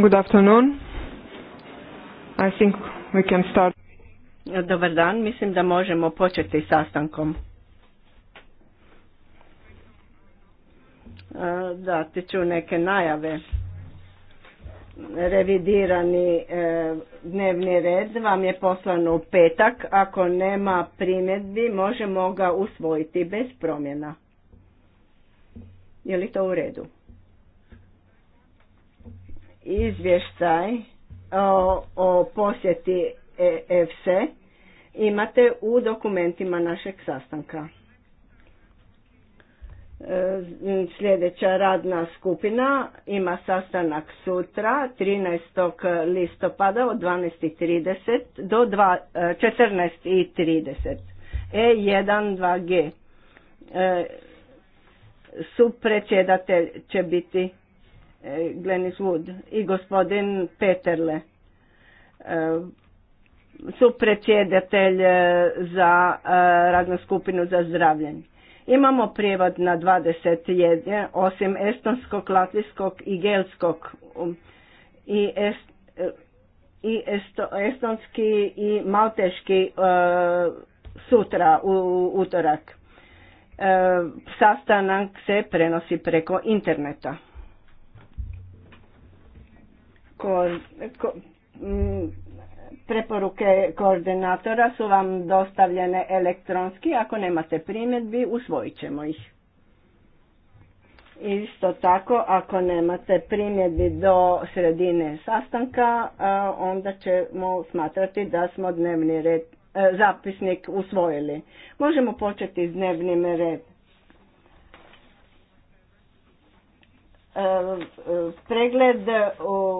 Good afternoon. I we can start. Dobar dan, mislim da možemo početi sastankom. E, da, ću neke najave. Revidirani e, dnevni red vam je poslan u petak. Ako nema primjedbi, možemo ga usvojiti bez promjena. Je li to u redu? izvještaj o, o posjeti EFSE imate u dokumentima našeg sastanka. E, sljedeća radna skupina ima sastanak sutra 13. listopada od 12.30 do 14.30 E1 2G. Supredsjedatelj će biti E, Glenis Wood i gospodin Peterle e, su predsjedatelj e, za radnu skupinu za zdravljenje. Imamo prijevod na 21, osim estonskog, latvijskog i gelskog um, i, est, i estonski i malteški sutra u utorak. Sastanak se prenosi preko interneta ko, ko, preporuke koordinatora su vam dostavljene elektronski. Ako nemate primjedbi, usvojit ćemo ih. Isto tako, ako nemate primjedbi do sredine sastanka, onda ćemo smatrati da smo dnevni red, e, zapisnik usvojili. Možemo početi s dnevnim red, pregled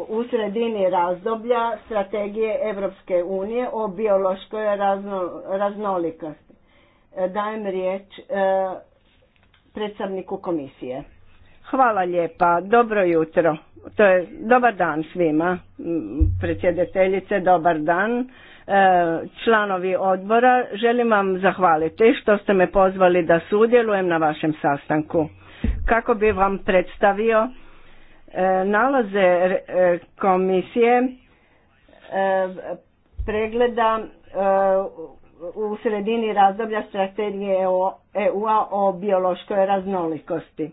u sredini razdoblja strategije Europske unije o biološkoj raznolikosti. E, dajem riječ e, predstavniku komisije. Hvala lijepa, dobro jutro. To je dobar dan svima, predsjedateljice, dobar dan, e, članovi odbora. Želim vam zahvaliti što ste me pozvali da sudjelujem na vašem sastanku kako bi vam predstavio e, nalaze e, komisije e, pregleda u sredini razdoblja strategije EU-a o biološkoj raznolikosti.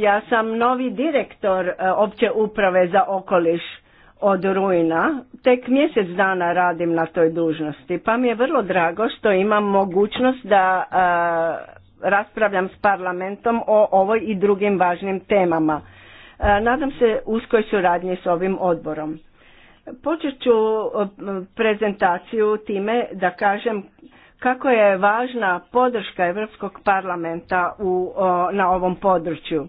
Ja sam novi direktor opće uprave za okoliš od rujna, tek mjesec dana radim na toj dužnosti, pa mi je vrlo drago što imam mogućnost da raspravljam s parlamentom o ovoj i drugim važnim temama. E, nadam se uskoj suradnji s ovim odborom. Počet ću e, prezentaciju time da kažem kako je važna podrška Europskog parlamenta u, na ovom području.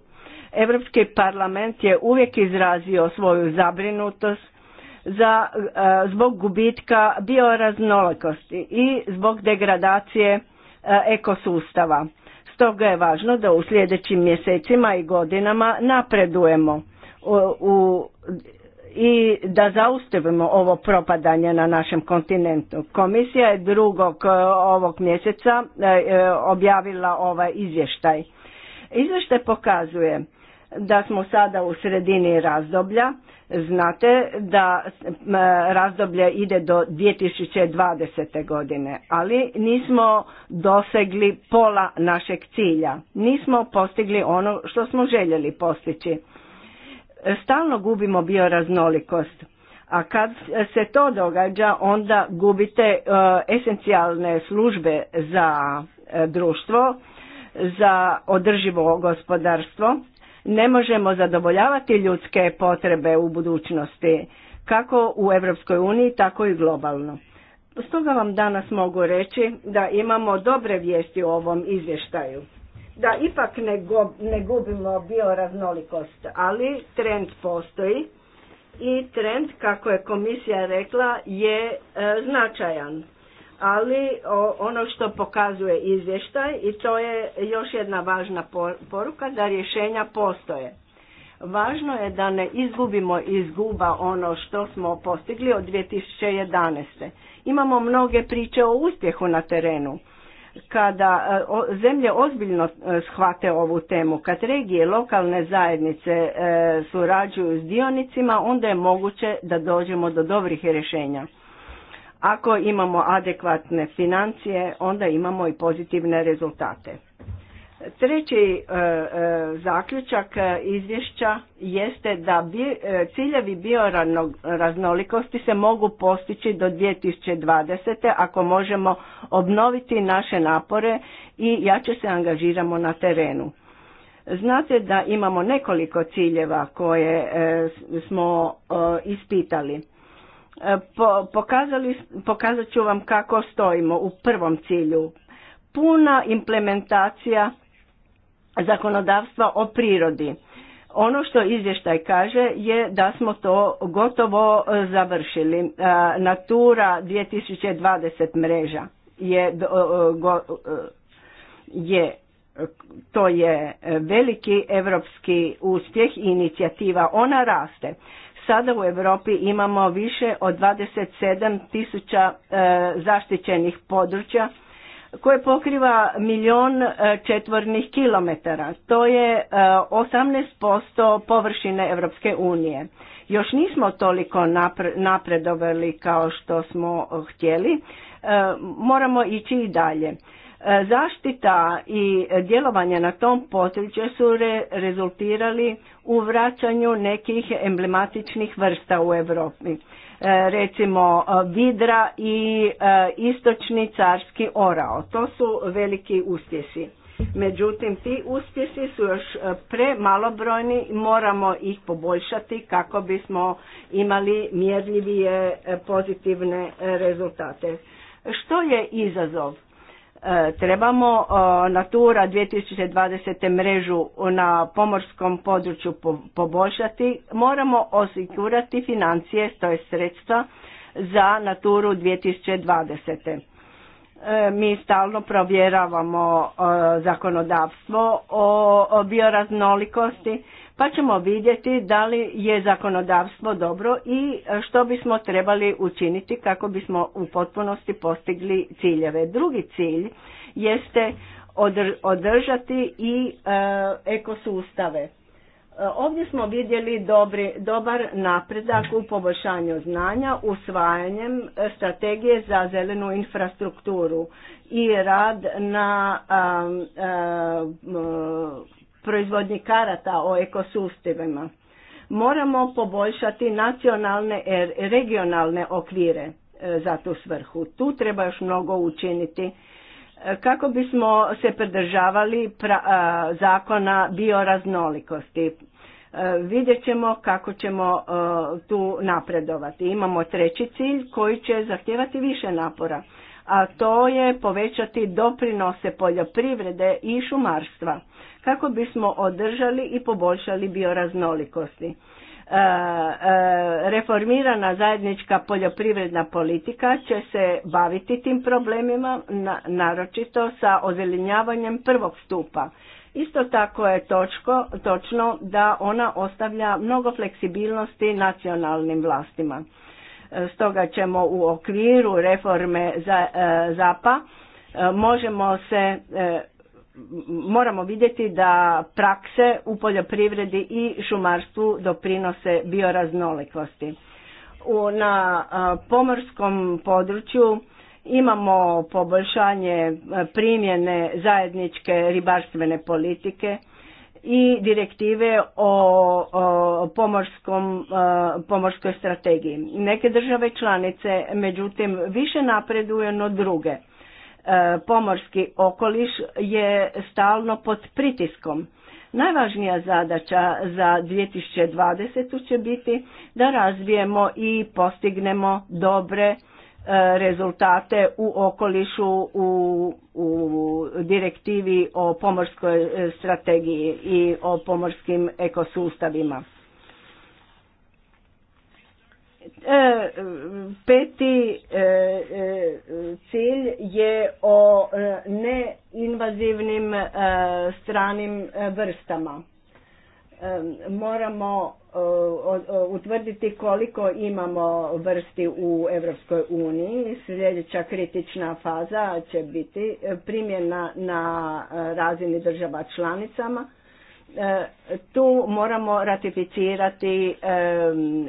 Europski parlament je uvijek izrazio svoju zabrinutost za, e, zbog gubitka bioraznolikosti i zbog degradacije ekosustava. Stoga je važno da u sljedećim mjesecima i godinama napredujemo u, i da zaustavimo ovo propadanje na našem kontinentu. Komisija je drugog e, ovog mjeseca e, e, objavila ovaj izvještaj. Izvještaj pokazuje da smo sada u sredini razdoblja. Znate da razdoblje ide do 2020. godine, ali nismo dosegli pola našeg cilja. Nismo postigli ono što smo željeli postići. Stalno gubimo bioraznolikost, a kad se to događa onda gubite e, esencijalne službe za e, društvo, za održivo gospodarstvo ne možemo zadovoljavati ljudske potrebe u budućnosti, kako u Europskoj uniji, tako i globalno. Stoga vam danas mogu reći da imamo dobre vijesti u ovom izvještaju. Da ipak ne, gubimo bioraznolikost, ali trend postoji i trend, kako je komisija rekla, je e, značajan ali ono što pokazuje izvještaj i to je još jedna važna poruka da rješenja postoje. Važno je da ne izgubimo izguba ono što smo postigli od 2011. Imamo mnoge priče o uspjehu na terenu. Kada e, zemlje ozbiljno e, shvate ovu temu, kad regije lokalne zajednice e, surađuju s dionicima, onda je moguće da dođemo do dobrih rješenja. Ako imamo adekvatne financije, onda imamo i pozitivne rezultate. Treći e, e, zaključak e, izvješća jeste da bi, e, ciljevi bioraznolikosti se mogu postići do 2020. ako možemo obnoviti naše napore i jače se angažiramo na terenu. Znate da imamo nekoliko ciljeva koje smo ispitali E, pokazali, pokazat ću vam kako stojimo u prvom cilju. Puna implementacija zakonodavstva o prirodi. Ono što izvještaj kaže je da smo to gotovo e, završili. E, Natura 2020 mreža je, je to je veliki europski uspjeh i inicijativa. Ona raste. Sada u Europi imamo više od 27 tisuća e, zaštićenih područja koje pokriva milion e, četvornih kilometara. To je 18% e, površine Europske unije. Još nismo toliko napredovali kao što smo htjeli, moramo ići i dalje. E, zaštita i djelovanje na tom području su re, rezultirali u vraćanju nekih emblematičnih vrsta u Europi. E, recimo e, vidra i istočni carski orao. To su veliki uspjesi. Međutim, ti uspjesi su još premalobrojni, moramo ih poboljšati kako bismo imali mjerljivije pozitivne rezultate. Što je izazov? E, trebamo e, Natura 2020. mrežu na pomorskom području poboljšati. Moramo osigurati financije, to je sredstva, za Naturu 2020. E, mi stalno provjeravamo zakonodavstvo o bioraznolikosti pa ćemo vidjeti da li je zakonodavstvo dobro i što bismo trebali učiniti kako bismo u potpunosti postigli ciljeve. Drugi cilj jeste održati i e, ekosustave. E, ovdje smo vidjeli dobri, dobar napredak u poboljšanju znanja usvajanjem strategije za zelenu infrastrukturu i rad na proizvodnji karata o ekosustavima. Moramo poboljšati nacionalne i er, regionalne okvire e, za tu svrhu. Tu treba još mnogo učiniti e, kako bismo se pridržavali e, zakona bioraznolikosti. Vidjet ćemo kako ćemo tu napredovati. Imamo treći cilj koji će zahtjevati više napora, a to je povećati doprinose poljoprivrede i šumarstva kako bismo održali i poboljšali bioraznolikosti. E, e, reformirana zajednička poljoprivredna politika će se baviti tim problemima, naročito sa ozelenjavanjem prvog stupa. Isto tako je točko, točno da ona ostavlja mnogo fleksibilnosti nacionalnim vlastima. E, stoga ćemo u okviru reforme ZAPA možemo se moramo vidjeti da prakse u poljoprivredi i šumarstvu doprinose bioraznolikosti. U, na pomorskom području imamo poboljšanje e, primjene zajedničke ribarstvene politike i direktive o, pomorskom, e, pomorskoj strategiji. Neke države članice međutim više napreduju no druge E, pomorski okoliš je stalno pod pritiskom. Najvažnija zadaća za 2020. će biti da razvijemo i postignemo dobre e, rezultate u okolišu u, u direktivi o pomorskoj e, strategiji i o pomorskim ekosustavima. E, peti e, e, cilj je o neinvazivnim stranim vrstama. Moramo utvrditi koliko imamo vrsti u Europskoj uniji. Sljedeća kritična faza će biti primjena na razini država članicama E, tu moramo ratificirati e,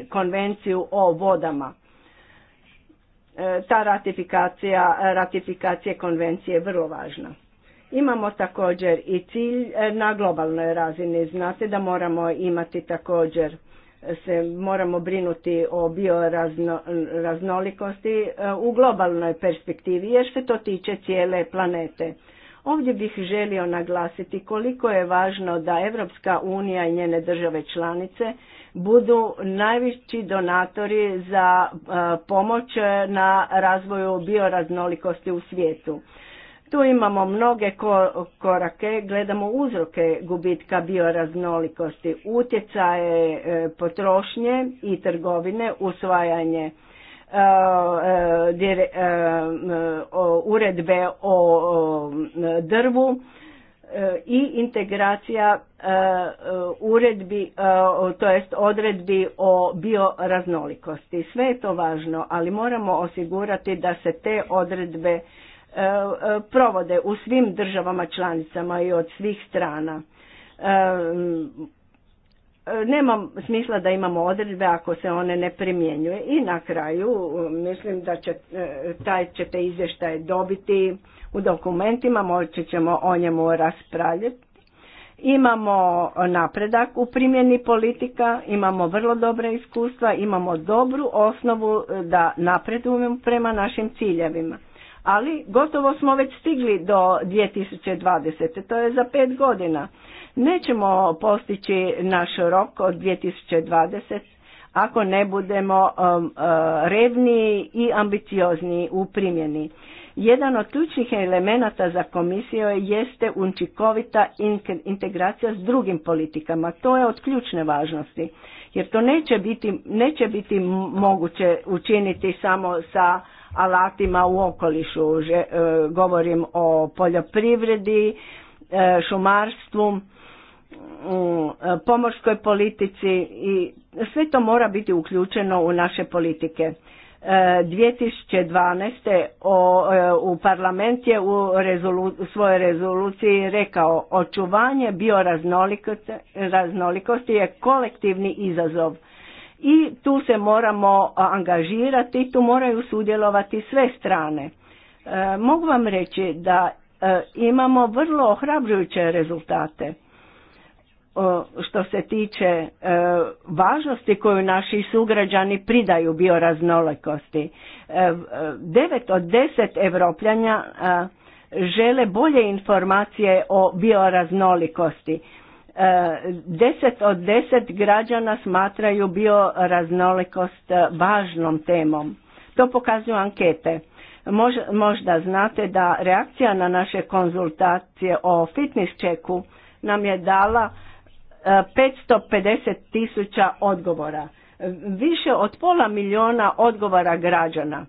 konvenciju o vodama. E, ta ratifikacija, ratifikacije konvencije je vrlo važna. Imamo također i cilj na globalnoj razini. Znate da moramo imati također se moramo brinuti o bioraznolikosti u globalnoj perspektivi jer se to tiče cijele planete. Ovdje bih želio naglasiti koliko je važno da Evropska unija i njene države članice budu najveći donatori za e, pomoć na razvoju bioraznolikosti u svijetu. Tu imamo mnoge korake, gledamo uzroke gubitka bioraznolikosti, utjecaje e, potrošnje i trgovine, usvajanje E, uredbe o drvu e, i integracija e, uredbi, to jest odredbi o bioraznolikosti. Sve je to važno, ali moramo osigurati da se te odredbe provode u svim državama članicama i od svih strana E, nema smisla da imamo odredbe ako se one ne primjenjuje. I na kraju e, mislim da će, e, taj ćete izvještaj dobiti u dokumentima, moći ćemo o njemu raspravljati. Imamo napredak u primjeni politika, imamo vrlo dobre iskustva, imamo dobru osnovu da napredujemo prema našim ciljevima. Ali gotovo smo već stigli do 2020. To je za pet godina. Nećemo postići naš rok od 2020 ako ne budemo um, uh, revniji i ambiciozniji u primjeni. Jedan od ključnih elemenata za komisiju jeste učinkovita integracija s drugim politikama. To je od ključne važnosti jer to neće biti, neće biti moguće učiniti samo sa alatima u okolišu. Uh, govorim o poljoprivredi, E, šumarstvu, e, pomorskoj politici i sve to mora biti uključeno u naše politike. 2012. E, u parlament je u svojoj rezoluciji rekao očuvanje bioraznolikosti je kolektivni izazov i tu se moramo angažirati, tu moraju sudjelovati sve strane. mogu vam reći da E, imamo vrlo ohrabrujuće rezultate e, što se tiče e, važnosti koju naši sugrađani pridaju bioraznolikosti. Devet od deset evropljanja žele bolje informacije o bioraznolikosti. Deset od deset građana smatraju bioraznolikost važnom temom. To pokazuju ankete. Možda znate da reakcija na naše konzultacije o fitness checku nam je dala 550 e, tisuća odgovora. Više od pola milijuna odgovora građana.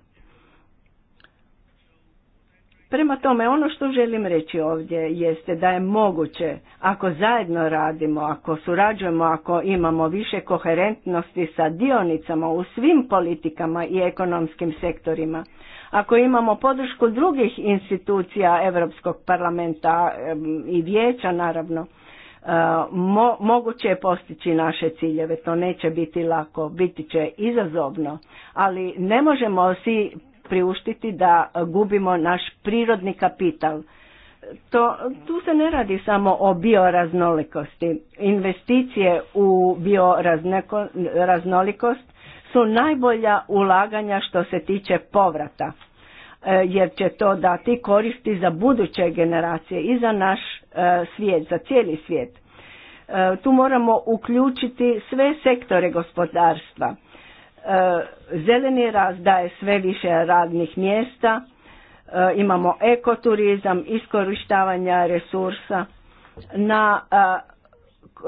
Prema tome, ono što želim reći ovdje jeste da je moguće, ako zajedno radimo, ako surađujemo, ako imamo više koherentnosti sa dionicama u svim politikama i ekonomskim sektorima, ako imamo podršku drugih institucija Europskog parlamenta i vijeća naravno, e, moguće je postići naše ciljeve. To neće biti lako, biti će izazovno, ali ne možemo si priuštiti da gubimo naš prirodni kapital. To, tu se ne radi samo o bioraznolikosti. Investicije u bioraznolikost su najbolja ulaganja što se tiče povrata e, jer će to dati koristi za buduće generacije i za naš e, svijet, za cijeli svijet. E, tu moramo uključiti sve sektore gospodarstva. Zeleni rast daje sve više radnih mjesta, imamo ekoturizam, iskorištavanja resursa na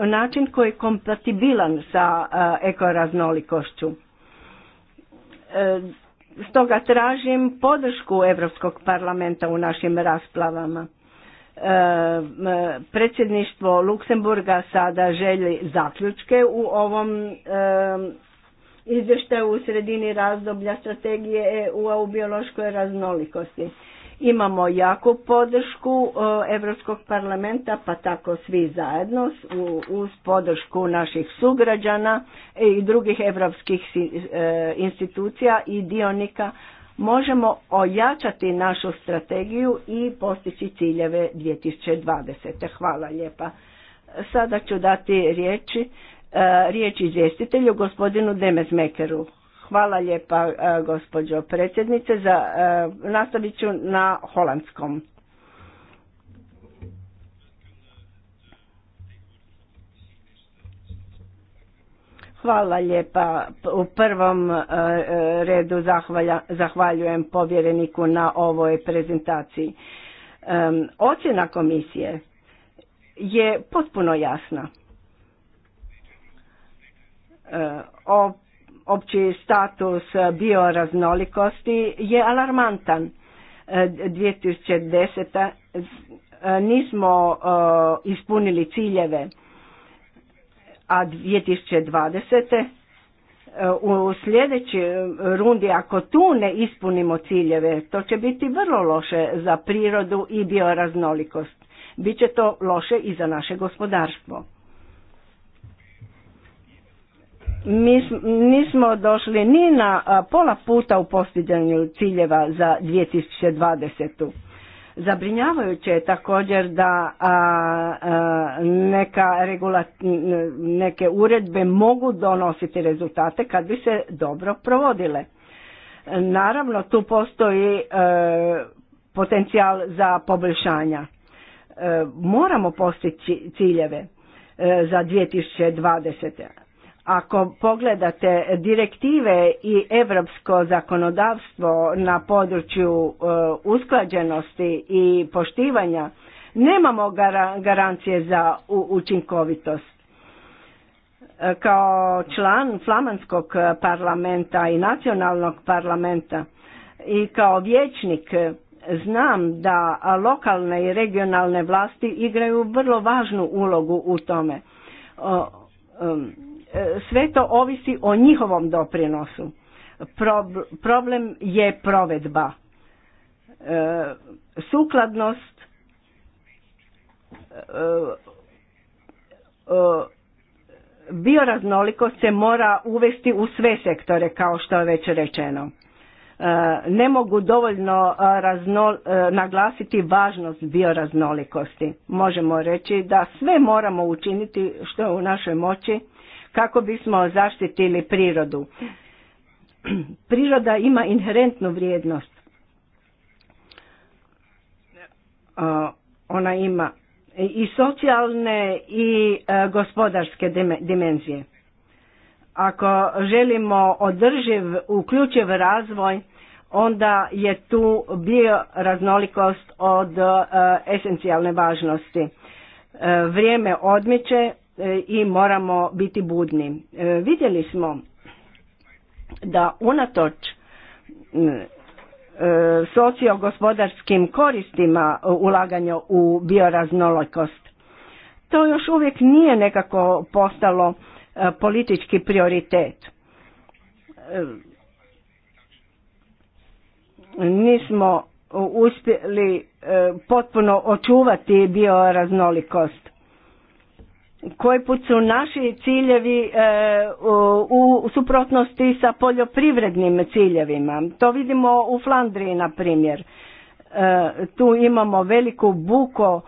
način koji je kompatibilan sa ekoraznolikošću. Stoga tražim podršku Europskog parlamenta u našim raspravama. E, predsjedništvo Luksemburga sada želi zaključke u ovom e, izvještaju u sredini razdoblja strategije EU-a u biološkoj raznolikosti. Imamo jaku podršku Europskog parlamenta, pa tako svi zajedno uz podršku naših sugrađana i drugih europskih e, institucija i dionika možemo ojačati našu strategiju i postići ciljeve 2020. Hvala lijepa. Sada ću dati riječi, e, riječ izvjestitelju gospodinu Demet-Mekeru Hvala lijepa e, gospođo predsjednice. Za, e, nastavit ću na holandskom. Hvala lijepa. U prvom e, redu zahvalja, zahvaljujem povjereniku na ovoj prezentaciji. Ocjena komisije je potpuno jasna. O opći status bioraznolikosti je alarmantan. 2010. E, e, nismo e, ispunili ciljeve, a 2020. u sljedećoj rundi ako tu ne ispunimo ciljeve, to će biti vrlo loše za prirodu i bioraznolikost. Biće to loše i za naše gospodarstvo. mi nismo došli ni na pola puta u postiđanju ciljeva za 2020. Zabrinjavajuće je također da neka neke uredbe mogu donositi rezultate kad bi se dobro provodile. Naravno tu postoji e, potencijal za poboljšanja. E, moramo postići ciljeve e, za 2020. Ako pogledate direktive i europsko zakonodavstvo na području e, usklađenosti i poštivanja, nemamo garancije za učinkovitost. E, kao član flamanskog parlamenta i nacionalnog parlamenta i kao vječnik e, znam da lokalne i regionalne vlasti igraju vrlo važnu ulogu u tome sve to ovisi o njihovom doprinosu. Problem je provedba. E, sukladnost e, e, bioraznolikost se mora uvesti u sve sektore kao što je već rečeno. Ne mogu dovoljno naglasiti važnost bioraznolikosti. Možemo reći da sve moramo učiniti što je u našoj moći kako bismo zaštitili prirodu. Priroda ima inherentnu vrijednost. Ona ima i socijalne i e, gospodarske dimenzije. Ako želimo održiv, uključiv razvoj, onda je tu bioraznolikost od e, esencijalne važnosti. E, vrijeme odmiče, E, i moramo biti budni. E, vidjeli smo da unatoč e, sociogospodarskim koristima ulaganja u bioraznolikost, to još uvijek nije nekako postalo politički prioritet. Nismo uspjeli potpuno očuvati bioraznolikost koji put su naši ciljevi e, u suprotnosti sa poljoprivrednim ciljevima. To vidimo u Flandriji, na primjer. E, tu imamo veliku buko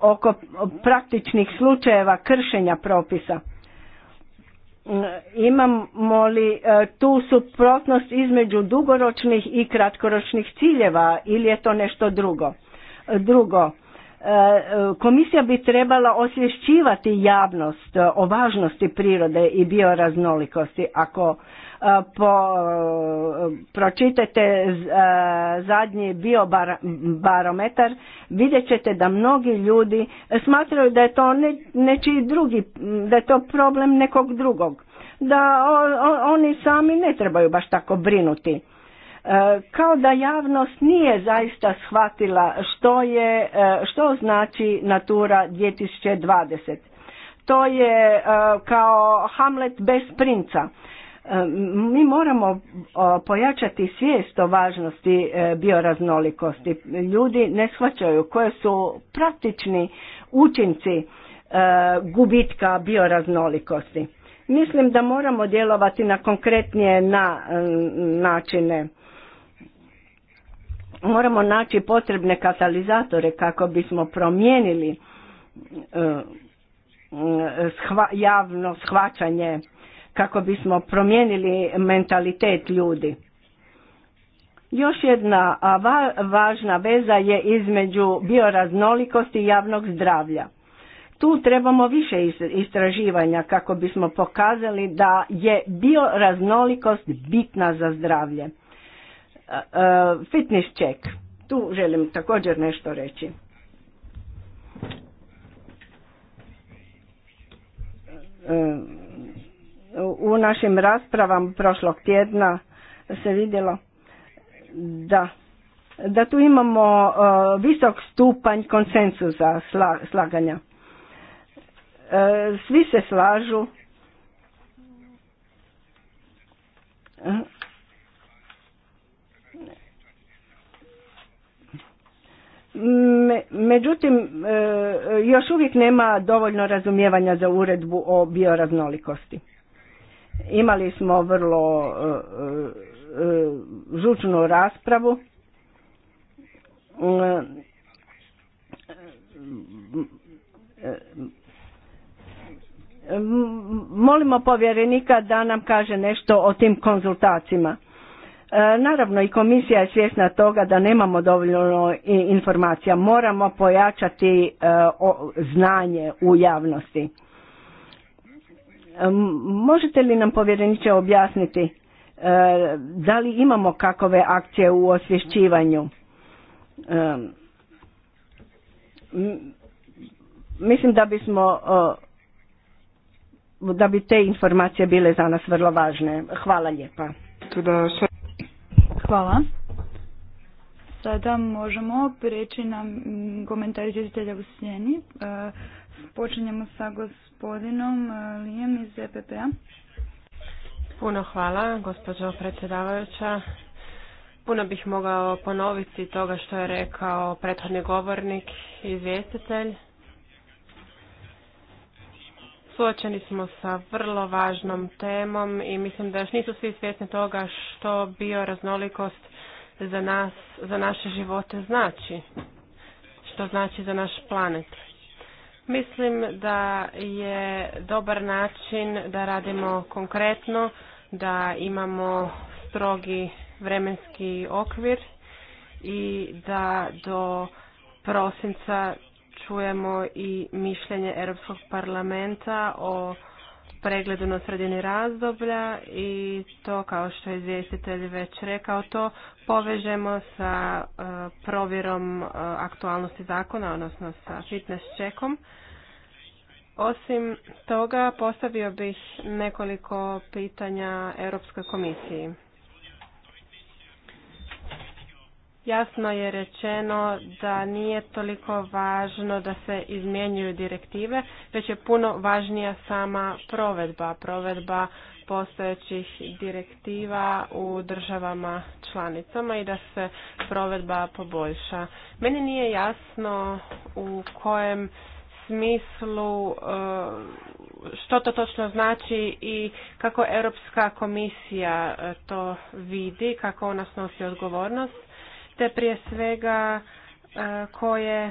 oko praktičnih slučajeva kršenja propisa. Mm, imamo li e, tu suprotnost između dugoročnih i kratkoročnih ciljeva ili je to nešto drugo? Drugo, Komisija bi trebala osvješćivati javnost e, o važnosti prirode i bioraznolikosti. Ako e, po, e, pročitate zadnji biobarometar, vidjet ćete da mnogi ljudi smatraju da je to nečiji drugi, da je to problem nekog drugog. Da oni sami ne trebaju baš tako brinuti. E, kao da javnost nije zaista shvatila što, je, e, što znači Natura 2020. To je e, kao Hamlet bez princa. Mi moramo pojačati svijest o važnosti bioraznolikosti. Ljudi ne shvaćaju koje su praktični učinci gubitka bioraznolikosti. Mislim da moramo djelovati na konkretnije na, načine Moramo naći potrebne katalizatore kako bismo promijenili e, e, javno shvaćanje, kako bismo promijenili mentalitet ljudi. Još jedna važna veza je između bioraznolikosti i javnog zdravlja. Tu trebamo više istraživanja kako bismo pokazali da je bioraznolikost bitna za zdravlje fitness check. Tu želim također nešto reći. E, u našim raspravama prošlog tjedna se vidjelo da da tu imamo e, visok stupanj konsensusa slaganja. E, svi se slažu Međutim, e, još uvijek nema dovoljno razumijevanja za uredbu o bioraznolikosti. Imali smo vrlo e, e, žučnu raspravu. Molimo povjerenika da nam kaže nešto o tim konzultacijama. E, naravno i komisija je svjesna toga da nemamo dovoljno informacija, moramo pojačati e, znanje u javnosti. E, možete li nam povjereniče objasniti da li imamo kakove akcije u osvješćivanju? Mislim da bismo da bi te informacije bile za nas vrlo važne. Hvala lijepa. Hvala. Sada možemo prijeći na mm, komentar izvjestitelja u sjeni. E, počinjemo sa gospodinom e, Lijem iz EPP-a. Puno hvala, gospođo predsjedavajuća. Puno bih mogao ponoviti toga što je rekao prethodni govornik i izvjestitelj. Suočeni smo sa vrlo važnom temom i mislim da još nisu svi svjesni toga što bioraznolikost za nas, za naše živote znači, što znači za naš planet. Mislim da je dobar način da radimo konkretno, da imamo strogi vremenski okvir i da do prosinca čujemo i mišljenje Europskog parlamenta o pregledu na sredini razdoblja i to kao što je izvjestitelj već rekao to povežemo sa e, provjerom e, aktualnosti zakona odnosno sa fitness checkom. Osim toga postavio bih nekoliko pitanja Europskoj komisiji. Jasno je rečeno da nije toliko važno da se izmjenjuju direktive, već je puno važnija sama provedba, provedba postojećih direktiva u državama članicama i da se provedba poboljša. Meni nije jasno u kojem smislu eh, što to točno znači i kako Europska komisija eh, to vidi, kako ona snosi odgovornost te prije svega e, koje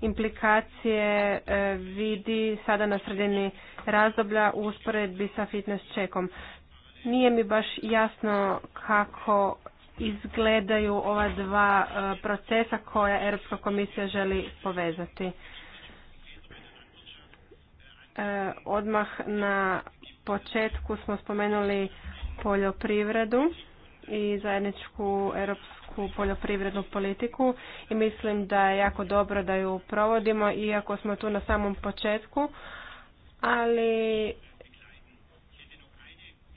implikacije e, vidi sada na sredini razdoblja u usporedbi sa fitness checkom. Nije mi baš jasno kako izgledaju ova dva e, procesa koja Europska komisija želi povezati. Odmah na početku smo spomenuli poljoprivredu i zajedničku europsku poljoprivrednu politiku i mislim da je jako dobro da ju provodimo iako smo tu na samom početku, ali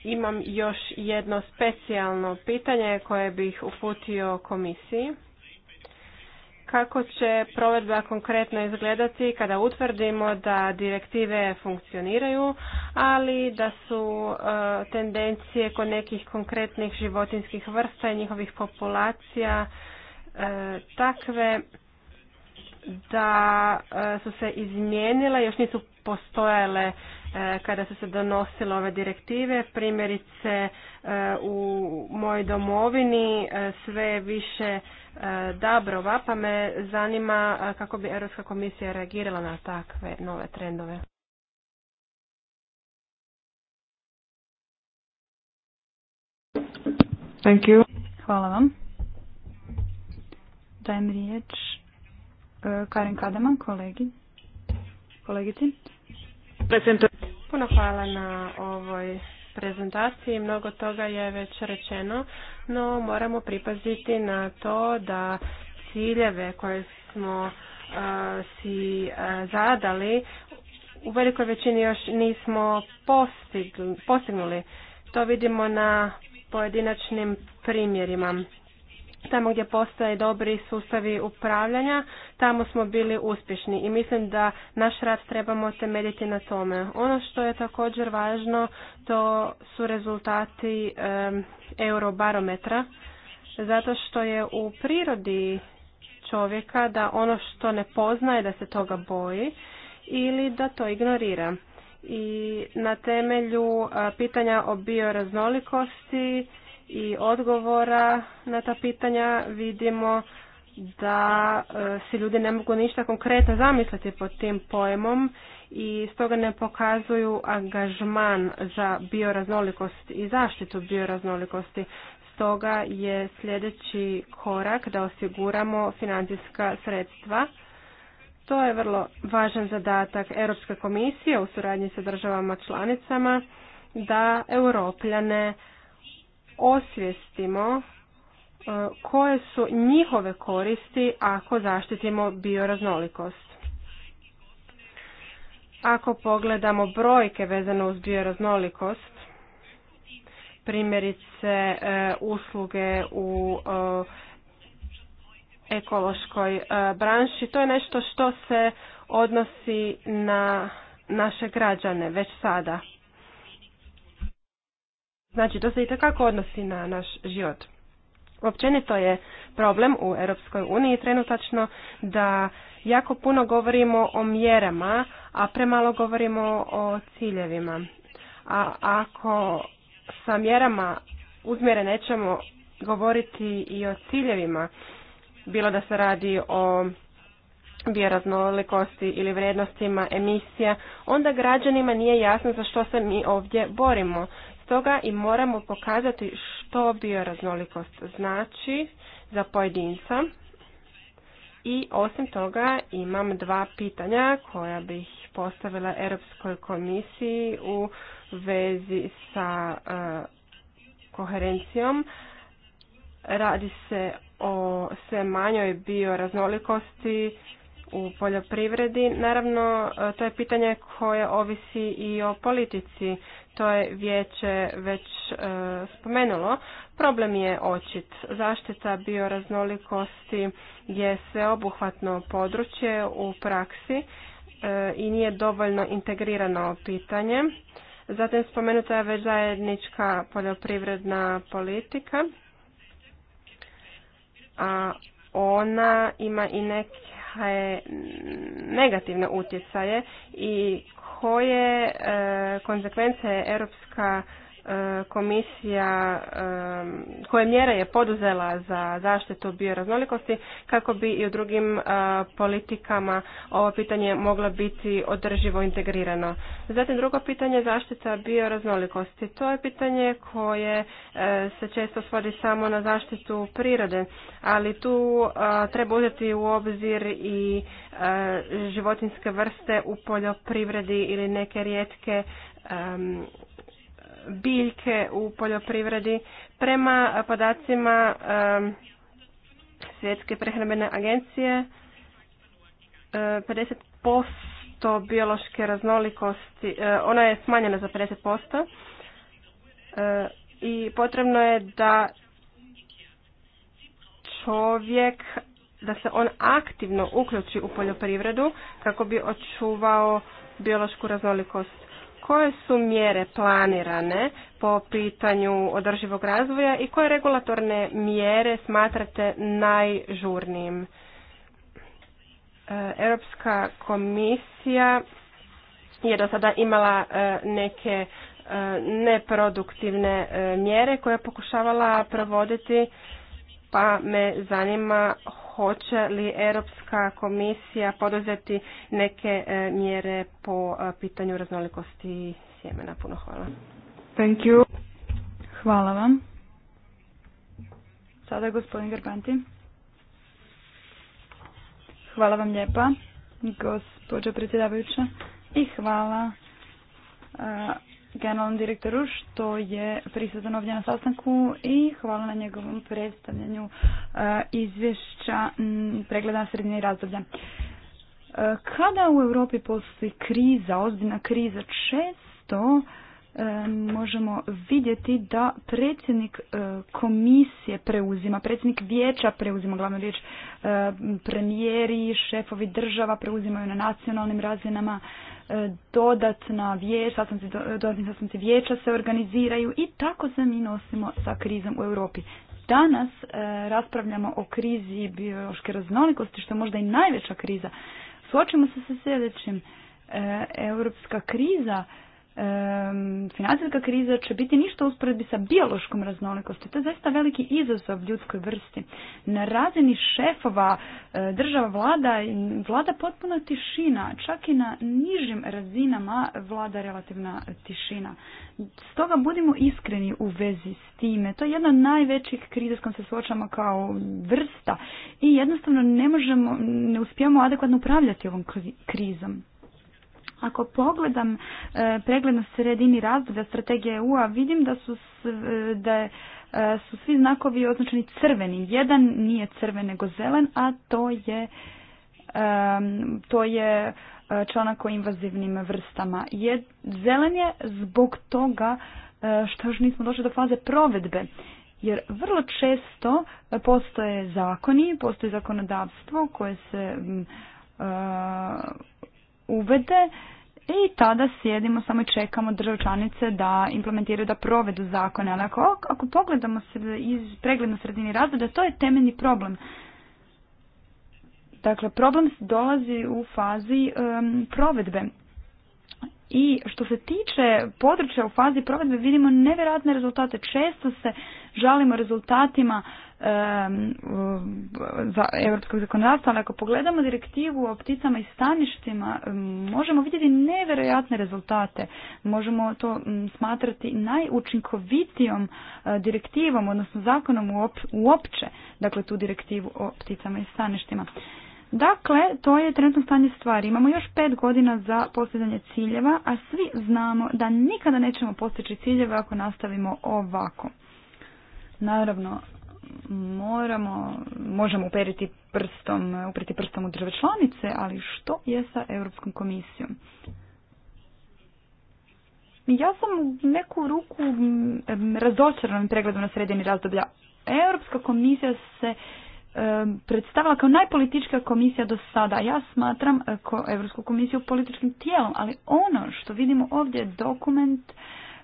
imam još jedno specijalno pitanje koje bih uputio komisiji kako će provedba konkretno izgledati kada utvrdimo da direktive funkcioniraju, ali da su e, tendencije kod nekih konkretnih životinskih vrsta i njihovih populacija e, takve da e, su se izmijenile, još nisu postojale Eh, kada su se donosile ove direktive. Primjerice eh, u mojoj domovini eh, sve više dabrova, pa me zanima kako bi Europska komisija reagirala na takve nove trendove. Thank you. Hvala vam. Dajem riječ Karin Kademan, kolegi, kolegici. Puno hvala na ovoj prezentaciji. Mnogo toga je već rečeno, no moramo pripaziti na to da ciljeve koje smo e, si e, zadali u velikoj većini još nismo postignuli. To vidimo na pojedinačnim primjerima tamo gdje postoje dobri sustavi upravljanja, tamo smo bili uspješni i mislim da naš rad trebamo temeljiti na tome. Ono što je također važno to su rezultati eurobarometra, zato što je u prirodi čovjeka da ono što ne poznaje da se toga boji ili da to ignorira. I na temelju pitanja o bioraznolikosti i odgovora na ta pitanja vidimo da se ljudi ne mogu ništa konkretno zamisliti pod tim pojmom i stoga ne pokazuju angažman za bioraznolikost i zaštitu bioraznolikosti. Stoga je sljedeći korak da osiguramo financijska sredstva. To je vrlo važan zadatak Europske komisije u suradnji sa državama članicama da europljane osvijestimo e, koje su njihove koristi ako zaštitimo bioraznolikost. Ako pogledamo brojke vezano uz bioraznolikost, primjerice e, usluge u e, ekološkoj branši, to je nešto što se odnosi na naše građane već sada. Znači, to se i odnosi na naš život. Općenito je problem u Europskoj uniji trenutačno da jako puno govorimo o mjerama, a premalo govorimo o ciljevima. A ako sa mjerama uzmjere nećemo govoriti i o ciljevima, bilo da se radi o bioraznolikosti ili vrijednostima emisija, onda građanima nije jasno za što se mi ovdje borimo. Stoga i moramo pokazati što bioraznolikost znači za pojedinca. I osim toga imam dva pitanja koja bih postavila Europskoj komisiji u vezi sa e, koherencijom. Radi se o sve manjoj bioraznolikosti u poljoprivredi. Naravno, e, to je pitanje koje ovisi i o politici to je vijeće već e, spomenulo. Problem je očit. Zaštita bioraznolikosti je sveobuhvatno područje u praksi e, i nije dovoljno integrirano pitanje. Zatim spomenuta je već zajednička poljoprivredna politika, a ona ima i neke negativne utjecaje i koje e, konzekvence Europska E, komisija, e, koje mjere je poduzela za zaštitu bioraznolikosti kako bi i u drugim e, politikama ovo pitanje moglo biti održivo integrirano. Zatim drugo pitanje zaštita bioraznolikosti. To je pitanje koje se često svodi samo na zaštitu prirode, ali tu treba uzeti u obzir i životinske vrste u poljoprivredi ili neke rijetke biljke u poljoprivredi. Prema podacima Svjetske prehrambene agencije 50% biološke raznolikosti, ona je smanjena za 50% i potrebno je da čovjek da se on aktivno uključi u poljoprivredu kako bi očuvao biološku raznolikost koje su mjere planirane po pitanju održivog razvoja i koje regulatorne mjere smatrate najžurnijim? E, Europska komisija je do sada imala e, neke e, neproduktivne mjere koje je pokušavala provoditi pa me zanima hoće li Europska komisija poduzeti neke e, mjere po e, pitanju raznolikosti sjemena. Puno hvala. Thank you. Hvala vam. Sada je gospodin Garbanti. Hvala vam lijepa, gospođo predsjedavajuća. I hvala e, generalnom direktoru što je prisutan ovdje na sastanku i hvala na njegovom predstavljanju e, izvješća pregleda srednje razdoblja. E, kada u Europi postoji kriza, ozbiljna kriza, često e, možemo vidjeti da predsjednik komisije preuzima, predsjednik vijeća preuzima glavno riječ, premijeri, šefovi država preuzimaju na nacionalnim razinama E, dodatna vijeća, dodatni sastanci vijeća se organiziraju i tako se mi nosimo sa krizom u Europi. Danas e, raspravljamo o krizi biološke raznolikosti, što je možda i najveća kriza. Suočimo se sa sljedećim. E, europska kriza financijska kriza će biti ništa usporedbi sa biološkom raznolikosti. To je zaista veliki izazov ljudskoj vrsti. Na razini šefova e, država vlada, vlada potpuna tišina. Čak i na nižim razinama vlada relativna tišina. Stoga budimo iskreni u vezi s time. To je jedna od najvećih kriza s kojom se suočamo kao vrsta i jednostavno ne možemo, ne uspijemo adekvatno upravljati ovom krizom. Ako pogledam e, pregled na sredini razdoblja strategije EU-a, vidim da su, e, da e, su svi znakovi označeni crveni. Jedan nije crven nego zelen, a to je, to je članak o invazivnim vrstama. Je, zelen je zbog toga što još nismo došli do faze provedbe. Jer vrlo često postoje zakoni, postoji zakonodavstvo koje se uvede i tada sjedimo samo i čekamo države članice da implementiraju, da provedu zakone. Ali ako, pogledamo se iz pregledno sredini razreda, to je temeljni problem. Dakle, problem dolazi u fazi provedbe. I što se tiče područja u fazi provedbe vidimo nevjerojatne rezultate. Često se žalimo rezultatima za europskog zakonodavstva, ali ako pogledamo direktivu o pticama i staništima, možemo vidjeti nevjerojatne rezultate. Možemo to smatrati najučinkovitijom e, direktivom, odnosno zakonom uopće, dakle tu direktivu o pticama i staništima. Dakle, to je trenutno stanje stvari. Imamo još pet godina za postizanje ciljeva, a svi znamo da nikada nećemo postići ciljeve ako nastavimo ovako. Naravno, moramo, možemo uperiti prstom, upriti prstom u države članice, ali što je sa Europskom komisijom? Ja sam u neku ruku razočarana pregledom na sredini razdoblja. Europska komisija se predstavila kao najpolitička komisija do sada. Ja smatram eh, Europsku komisiju političkim tijelom, ali ono što vidimo ovdje je dokument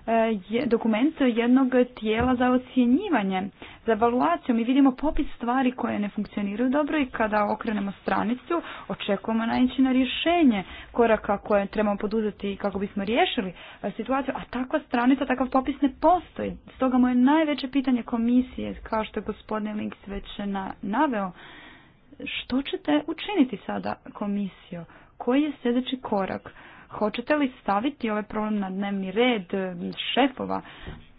E, dokument jednog tijela za ocjenjivanje, za evaluaciju. Mi vidimo popis stvari koje ne funkcioniraju dobro i kada okrenemo stranicu očekujemo naći na rješenje koraka koje trebamo poduzeti kako bismo riješili e, situaciju, a takva stranica, takav popis ne postoji. Stoga moje najveće pitanje komisije, kao što je gospodin Links već naveo, što ćete učiniti sada komisijo? Koji je sljedeći korak? Hoćete li staviti ovaj problem na dnevni red e, šefova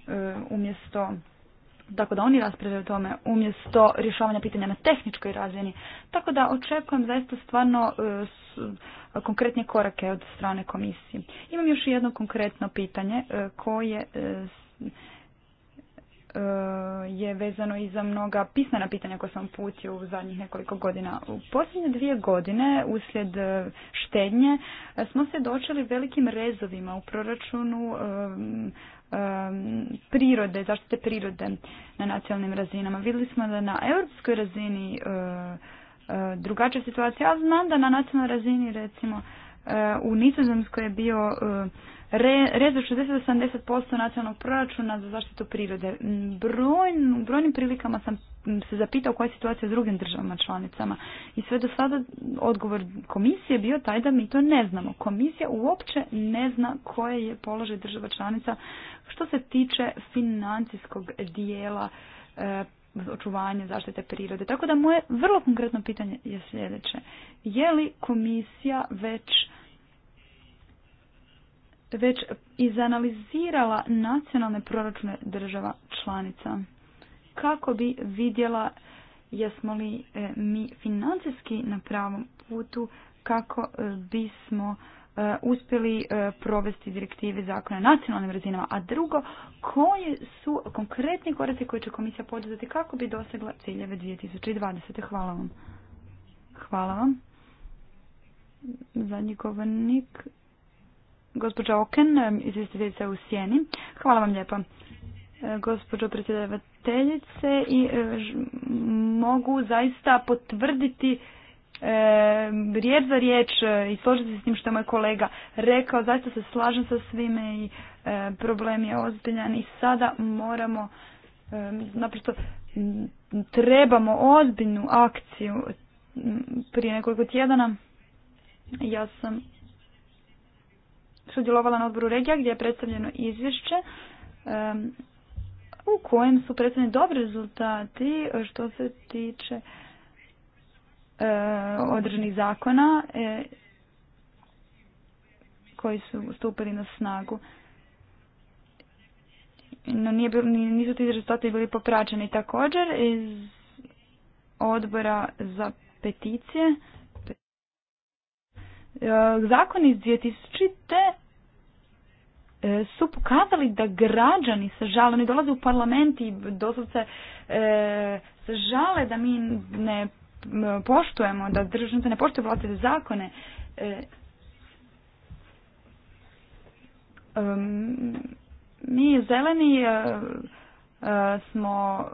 e, umjesto tako da oni raspravljaju o tome umjesto rješavanja pitanja na tehničkoj razini. Tako da očekujem zaista stvarno e, konkretne korake od strane komisije. Imam još jedno konkretno pitanje koje Eh, je vezano i za mnoga pismena pitanja koja sam putio u zadnjih nekoliko godina. U posljednje dvije godine uslijed eh, štednje eh, smo se dočeli velikim rezovima u proračunu prirode, zaštite prirode na nacionalnim razinama. Vidjeli smo da na europskoj razini drugačija situacija, ali znam da na nacionalnoj razini recimo E, u Nizozemskoj je bio e, red 60-70% nacionalnog proračuna za zaštitu prirode. Mm, u brojnim prilikama sam mm, se zapitao koja je situacija s drugim državama članicama. I sve do sada odgovor komisije bio taj da mi to ne znamo. Komisija uopće ne zna koje je položaj država članica što se tiče financijskog dijela e, očuvanje zaštite prirode. Tako da moje vrlo konkretno pitanje je sljedeće. Je li komisija već već izanalizirala nacionalne proračune država članica kako bi vidjela jesmo li e, mi financijski na pravom putu kako e, bismo E, uspjeli e, provesti direktive zakona na nacionalnim razinama, a drugo, koji su konkretni koraci koje će komisija poduzeti kako bi dosegla ciljeve 2020. Hvala vam. Hvala vam. Zadnji govornik, gospođa Oken, e, izvjestiteljica u Sjeni. Hvala vam lijepa gospođo predsjedavateljice i mogu zaista potvrditi riječ za riječ e, i složiti se s tim što je moj kolega rekao, zaista se slažem sa svime i e, problem je ozbiljan i sada moramo naprosto trebamo ozbiljnu akciju prije nekoliko tjedana ja sam sudjelovala na odboru regija gdje je predstavljeno izvješće u kojem su predstavljeni dobri rezultati što se tiče E, određenih zakona e, koji su stupili na snagu. No, nije nisu ti rezultati bili popraćeni također iz odbora za peticije. E, Zakon iz 2000. su pokazali da građani se žale, oni dolaze u parlament i doslovce se žale da mi ne poštujemo, da državnice ne poštuju vlastite zakone. E, mi zeleni e, e, smo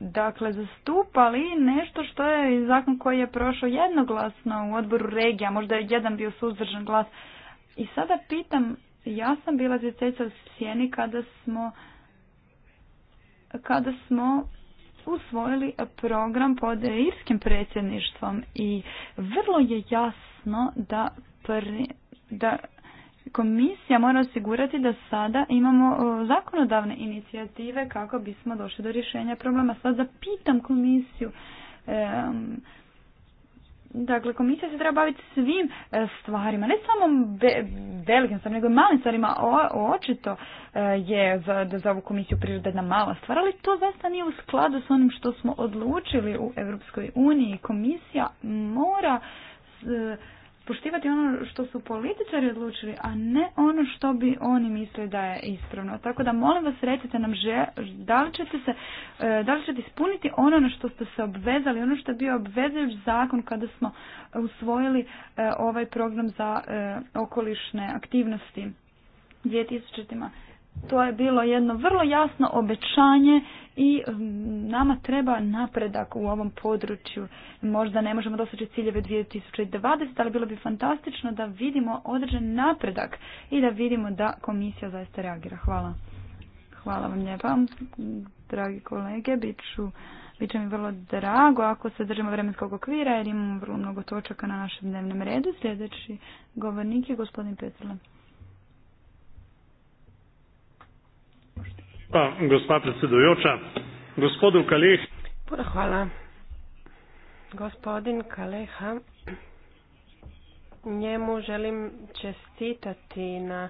dakle zastupali nešto što je zakon koji je prošao jednoglasno u odboru regija, možda je jedan bio suzdržan glas. I sada pitam, ja sam bila zvjececa u sjeni kada smo kada smo usvojili program pod irskim predsjedništvom i vrlo je jasno da, da komisija mora osigurati da sada imamo zakonodavne inicijative kako bismo došli do rješenja problema. Sada pitam komisiju Dakle, komisija se treba baviti svim e, stvarima, ne samo be, velikim nego i malim stvarima. O, očito e, je za, da za ovu komisiju priroda jedna mala stvar, ali to zaista nije u skladu s onim što smo odlučili u Europskoj uniji. Komisija mora poštivati ono što su političari odlučili, a ne ono što bi oni mislili da je ispravno. Tako da molim vas recite nam že, da li ćete se, e, da li ćete ispuniti ono na što ste se obvezali, ono što je bio obvezajuć zakon kada smo usvojili e, ovaj program za e, okolišne aktivnosti 2000 to je bilo jedno vrlo jasno obećanje i mm, nama treba napredak u ovom području. Možda ne možemo dosjeći ciljeve 2020, ali bilo bi fantastično da vidimo određen napredak i da vidimo da komisija zaista reagira. Hvala. Hvala vam lijepa, dragi kolege. Biću, bit će mi vrlo drago ako se držimo vremenskog okvira jer imamo vrlo mnogo točaka na našem dnevnom redu. Sljedeći govornik je gospodin Petrlan. Pa, gospa predsedujoča, gospodu Kaleh. Puno hvala. Gospodin Kaleha, njemu želim čestitati na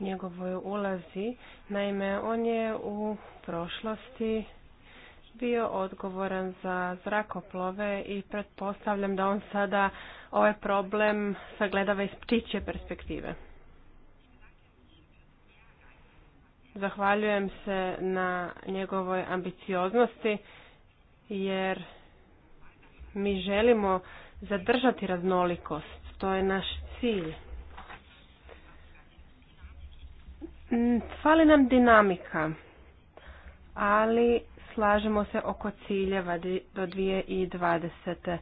njegovoj ulazi. Naime, on je u prošlosti bio odgovoran za zrakoplove i pretpostavljam da on sada ovaj problem sagledava iz ptiće perspektive. Zahvaljujem se na njegovoj ambicioznosti jer mi želimo zadržati raznolikost. To je naš cilj. Mm, fali nam dinamika, ali slažemo se oko ciljeva do 2020.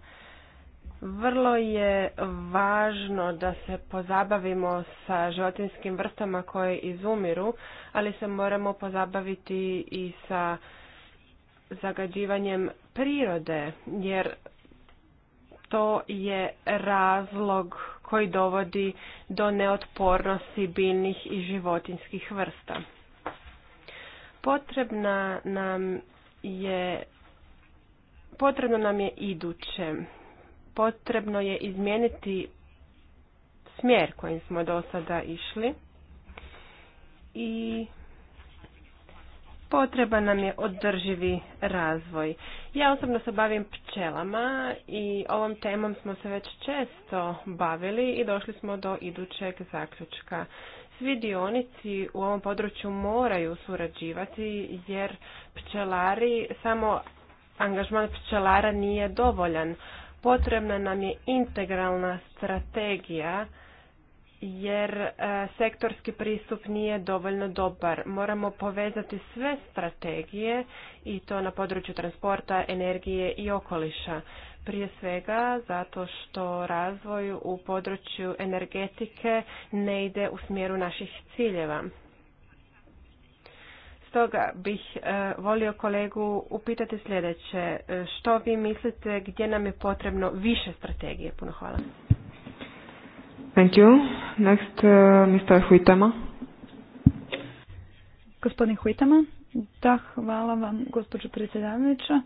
Vrlo je važno da se pozabavimo sa životinskim vrstama koje izumiru, ali se moramo pozabaviti i sa zagađivanjem prirode, jer to je razlog koji dovodi do neotpornosti biljnih i životinskih vrsta. Potrebna nam je potrebno nam je iduće potrebno je izmijeniti smjer kojim smo do sada išli i potreba nam je održivi razvoj. Ja osobno se bavim pčelama i ovom temom smo se već često bavili i došli smo do idućeg zaključka. Svi dionici u ovom području moraju surađivati jer pčelari, samo angažman pčelara nije dovoljan potrebna nam je integralna strategija jer e, sektorski pristup nije dovoljno dobar. Moramo povezati sve strategije i to na području transporta, energije i okoliša. Prije svega zato što razvoj u području energetike ne ide u smjeru naših ciljeva toga bih e, volio kolegu upitati sljedeće. E, što vi mislite gdje nam je potrebno više strategije? Puno hvala. Thank you. Next, uh, e, Mr. huitama Gospodin Huitama, Da, hvala vam, gospođo predsjedavajuća.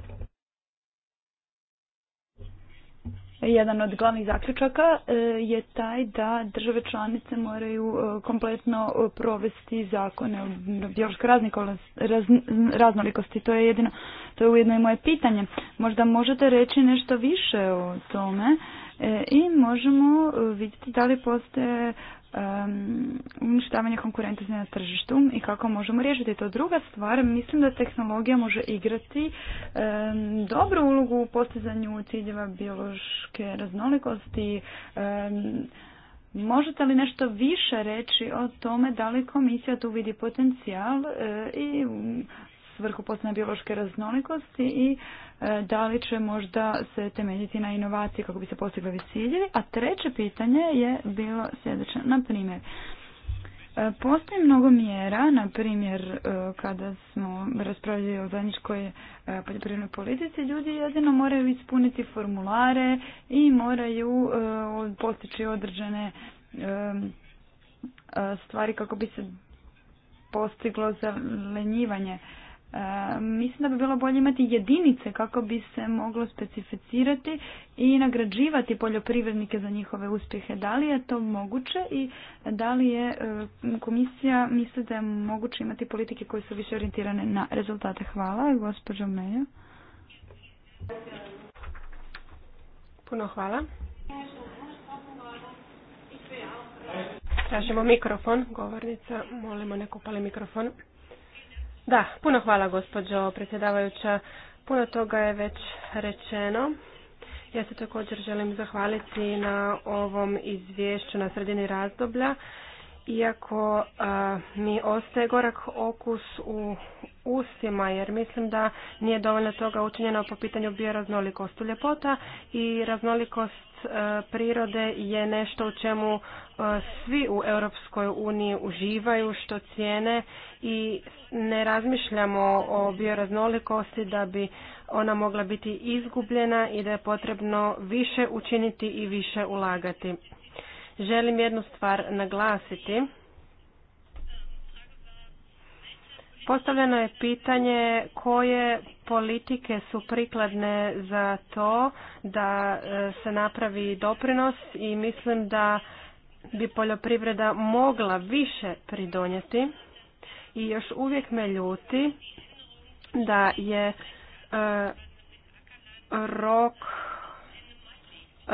Jedan od glavnih zaključaka e, je taj da države članice moraju e, kompletno e, provesti zakone o biološkoj raznolikosti. To je jedino, to je ujedno i moje pitanje. Možda možete reći nešto više o tome i možemo vidjeti da li postoje um, uništavanje konkurentnosti na tržištu i kako možemo riješiti to. Druga stvar, mislim da tehnologija može igrati um, dobru ulogu u postizanju ciljeva biološke raznolikosti. Um, možete li nešto više reći o tome da li komisija tu vidi potencijal e, i svrhu postane biološke raznolikosti i e, da li će možda se temeljiti na inovaciji kako bi se postigli ovi ciljevi. A treće pitanje je bilo sljedeće. Na primjer, e, Postoji mnogo mjera, na primjer e, kada smo raspravljali o zajedničkoj poljoprivrednoj politici, ljudi jedino moraju ispuniti formulare i moraju postići određene stvari kako bi se postiglo zalenjivanje E, mislim da bi bilo bolje imati jedinice kako bi se moglo specificirati i nagrađivati poljoprivrednike za njihove uspjehe. Da li je to moguće i da li je e, komisija misli da je moguće imati politike koje su više orijentirane na rezultate? Hvala, gospođo Meja. Puno hvala. Tražimo mikrofon, govornica, molimo ne kupali mikrofon. Da, puno hvala gospođo predsjedavajuća. Puno toga je već rečeno. Ja se također želim zahvaliti na ovom izvješću na sredini razdoblja iako mi ostaje gorak okus u ustima jer mislim da nije dovoljno toga učinjeno po pitanju bioraznolikosti. Ljepota i raznolikost prirode je nešto u čemu svi u Europskoj uniji uživaju što cijene i ne razmišljamo o bioraznolikosti da bi ona mogla biti izgubljena i da je potrebno više učiniti i više ulagati. Želim jednu stvar naglasiti. Postavljeno je pitanje koje politike su prikladne za to da e, se napravi doprinos i mislim da bi poljoprivreda mogla više pridonijeti i još uvijek me ljuti da je e, rok e,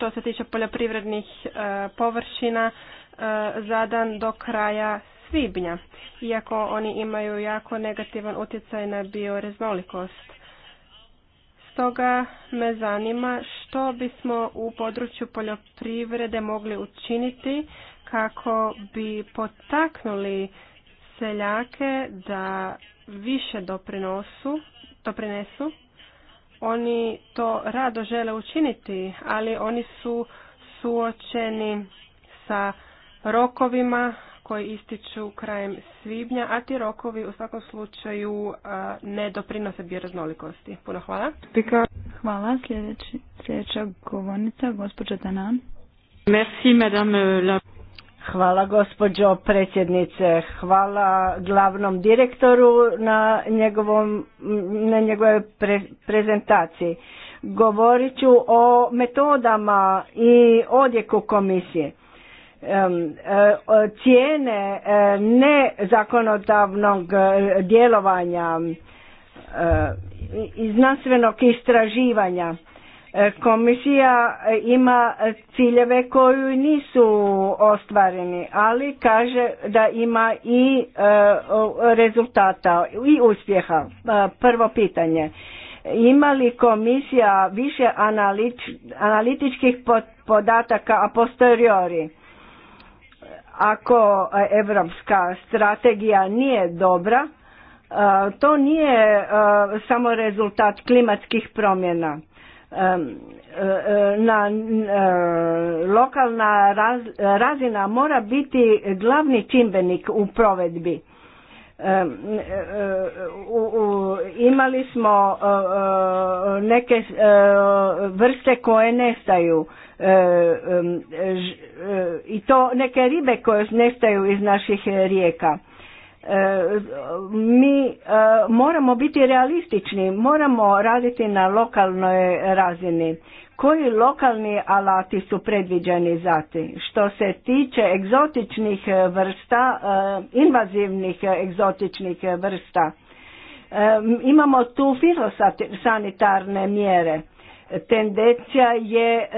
što se tiče poljoprivrednih e, površina e, zadan do kraja svibnja, iako oni imaju jako negativan utjecaj na bioreznolikost. Stoga me zanima što bismo u području poljoprivrede mogli učiniti kako bi potaknuli seljake da više doprinosu, doprinesu oni to rado žele učiniti, ali oni su suočeni sa rokovima koji ističu krajem svibnja, a ti rokovi u svakom slučaju ne doprinose bioraznolikosti. Puno hvala. Hvala. sljedeća govornica, gospođa Danan. Merci, madame euh, la... Hvala gospođo predsjednice, hvala glavnom direktoru na, njegovom, na njegove prezentaciji. Govorit ću o metodama i odjeku komisije. E, cijene e, nezakonodavnog e, djelovanja i znanstvenog istraživanja E, komisija e, ima ciljeve koji nisu ostvareni, ali kaže da ima i e, rezultata i uspjeha. Prvo pitanje. Ima li komisija više analitičkih podataka a posteriori? Ako evropska strategija nije dobra, to nije samo rezultat klimatskih promjena E, e, na e, lokalna razina mora biti glavni čimbenik u provedbi. Imali smo neke vrste koje nestaju i to neke ribe koje nestaju iz naših rijeka E, mi e, moramo biti realistični, moramo raditi na lokalnoj razini. Koji lokalni alati su predviđeni za Što se tiče egzotičnih vrsta, e, invazivnih egzotičnih vrsta, imamo tu filosanitarne mjere. Tendencija je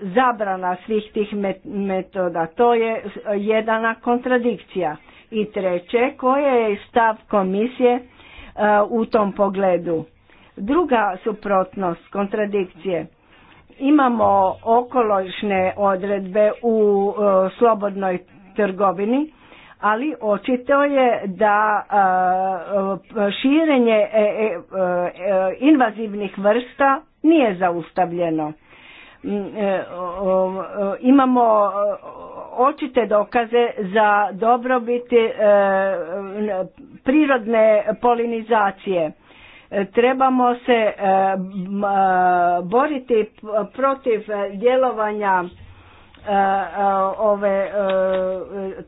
zabrana svih tih metoda. To je jedana kontradikcija i treće, koje je stav komisije e, u tom pogledu? Druga suprotnost, kontradikcije. Imamo okološne odredbe u e, slobodnoj trgovini, ali očito je da e, širenje invazivnih vrsta nije zaustavljeno. Mm, e, imamo očite dokaze za dobrobiti e, prirodne polinizacije. E, trebamo se boriti protiv djelovanja ove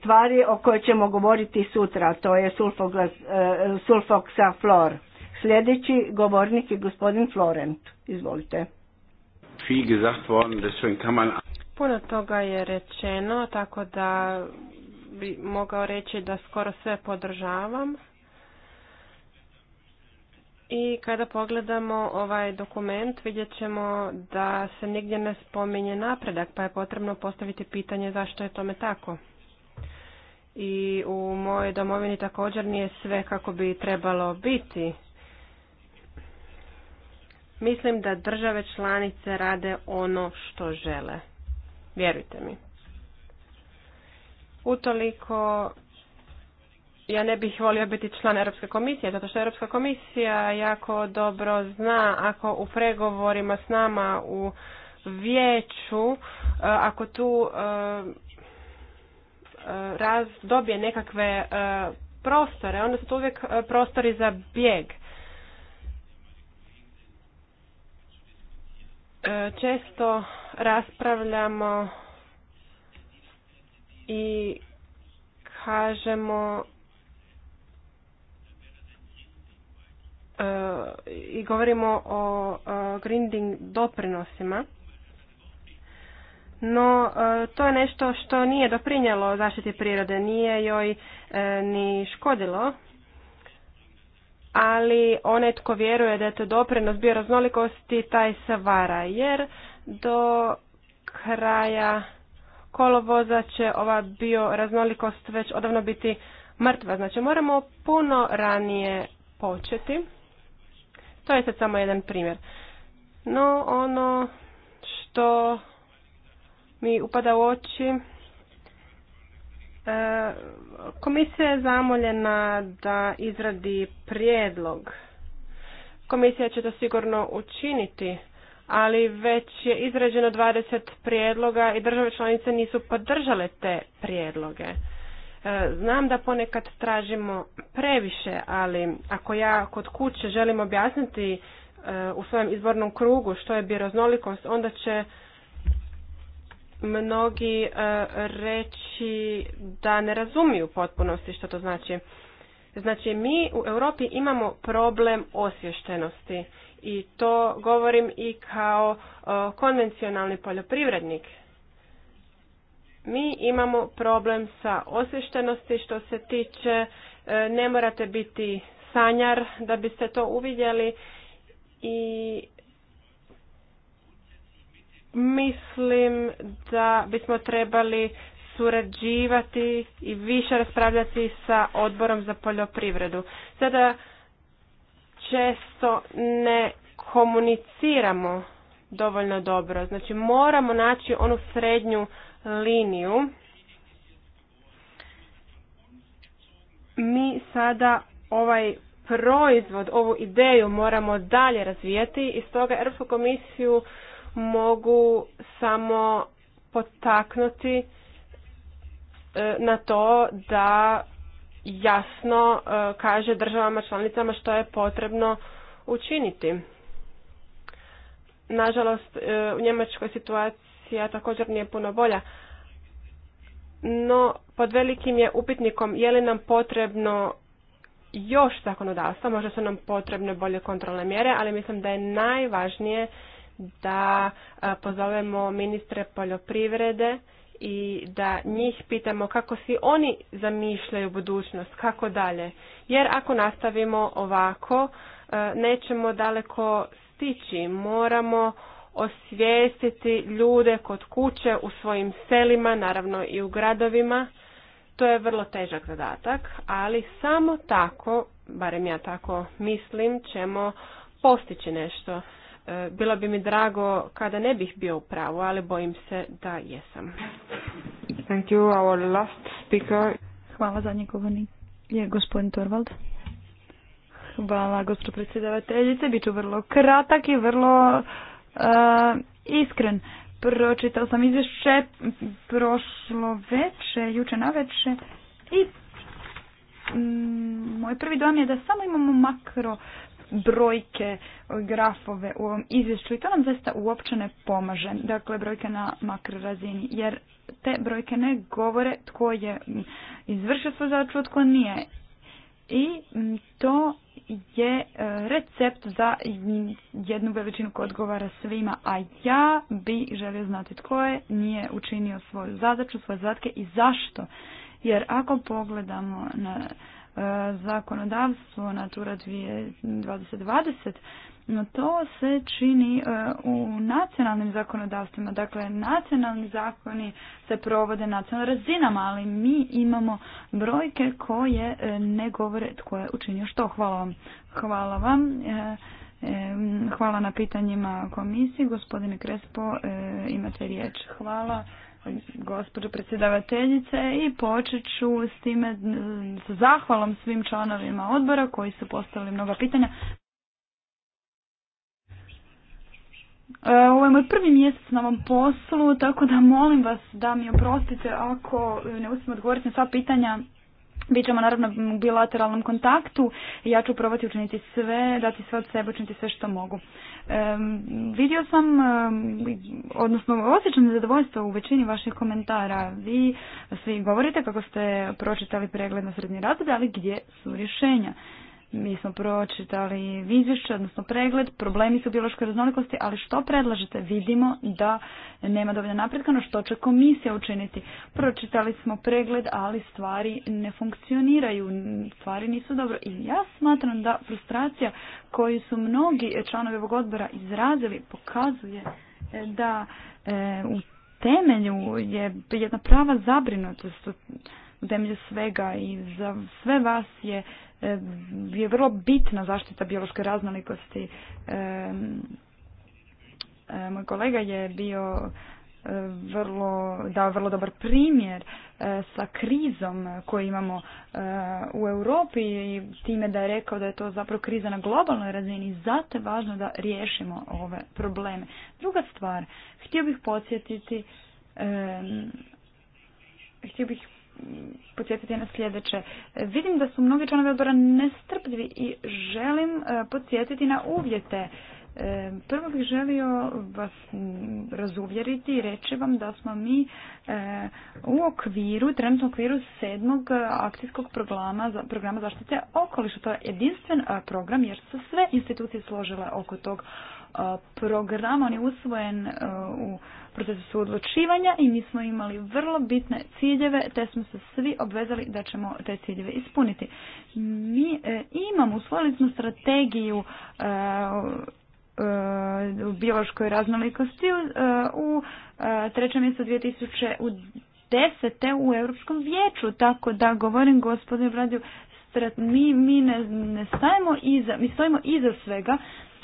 tvari o kojoj ćemo govoriti sutra, to je sulfoksaflor. Sljedeći govornik je gospodin Florent. Izvolite. Puno toga je rečeno, tako da bi mogao reći da skoro sve podržavam. I kada pogledamo ovaj dokument vidjet ćemo da se nigdje ne spominje napredak, pa je potrebno postaviti pitanje zašto je tome tako. I u mojoj domovini također nije sve kako bi trebalo biti. Mislim da države članice rade ono što žele. Vjerujte mi. Utoliko ja ne bih volio biti član Europske komisije, zato što Europska komisija jako dobro zna ako u pregovorima s nama u vijeću, e, ako tu e, e, raz dobije nekakve prostore, onda su to uvijek prostori za bijeg. E, često raspravljamo i kažemo e, i govorimo o e, grinding doprinosima. No, to je nešto što nije doprinjelo zaštiti prirode, nije joj ni škodilo, ali onaj tko vjeruje da je to doprinos bioraznolikosti, taj se vara, jer do kraja kolovoza će ova bioraznolikost već odavno biti mrtva. Znači moramo puno ranije početi. To je sad samo jedan primjer. No ono što mi upada u oči E, komisija je zamoljena da izradi prijedlog. Komisija će to sigurno učiniti, ali već je izrađeno 20 prijedloga i države članice nisu podržale te prijedloge. E, znam da ponekad tražimo previše, ali ako ja kod kuće želim objasniti e, u svojem izbornom krugu što je bioraznolikost, onda će mnogi e, reći da ne razumiju potpunosti što to znači. Znači mi u Europi imamo problem osvještenosti i to govorim i kao e, konvencionalni poljoprivrednik. Mi imamo problem sa osvještenosti što se tiče e, ne morate biti sanjar da biste to uvidjeli i mislim da bismo trebali surađivati i više raspravljati sa odborom za poljoprivredu. Sada često ne komuniciramo dovoljno dobro. Znači moramo naći onu srednju liniju. Mi sada ovaj proizvod, ovu ideju moramo dalje razvijati i stoga Europsku komisiju mogu samo potaknuti e, na to da jasno e, kaže državama članicama što je potrebno učiniti. Nažalost, e, u Njemačkoj situacija također nije puno bolja. No, pod velikim je upitnikom je li nam potrebno još zakonodavstva, možda su nam potrebne bolje kontrolne mjere, ali mislim da je najvažnije da pozovemo ministre poljoprivrede i da njih pitamo kako si oni zamišljaju budućnost, kako dalje. Jer ako nastavimo ovako, nećemo daleko stići. Moramo osvijestiti ljude kod kuće u svojim selima, naravno i u gradovima. To je vrlo težak zadatak, ali samo tako, barem ja tako mislim, ćemo postići nešto. E, bilo bi mi drago kada ne bih bio u pravu, ali bojim se da jesam. Thank you. Our last speaker. Hvala za govornik je gospodin Torvald. Hvala gospodin predsjedavateljice. Biću vrlo kratak i vrlo uh, iskren. Pročitao sam izvješće prošlo veče, juče na veče i mm, moj prvi dojam je da samo imamo makro brojke, grafove u ovom izvješću i to nam zaista uopće ne pomaže. Dakle, brojke na razini jer te brojke ne govore tko je izvršio svoju a tko nije. I to je e, recept za jednu veličinu koja odgovara svima, a ja bi želio znati tko je, nije učinio svoju zadaću, svoje zadatke i zašto. Jer ako pogledamo na E, zakonodavstvo Natura 2020, no to se čini e, u nacionalnim zakonodavstvima. Dakle, nacionalni zakoni se provode na nacionalnim razinama, ali mi imamo brojke koje e, ne govore tko je učinio što. Hvala vam. Hvala vam. Hvala na pitanjima komisiji. Gospodine Krespo, imate riječ. Hvala gospođo predsjedavateljice i počet ću s time s zahvalom svim članovima odbora koji su postavili mnoga pitanja. E, ovo je moj prvi mjesec na ovom poslu, tako da molim vas da mi oprostite ako ne uspijem odgovoriti na sva pitanja Bit ćemo naravno u bilateralnom kontaktu ja ću probati učiniti sve, dati sve od sebe, učiniti sve što mogu. E, vidio sam, odnosno osjećam nezadovoljstvo u većini vaših komentara. Vi svi govorite kako ste pročitali pregled na srednji razred, ali gdje su rješenja? Mi smo pročitali izvješće, odnosno pregled, problemi su biološke raznolikosti, ali što predlažete? Vidimo da nema dovoljno napretka, no što će komisija učiniti? Pročitali smo pregled, ali stvari ne funkcioniraju, stvari nisu dobro. I ja smatram da frustracija koju su mnogi članovi ovog odbora izrazili pokazuje e, da e, u temelju je jedna prava zabrinutost u temelju svega i za sve vas je E, je vrlo bitna zaštita biološke raznolikosti. E, e, moj kolega je bio vrlo, dao vrlo dobar primjer sa krizom koju imamo u Europi i time da je rekao da je to zapravo kriza na globalnoj razini. Zato je važno da riješimo ove probleme. Druga stvar, htio bih podsjetiti htio bih podsjetiti na sljedeće. Vidim da su mnogi članovi odbora nestrpljivi i želim e, podsjetiti na uvjete. E, prvo bih želio vas razuvjeriti i reći vam da smo mi e, u okviru, trenutno okviru sedmog akcijskog programa, programa zaštite okoliša. To je jedinstven program jer su sve institucije složile oko tog programa. On je usvojen u procesu odlučivanja i mi smo imali vrlo bitne ciljeve te smo se svi obvezali da ćemo te ciljeve ispuniti. Mi e, imamo, usvojili smo strategiju e, e, u biološkoj raznolikosti u trećem mjestu 2000 u desete u Europskom vijeću, tako da govorim gospodinu Vladiju, mi, mi ne, ne stajemo iza, mi stojimo iza svega,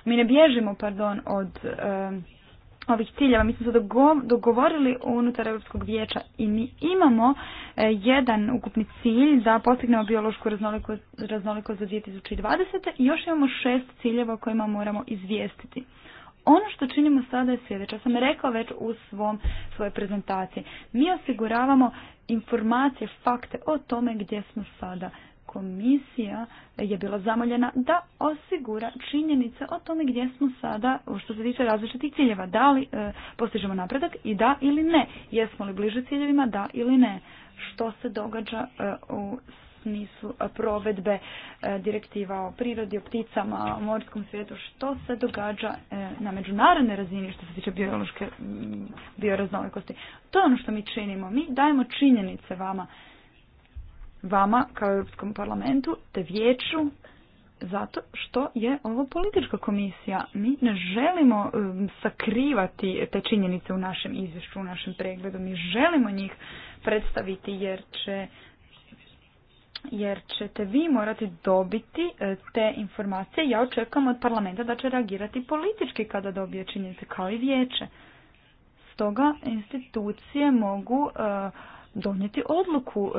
mi ne bježimo, pardon, od ovih ciljeva. Mi smo se dogovorili unutar Europskog vijeća i mi imamo e, jedan ukupni cilj da postignemo biološku raznolikost, raznolikost do 2020. i još imamo šest ciljeva o kojima moramo izvijestiti. Ono što činimo sada je sljedeće. Ja sam rekao već u svom, svojoj prezentaciji. Mi osiguravamo informacije, fakte o tome gdje smo sada komisija je bila zamoljena da osigura činjenice o tome gdje smo sada što se tiče različitih ciljeva. Da li e, postižemo napredak i da ili ne. Jesmo li bliže ciljevima, da ili ne. Što se događa e, u smislu e, provedbe direktiva o prirodi, o pticama, o morskom svijetu, što se događa na međunarodnoj razini što se tiče biološke bioraznolikosti. To je ono što mi činimo. Mi dajemo činjenice vama vama kao Europskom parlamentu te vijeću zato što je ovo politička komisija. Mi ne želimo um, sakrivati te činjenice u našem izvješću, u našem pregledu. Mi želimo njih predstaviti jer će jer ćete vi morati dobiti uh, te informacije. Ja očekujem od parlamenta da će reagirati politički kada dobije činjenice, kao i vijeće. Stoga institucije mogu uh, donijeti odluku uh,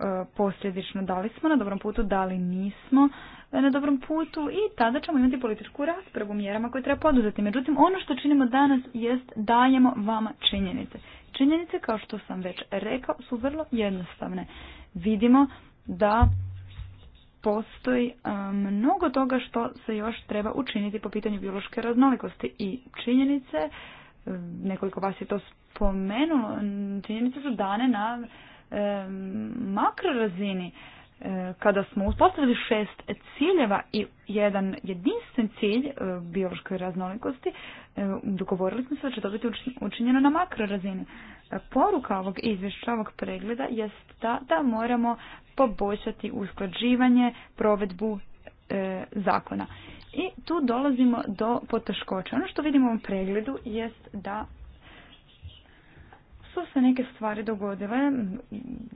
E, posljedično da li smo na dobrom putu, da li nismo na dobrom putu i tada ćemo imati političku raspravu mjerama koje treba poduzeti. Međutim, ono što činimo danas jest dajemo vama činjenice. Činjenice, kao što sam već rekao, su vrlo jednostavne. Vidimo da postoji e, mnogo toga što se još treba učiniti po pitanju biološke raznolikosti i činjenice, e, nekoliko vas je to spomenulo, činjenice su dane na makro razini kada smo uspostavili šest ciljeva i jedan jedinstven cilj biološkoj raznolikosti, dogovorili smo se da će to biti učinjeno na makro razini. Poruka ovog izvješća, ovog pregleda jest da da moramo poboljšati usklađivanje, provedbu e, zakona. I tu dolazimo do poteškoća. Ono što vidimo u ovom pregledu jest da se neke stvari dogodile,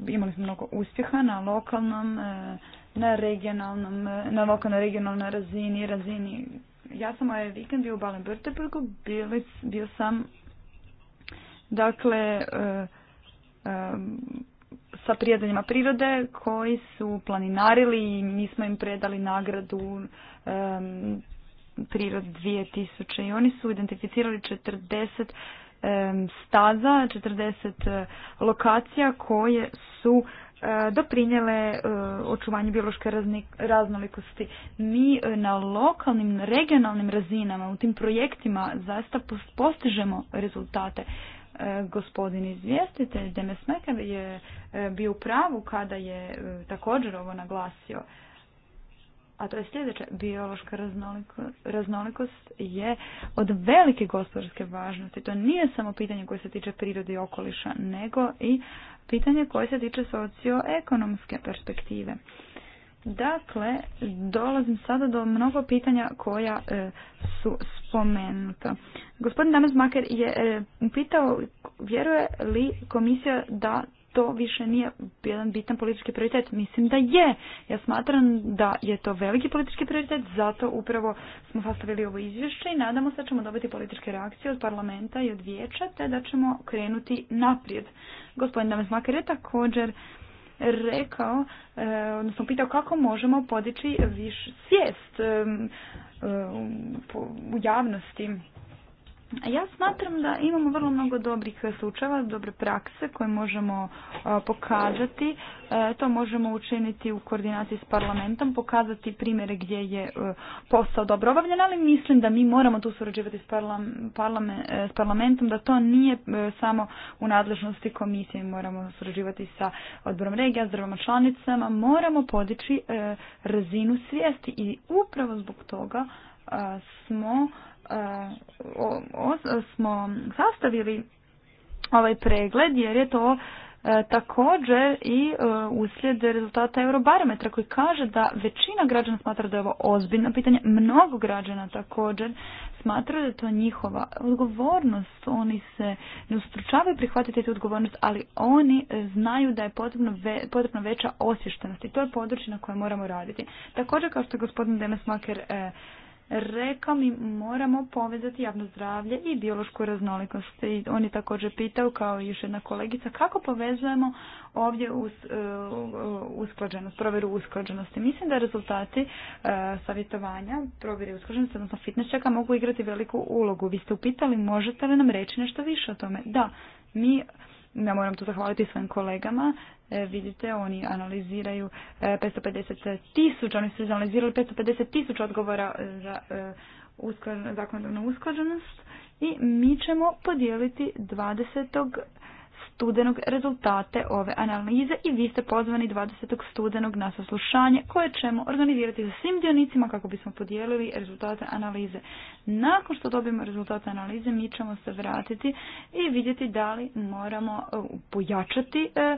imali smo mnogo uspjeha na lokalnom, e, na regionalnom, e, na lokalnoj regionalnoj razini, razini. Ja sam ovaj vikend bio u balen württembergu bio sam dakle e, sa prijedanjima prirode koji su planinarili i mi smo im predali nagradu Prirod 2000 i oni su identificirali 40 staza, 40 e, lokacija koje su e, doprinjele e, očuvanju biološke raznolikosti. Mi na lokalnim, regionalnim razinama u tim projektima zaista postižemo rezultate. Gospodin izvjestitelj Demes Mekar je bio u pravu kada je također ovo naglasio a to je sljedeća biološka raznolikost je od velike gospodarske važnosti. To nije samo pitanje koje se tiče prirode i okoliša, nego i pitanje koje se tiče socioekonomske perspektive. Dakle, dolazim sada do mnogo pitanja koja e, su spomenuta. Gospodin Maker je e, pitao vjeruje li komisija da to više nije jedan bitan politički prioritet. Mislim da je. Ja smatram da je to veliki politički prioritet, zato upravo smo sastavili ovo izvješće i nadamo se da ćemo dobiti političke reakcije od parlamenta i od vijeća, te da ćemo krenuti naprijed. Gospodin Makar je također rekao, e, odnosno pitao kako možemo podići viš svijest e, e, u javnosti ja smatram da imamo vrlo mnogo dobrih slučajeva, dobre prakse koje možemo pokazati. E, to možemo učiniti u koordinaciji s parlamentom, pokazati primjere gdje je e, posao dobro obavljen, ali mislim da mi moramo tu surađivati s, e, s parlamentom, da to nije samo u nadležnosti komisije. Moramo surađivati sa odborom regija, zdravama članicama, moramo podići razinu svijesti i upravo zbog toga smo smo sastavili ovaj pregled jer je to e, također i e, uslijed rezultata Eurobarometra koji kaže da većina građana smatra da je ovo ozbiljno pitanje, mnogo građana također smatra da je to njihova odgovornost, oni se ne ustručavaju prihvatiti tu odgovornost, ali oni znaju da je potrebno, ve, potrebno veća osvještenost i to je područje na koje moramo raditi. Također kao što je gospodin Maker e, rekao mi moramo povezati javno zdravlje i biološku raznolikost. I on je također pitao kao i još jedna kolegica kako povezujemo ovdje e, usklađenost, provjeru usklađenosti. Mislim da rezultati e, savjetovanja, provjere usklađenosti, odnosno fitness checka mogu igrati veliku ulogu. Vi ste upitali možete li nam reći nešto više o tome? Da, mi ja moram tu zahvaliti svojim kolegama, e, vidite oni analiziraju 550 e, tisuća, oni su analizirali 550 tisuća odgovora e, za zakonodavnu usklađenost i mi ćemo podijeliti 20 studenog rezultate ove analize i vi ste pozvani 20. studenog na saslušanje koje ćemo organizirati sa svim dionicima kako bismo podijelili rezultate analize. Nakon što dobijemo rezultate analize mi ćemo se vratiti i vidjeti da li moramo e, pojačati e,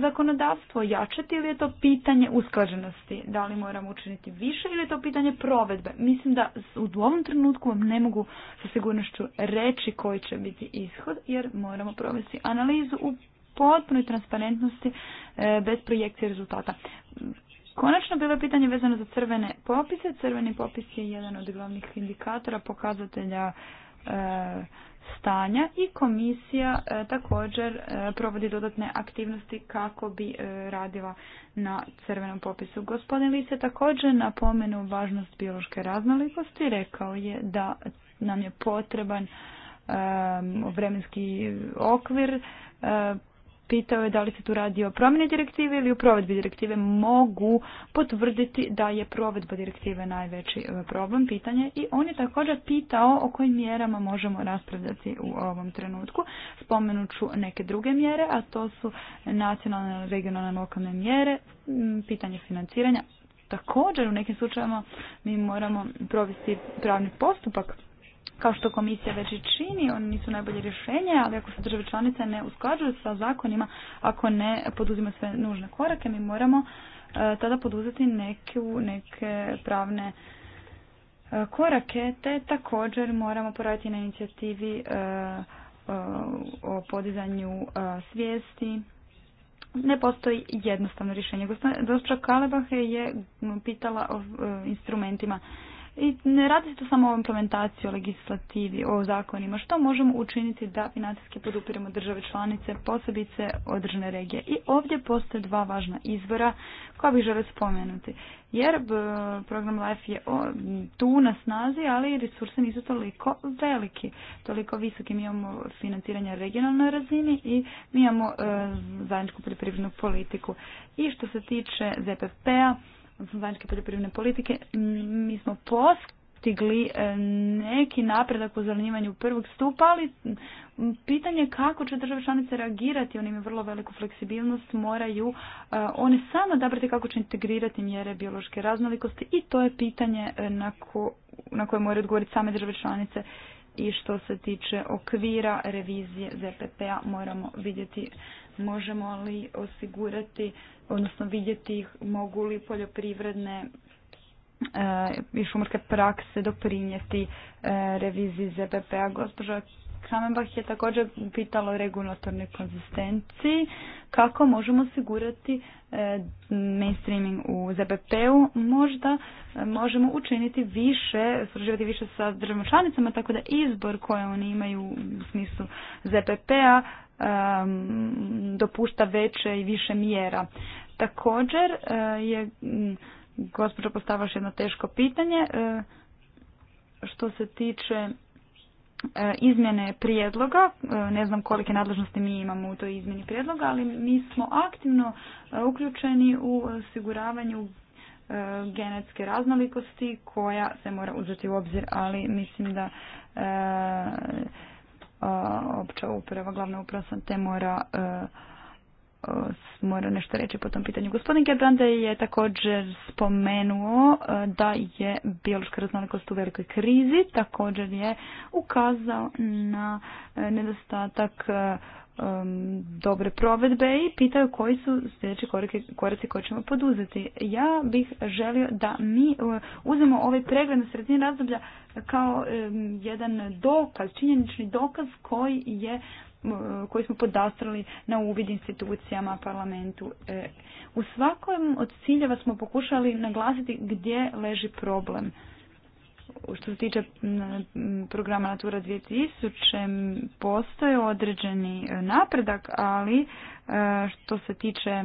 zakonodavstvo jačati ili je to pitanje usklađenosti? Da li moramo učiniti više ili je to pitanje provedbe? Mislim da u ovom trenutku vam ne mogu sa sigurnošću reći koji će biti ishod jer moramo provesti analizu u potpunoj transparentnosti e, bez projekcije rezultata. Konačno bilo je pitanje vezano za crvene popise. Crveni popis je jedan od glavnih indikatora, pokazatelja E, stanja i komisija e, također e, provodi dodatne aktivnosti kako bi radila na crvenom popisu. Gospodin Lis je također napomenuo važnost biološke raznolikosti, rekao je da nam je potreban vremenski okvir pitao je da li se tu radi o promjeni direktive ili u provedbi direktive. Mogu potvrditi da je provedba direktive najveći e, problem, pitanje. I on je također pitao o kojim mjerama možemo raspravljati u ovom trenutku. Spomenut neke druge mjere, a to su nacionalne, regionalne, lokalne mjere, pitanje financiranja. Također u nekim slučajevima mi moramo provesti pravni postupak kao što komisija već i čini, oni nisu najbolje rješenje, ali ako se države članice ne usklađuju sa zakonima, ako ne poduzima sve nužne korake, mi moramo e, tada poduzeti neke, neke pravne e, korake, te također moramo poraditi na inicijativi e, o podizanju svijesti. Ne postoji jednostavno rješenje. Gospođa Kalebah je pitala o instrumentima i ne radi se to samo o implementaciji, o legislativi, o zakonima. Što možemo učiniti da financijski podupiremo države članice, posebice održane regije? I ovdje postoje dva važna izvora koja bih žele spomenuti. Jer program LIFE je tu na snazi, ali resurse nisu toliko veliki, toliko visoki. Mi imamo financiranje regionalnoj razini i mi imamo e, zajedničku poljoprivrednu politiku. I što se tiče ZPP-a, odnosno zajedničke poljoprivredne politike, mi smo postigli e, neki napredak u zelenjivanju prvog stupa, ali pitanje je kako će države članice reagirati, oni imaju vrlo veliku fleksibilnost, moraju e, one samo odabrati kako će integrirati mjere biološke raznolikosti i to je pitanje e, na, na koje moraju odgovoriti same države članice i što se tiče okvira revizije ZPP-a moramo vidjeti možemo li osigurati odnosno vidjeti mogu li poljoprivredne e, i šumarske prakse doprinijeti e, reviziji ZPP-a. Gospođa Kramenbach je također pitala o regulatornoj konzistenciji, kako možemo osigurati e, mainstreaming u ZBP-u, možda možemo učiniti više, surađivati više sa državama članicama, tako da izbor koje oni imaju u smislu ZPP-a dopušta veće i više mjera. Također eh, je gospođa postavaš jedno teško pitanje eh, što se tiče eh, izmjene prijedloga, ne znam kolike nadležnosti mi imamo u toj izmjeni prijedloga, ali mi smo aktivno uključeni u osiguravanju genetske raznolikosti koja se mora uzeti u obzir, ali mislim da opća uprava, glavna uprava te mora e, e, mora nešto reći po tom pitanju. Gospodin Gerbrande je također spomenuo e, da je biološka raznolikost u velikoj krizi, također je ukazao na nedostatak um, dobre provedbe i pitaju koji su sljedeći koraci koje ćemo poduzeti. Ja bih želio da mi uh, uzmemo ovaj pregled na sredini razdoblja kao um, jedan dokaz, činjenični dokaz koji je uh, koji smo podastrali na uvid institucijama, parlamentu. E, u svakom od ciljeva smo pokušali naglasiti gdje leži problem što se tiče programa Natura 2000 postoje određeni e, napredak, ali e, što se tiče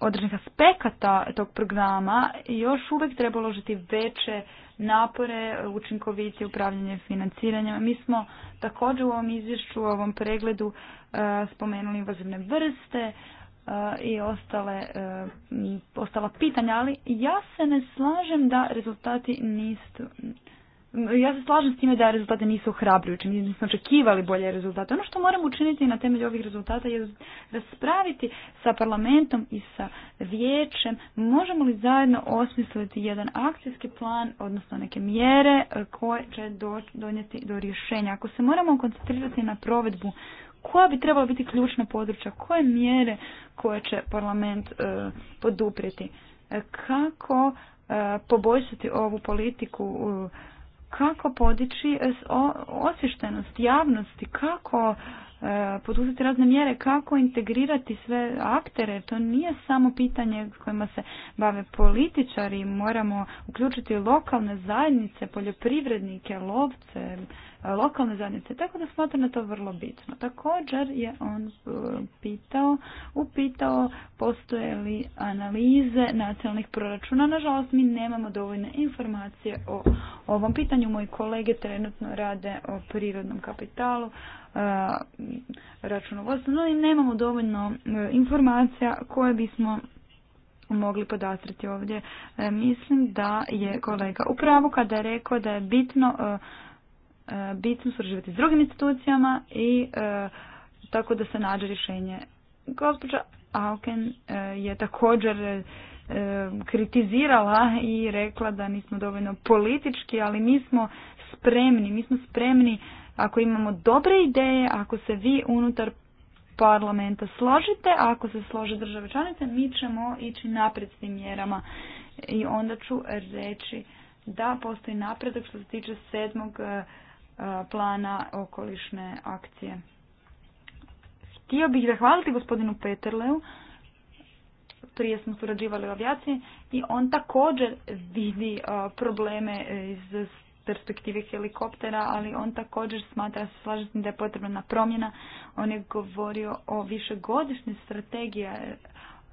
određenih aspekata tog programa još uvijek treba uložiti veće napore, učinkovitije upravljanje financiranjem. Mi smo također u ovom izvješću, u ovom pregledu e, spomenuli invazivne vrste, E, i ostale, e, ostala pitanja, ali ja se ne slažem da rezultati nisu... Ja se slažem s time da rezultati nisu hrabrujući, smo očekivali bolje rezultate. Ono što moramo učiniti na temelju ovih rezultata je raspraviti sa parlamentom i sa vijećem. Možemo li zajedno osmisliti jedan akcijski plan, odnosno neke mjere e, koje će donijeti do rješenja. Ako se moramo koncentrirati na provedbu koja bi trebala biti ključna područja, koje mjere koje će parlament e, poduprijeti, e, kako e, poboljšati ovu politiku, kako podići osvještenost javnosti, kako poduzeti razne mjere, kako integrirati sve aktere. To nije samo pitanje kojima se bave političari, moramo uključiti lokalne zajednice, poljoprivrednike, lovce, lokalne zajednice. Tako da smatram da to vrlo bitno. Također je on e, pitao, upitao postoje li analize nacionalnih proračuna. Nažalost, mi nemamo dovoljne informacije o ovom pitanju. Moji kolege trenutno rade o prirodnom kapitalu e, računovodstvu, no i nemamo dovoljno e, informacija koje bismo mogli podastrati ovdje. Mislim da je kolega upravo kada je rekao da je bitno E, bitno surživati s drugim institucijama i e, tako da se nađe rješenje. Gospođa Auken e, je također kritizirala i rekla da nismo dovoljno politički, ali mi smo spremni, mi smo spremni ako imamo dobre ideje, ako se vi unutar parlamenta složite, ako se slože države članice, mi ćemo ići naprijed s tim mjerama. I onda ću reći da postoji napredak što se tiče sedmog plana okolišne akcije. Htio bih zahvaliti gospodinu Peterleu, prije smo surađivali u avijaciji i on također vidi probleme iz perspektive helikoptera, ali on također smatra se da je potrebna promjena. On je govorio o višegodišnje strategija.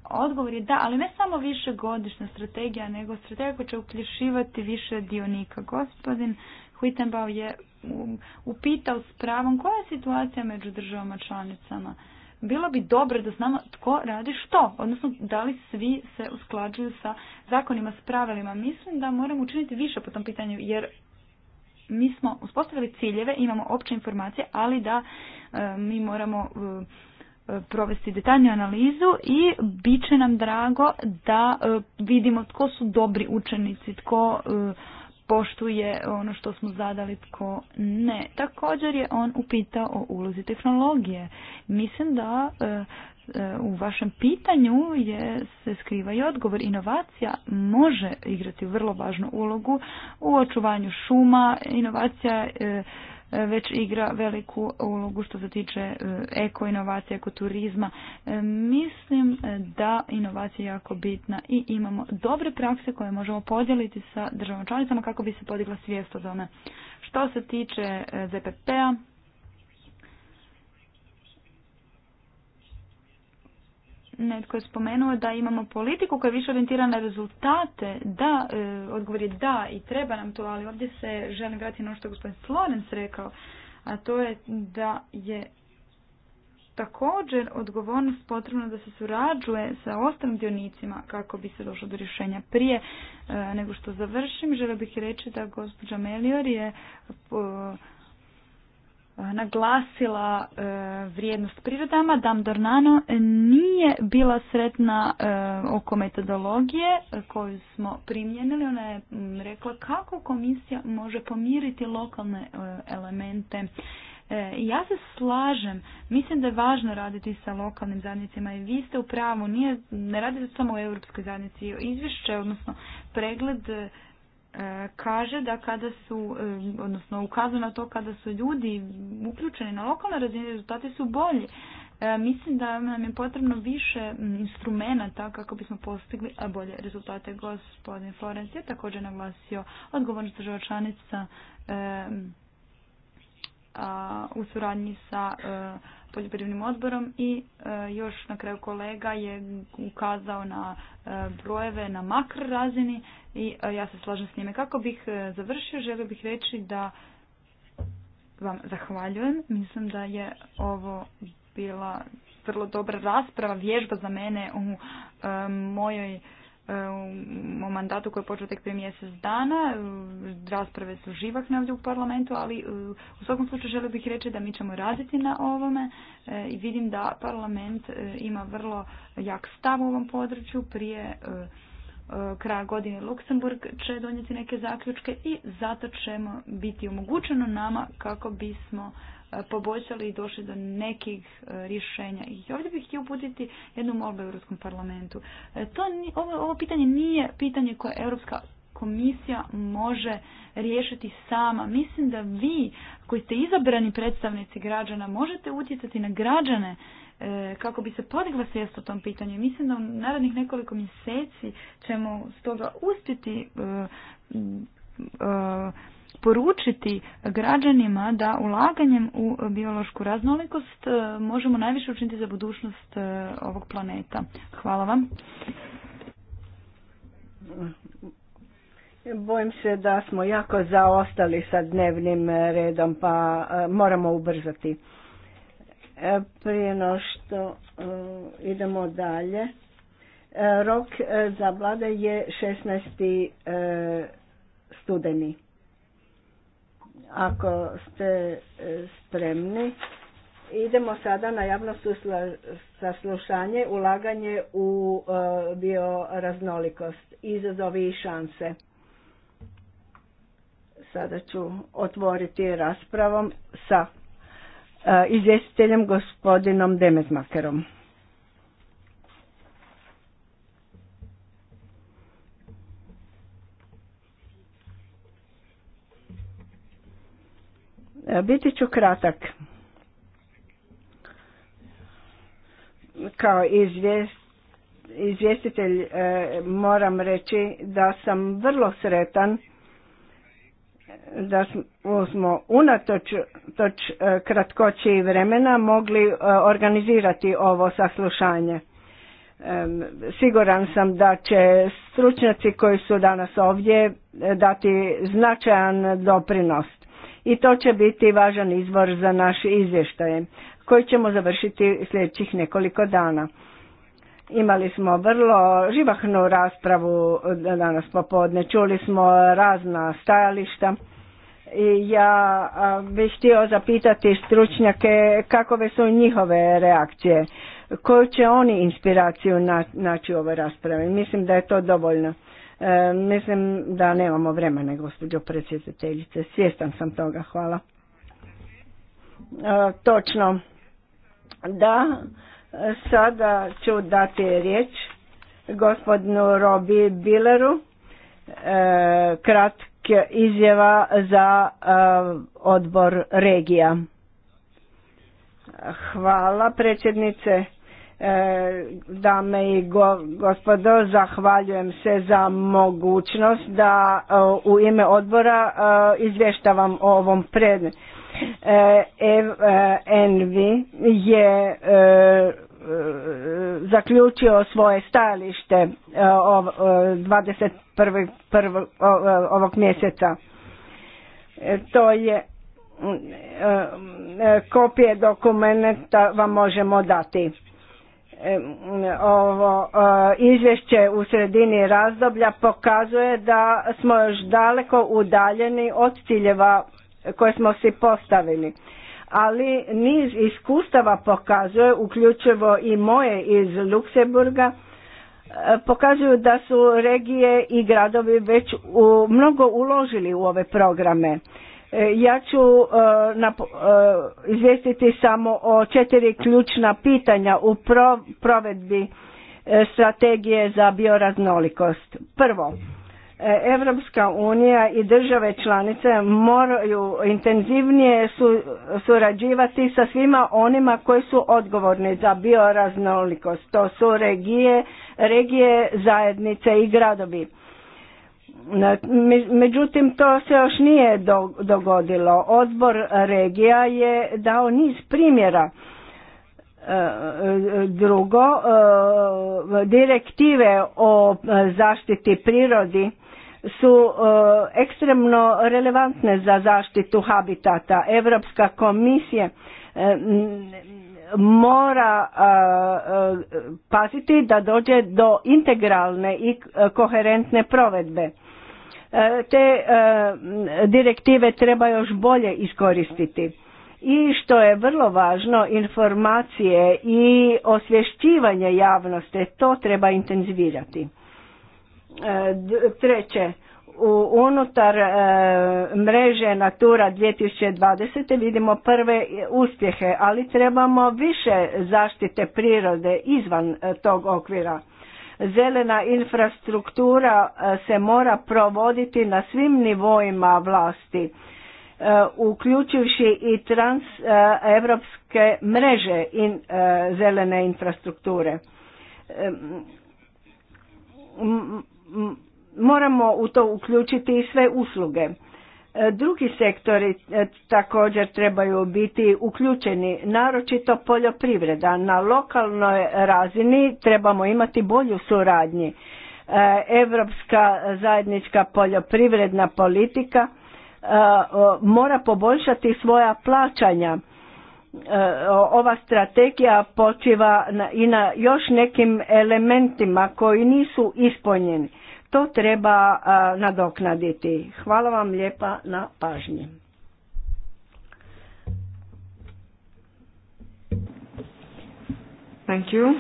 Odgovor je da, ali ne samo višegodišnja strategija, nego strategija koja će uključivati više dionika. Gospodin Huitenbao je upitao s pravom koja je situacija među državama članicama. Bilo bi dobro da znamo tko radi što, odnosno da li svi se usklađuju sa zakonima, s pravilima. Mislim da moramo učiniti više po tom pitanju, jer mi smo uspostavili ciljeve, imamo opće informacije, ali da e, mi moramo e, e, provesti detaljnu analizu i bit će nam drago da vidimo tko su dobri učenici, tko poštuje ono što smo zadali tko ne. Također je on upitao o ulozi tehnologije. Mislim da e, e, u vašem pitanju je, se skriva i odgovor. Inovacija može igrati vrlo važnu ulogu u očuvanju šuma. Inovacija e, E, već igra veliku ulogu što se tiče e, eko inovacija, eko turizma. E, mislim da inovacija je jako bitna i imamo dobre prakse koje možemo podijeliti sa državom članicama kako bi se podigla svijest o tome. Što se tiče ZPP-a, netko je spomenuo da imamo politiku koja je više orijentirana na rezultate. Da, e, odgovor je da i treba nam to, ali ovdje se želim vratiti na ono što je gospodin Florence rekao, a to je da je također odgovornost potrebno da se surađuje sa ostalim dionicima kako bi se došlo do rješenja. Prije e, nego što završim, želio bih reći da gospođa Melior je Eh, naglasila eh, vrijednost prirodama, Dam Dornano nije bila sretna eh, oko metodologije koju smo primijenili. Ona je mm, rekla kako komisija može pomiriti lokalne elemente. Ja se slažem, mislim da je važno raditi sa lokalnim zajednicama i vi ste u pravu, nije, ne radite samo o europskoj zajednici, izvješće, odnosno pregled E, kaže da kada su, e, odnosno ukazuje na to kada su ljudi uključeni na lokalnoj razini, rezultati su bolji. E, mislim da nam je potrebno više instrumenta kako bismo postigli bolje rezultate. Gospodin Florenc je također naglasio odgovornost država članica u suradnji sa poljoprivrednim odborom i e, još na kraju kolega je ukazao na e, brojeve na makro razini i e, ja se slažem s njime. Kako bih završio, želio bih reći da vam zahvaljujem. Mislim da je ovo bila vrlo dobra rasprava, vježba za mene u mojoj o e, mandatu koji je počeo tek prije mjesec dana. E, rasprave su živakne ovdje u parlamentu, ali e, u svakom slučaju želio bih reći da mi ćemo raditi na ovome i vidim da parlament ima vrlo jak stav u ovom području prije kraja godine Luksemburg će donijeti neke zaključke i zato ćemo biti omogućeno nama kako bismo E, poboljšali i došli do nekih e, rješenja. I ovdje bih htio uputiti jednu molbu Europskom parlamentu. E, to, ovo, ovo pitanje nije pitanje koje Europska komisija može riješiti sama. Mislim da vi koji ste izabrani predstavnici građana možete utjecati na građane kako bi se podigla svijest o tom pitanju. Mislim da u narednih nekoliko mjeseci ćemo stoga uspjeti poručiti građanima da ulaganjem u biološku raznolikost e, možemo najviše učiniti za budućnost e, ovog planeta. Hvala vam. Bojim se da smo jako zaostali sa dnevnim redom pa e, moramo ubrzati. Prije no što idemo dalje. Rok za vlade je 16. studeni. Ako ste e, spremni, idemo sada na javno saslušanje, ulaganje u e, bioraznolikost, izazovi i šanse. Sada ću otvoriti raspravom sa e, izvjestiteljem gospodinom demezmakerom. E, biti ću kratak. Kao izvjestitelj e, moram reći da sam vrlo sretan da smo unatoč toč e, kratkoći vremena mogli organizirati ovo saslušanje. Siguran sam da će stručnjaci koji su danas ovdje dati značajan doprinost i to će biti važan izvor za naše izvještaje koji ćemo završiti sljedećih nekoliko dana. Imali smo vrlo živahnu raspravu danas popodne, čuli smo razna stajališta i ja bih htio zapitati stručnjake kakove su njihove reakcije, koju će oni inspiraciju naći u ovoj raspravi. Mislim da je to dovoljno. E, mislim da nemamo vremena, gospođo predsjedateljice. Svjestan sam toga. Hvala. E, točno. Da, sada ću dati riječ gospodinu Robi Bileru. E, kratke izjava za odbor regija. Hvala predsjednice. E, dame i gospodo, zahvaljujem se za mogućnost da e, u ime odbora e, izvještavam o ovom predmetu. Envi je zaključio svoje stajalište 21. ovog mjeseca. To je mm, mm, kopije dokumenta vam možemo dati ovo izvješće u sredini razdoblja pokazuje da smo još daleko udaljeni od ciljeva koje smo si postavili. Ali niz iskustava pokazuje, uključivo i moje iz Luksemburga, e, pokazuju da su regije i gradovi već mnogo uložili u ove programe E, ja ću e, e, izvijestiti samo o četiri ključna pitanja u provedbi strategije za bioraznolikost. Prvo, Evropska unija i države članice moraju intenzivnije surađivati sa svima onima koji su odgovorni za bioraznolikost. To su regije, regije zajednice i gradovi Međutim, to se još nije dogodilo. Odbor regija je dao niz primjera. E, e, drugo, e, direktive o zaštiti prirodi su ekstremno relevantne za zaštitu habitata. Europska komisija mora paziti da dođe do integralne i koherentne provedbe E, te e, direktive treba još bolje iskoristiti. I što je vrlo važno, informacije i osvješćivanje javnosti, to treba intenzivirati. E, treće, unutar mreže Natura 2020. vidimo prve uspjehe, ali trebamo više zaštite prirode izvan tog okvira. Zelena infrastruktura e, se mora provoditi na svim nivoima vlasti, e, uključujući i transevropske e, mreže in zelene infrastrukture. Moramo u to uključiti i sve usluge E, drugi sektori e, također trebaju biti uključeni, naročito poljoprivreda. Na lokalnoj razini trebamo imati bolju suradnji. Europska zajednička poljoprivredna politika e, mora poboljšati svoja plaćanja. Ova strategija počiva i na još nekim elementima koji nisu ispunjeni to treba nadoknaditi. Hvala vam lijepa na pažnji. Thank you.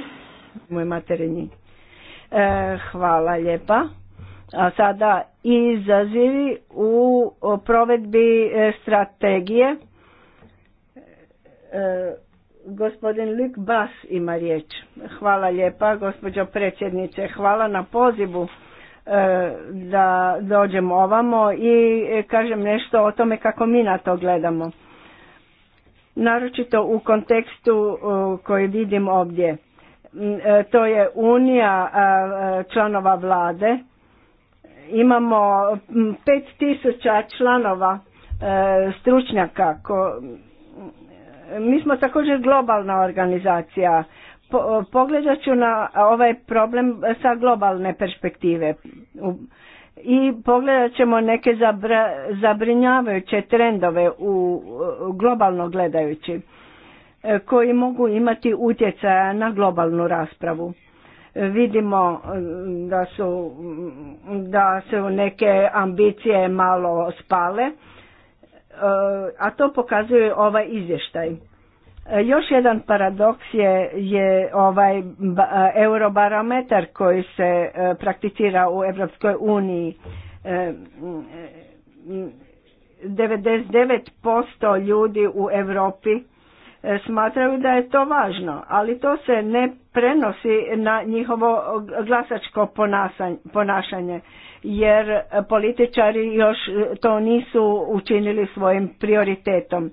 Moj materinji. E, hvala lijepa. A sada izazivi u provedbi e, strategije. E, gospodin Luk Bas ima riječ. Hvala lijepa, gospođo predsjednice. Hvala na pozivu E, da dođem ovamo i e, kažem nešto o tome kako mi na to gledamo. Naročito u kontekstu koji vidim ovdje. E, to je unija članova vlade. Imamo 5000 članova stručnjaka. Mi smo također globalna organizacija pogledat ću na ovaj problem sa globalne perspektive i pogledat ćemo neke zabrinjavajuće trendove u globalno gledajući e, koji mogu imati utjecaja na globalnu raspravu. Vidimo e, da su, da su neke ambicije malo spale, e, a to pokazuje ovaj izvještaj. E, još jedan paradoks je, ovaj e, eurobarometar koji se e, prakticira u Europskoj uniji. 99% ljudi u Europi smatraju da je to važno, ali to se ne prenosi na njihovo glasačko ponašanje, jer političari još to nisu učinili svojim prioritetom.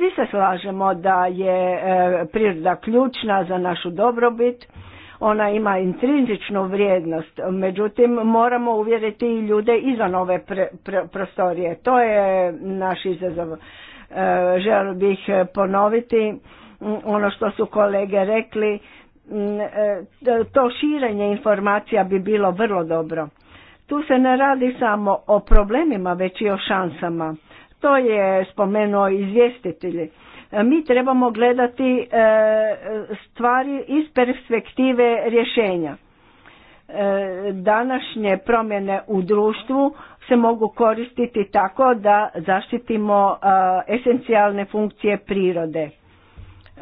Svi se slažemo da je e, priroda ključna za našu dobrobit, ona ima intrinzičnu vrijednost, međutim moramo uvjeriti i ljude izvan ove prostorije. To je naš izazov. E, želio bih ponoviti ono što su kolege rekli, e, to širenje informacija bi bilo vrlo dobro. Tu se ne radi samo o problemima, već i o šansama to je spomenuo izvjestitelji. E, mi trebamo gledati e, stvari iz perspektive rješenja. E, današnje promjene u društvu se mogu koristiti tako da zaštitimo esencijalne funkcije prirode.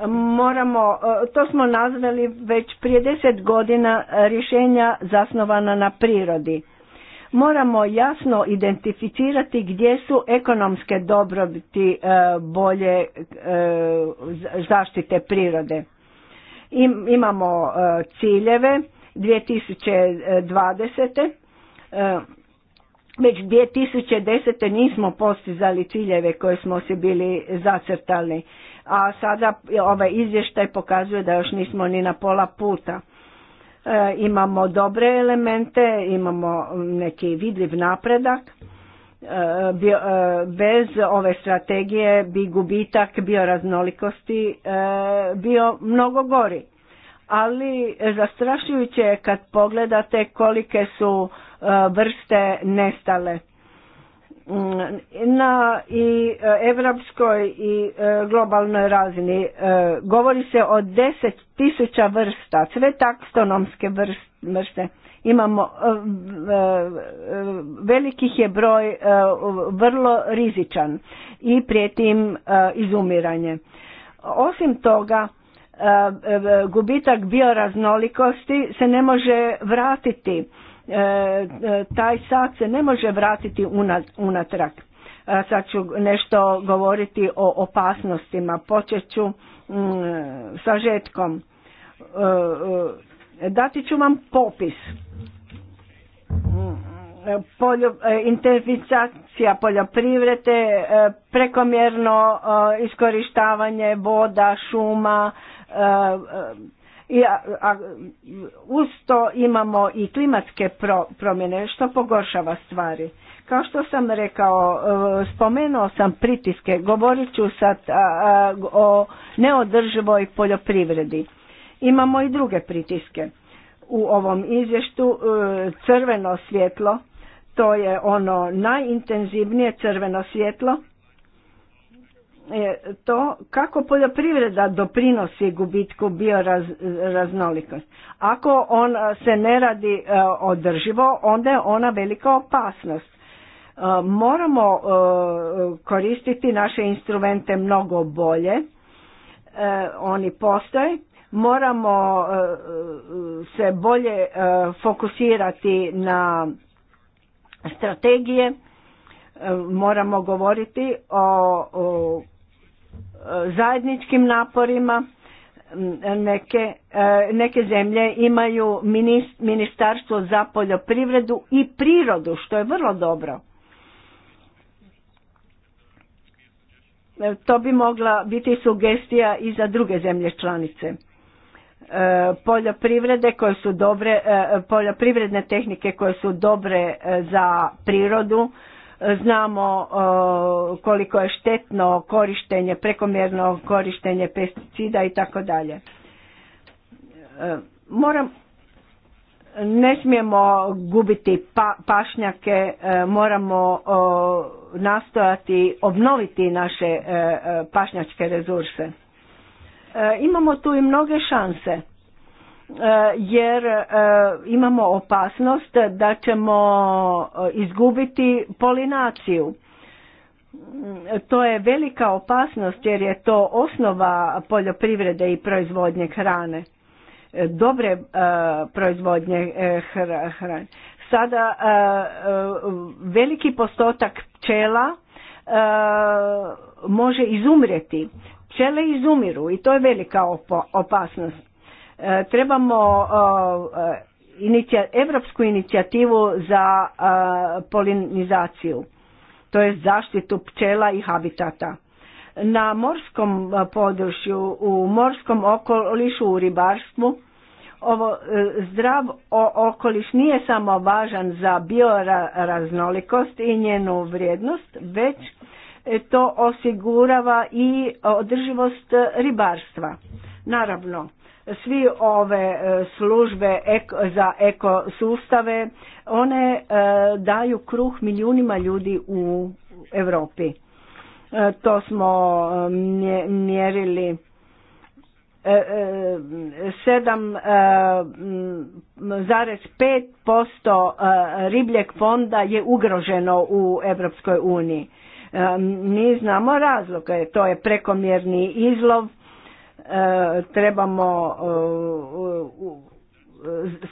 Moramo, to smo nazvali već prije deset godina rješenja zasnovana na prirodi Moramo jasno identificirati gdje su ekonomske dobrobiti e, bolje e, zaštite prirode. Imamo e, ciljeve 2020. Već 2010. nismo postizali ciljeve koje smo si bili zacrtali, a sada ovaj izvještaj pokazuje da još nismo ni na pola puta. E, imamo dobre elemente, imamo neki vidljiv napredak. E, e, bez ove strategije bi gubitak bioraznolikosti bio mnogo gori. Ali zastrašujuće je kad pogledate kolike su vrste nestale. Mm, na i e, evropskoj i e, globalnoj razini e, govori se o deset tisuća vrsta, sve takstonomske vrste. Imamo velikih je broj vrlo rizičan i prije tim izumiranje. Osim toga gubitak bioraznolikosti se ne može vratiti E, e, taj sat se ne može vratiti unatrag. E, sad ću nešto govoriti o opasnostima. Počet ću mm, sa žetkom. Dati ću vam popis. Polju, poljoprivrede, prekomjerno iskorištavanje voda, šuma, i, a, uz to imamo i klimatske promjene što pogoršava stvari. Kao što sam rekao, e, spomenuo sam pritiske, govorit ću sad o neodrživoj poljoprivredi. Imamo i druge pritiske. U ovom izvještu e, crveno svjetlo, to je ono najintenzivnije crveno svjetlo, to kako poljoprivreda doprinosi gubitku bioraznolikosti. Ako on se ne radi održivo, onda je ona velika opasnost. Moramo koristiti naše instrumente mnogo bolje, oni postoje, moramo se bolje fokusirati na strategije, moramo govoriti o zajedničkim naporima neke, e, neke zemlje imaju ministarstvo za poljoprivredu i prirodu što je vrlo dobro. E, to bi mogla biti sugestija i za druge zemlje članice. E, poljoprivrede koje su dobre, poljoprivredne tehnike koje su dobre za prirodu Znamo e, koliko je štetno korištenje, prekomjerno korištenje pesticida i tako dalje. E, moram, ne smijemo gubiti pa, pašnjake, e, moramo nastojati obnoviti naše pašnjačke rezurse. Imamo tu i mnoge šanse Eh, jer eh, imamo opasnost da ćemo eh, izgubiti polinaciju. Mm, to je velika opasnost jer je to osnova poljoprivrede i proizvodnje hrane, dobre proizvodnje hrane. Sada veliki postotak pčela može izumreti. Pčele izumiru i to je velika opasnost. E, trebamo e, evropsku inicijativu za e, polinizaciju, to je zaštitu pčela i habitata. Na morskom području, u morskom okolišu, u ribarstvu, ovo zdrav okoliš nije samo važan za bioraznolikost i njenu vrijednost, već to osigurava i održivost ribarstva. Naravno, svi ove e, službe za ekosustave, one e, daju kruh milijunima ljudi u Europi. E, to smo mjerili sedam posto ribljeg fonda je ugroženo u Europskoj uniji. Mi znamo razloge, to je prekomjerni izlov, trebamo e,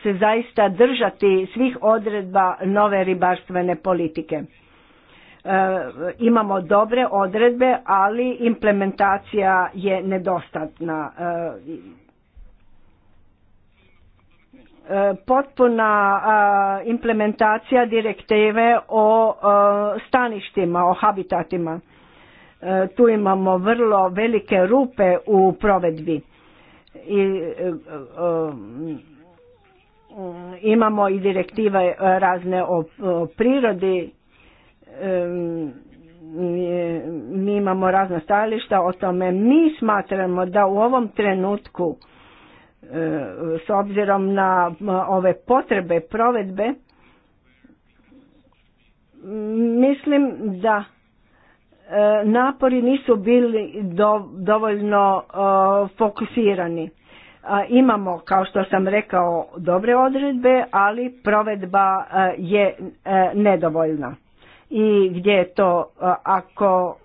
se zaista držati svih odredba nove ribarstvene politike. E, imamo dobre odredbe, ali implementacija je nedostatna. E, potpuna implementacija direktive o staništima, o habitatima E, tu imamo vrlo velike rupe u provedbi i e, e, imamo i direktive razne o prirodi mi imamo razna stajališta o tome. Mi smatramo da u ovom trenutku s obzirom na ove potrebe provedbe mislim da E, napori nisu bili dovoljno e, fokusirani. E, imamo, kao što sam rekao, dobre odredbe, ali provedba je nedovoljna. I gdje je to, ako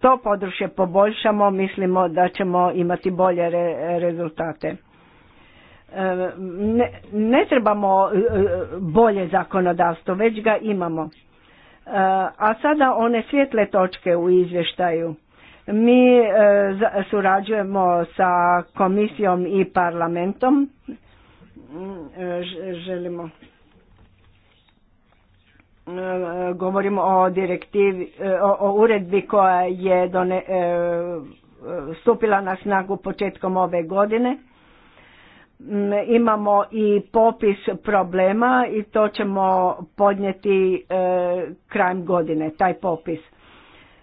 to područje poboljšamo, mislimo da ćemo imati bolje rezultate. Ne, ne trebamo bolje zakonodavstvo, već ga imamo. A sada one svjetle točke u izvještaju. Mi e, surađujemo sa komisijom i parlamentom. Mm, e, želimo e, govorimo o direktivi, o uredbi koja je stupila na snagu početkom ove godine imamo i popis problema i to ćemo podnijeti e, krajem godine, taj popis.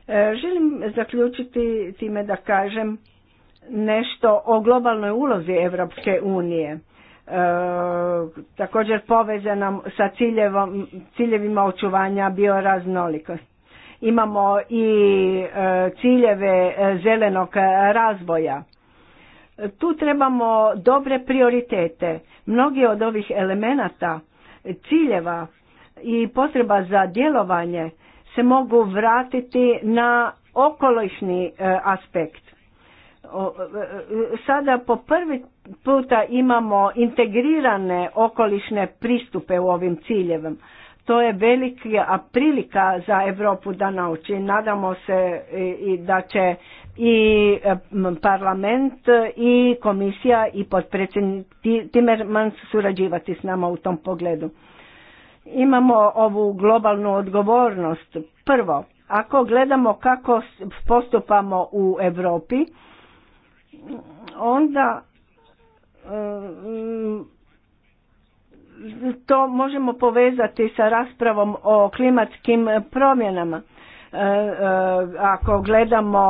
E, želim zaključiti time da kažem nešto o globalnoj ulozi Europske unije. E, također povezanom sa ciljevom, ciljevima očuvanja bioraznolikosti. Imamo i ciljeve zelenog razvoja. Tu trebamo dobre prioritete. Mnogi od ovih elemenata, ciljeva i potreba za djelovanje se mogu vratiti na okolišni e, aspekt. E, e, sada po prvi puta imamo integrirane okolišne pristupe u ovim ciljevima. To je velika prilika za Europu da nauči. Nadamo se i da će i parlament i komisija i potpredsjednik Timmermans surađivati s nama u tom pogledu. Imamo ovu globalnu odgovornost. Prvo, ako gledamo kako postupamo u Europi, onda e, to možemo povezati sa raspravom o klimatskim promjenama E, e, ako gledamo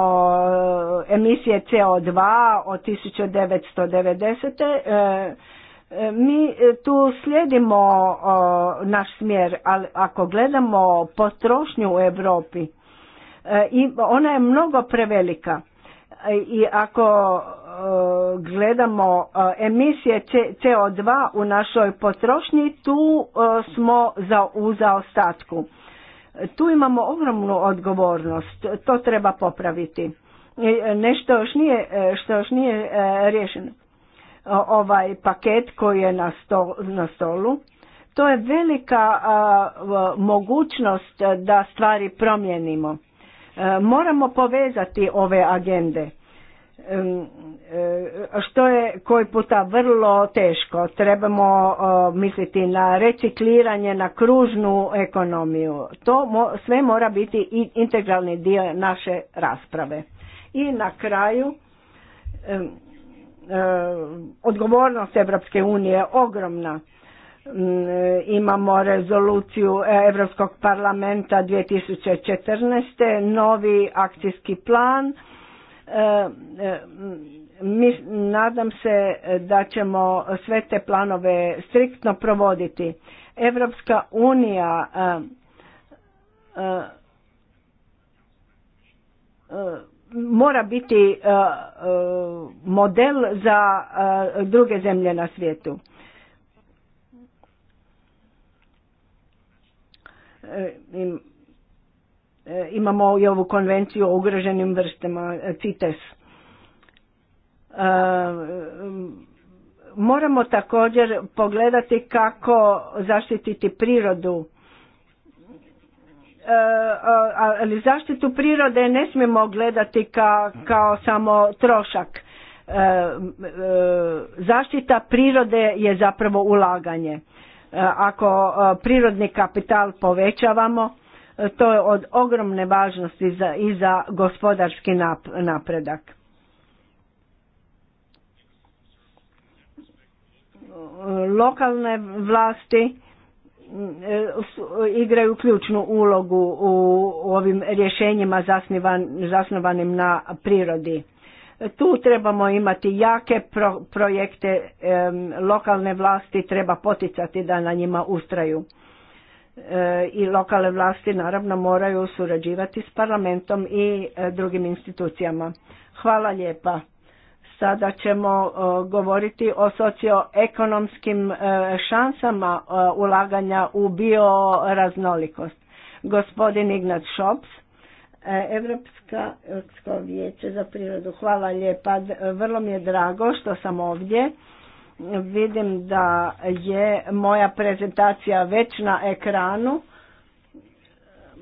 e, emisije CO2 od 1990. Mi tu slijedimo naš smjer, ali ako gledamo potrošnju u Europi, ona je mnogo prevelika. I ako gledamo emisije CO2 u našoj potrošnji, tu smo u zaostatku. Tu imamo ogromnu odgovornost, to treba popraviti. E, nešto još nije, e, što još nije e, riješeno. Ovaj paket koji je na, na stolu, to je velika mogućnost da stvari promijenimo. Moramo povezati ove agende što je koji puta vrlo teško. Trebamo misliti na recikliranje, na kružnu ekonomiju. To sve mora biti integralni dio naše rasprave. I na kraju odgovornost Evropske unije je ogromna. Imamo rezoluciju Europskog parlamenta 2014. Novi akcijski plan mi, nadam se da ćemo sve te planove striktno provoditi. Evropska unija e, e, e, mora biti model za druge zemlje na svijetu. E, imamo i ovu konvenciju o ugroženim vrstama e, CITES. E, moramo također pogledati kako zaštititi prirodu ali zaštitu prirode ne smijemo gledati kao samo trošak. Zaštita prirode je zapravo ulaganje. Ako prirodni kapital povećavamo, to je od ogromne važnosti za, i za gospodarski nap, napredak. Lokalne vlasti mm, igraju ključnu ulogu u ovim rješenjima zasnivan, zasnovanim na prirodi. Tu trebamo imati jake pro, projekte, lokalne vlasti treba poticati da na njima ustraju. E, i lokalne vlasti naravno moraju surađivati s parlamentom i e, drugim institucijama. Hvala lijepa. Sada ćemo e, govoriti o socioekonomskim šansama ulaganja u bioraznolikost. Gospodin Ignat Šops, Evropska vijeće za prirodu. Hvala lijepa. Vrlo mi je drago što sam ovdje Vidim da je moja prezentacija već na ekranu.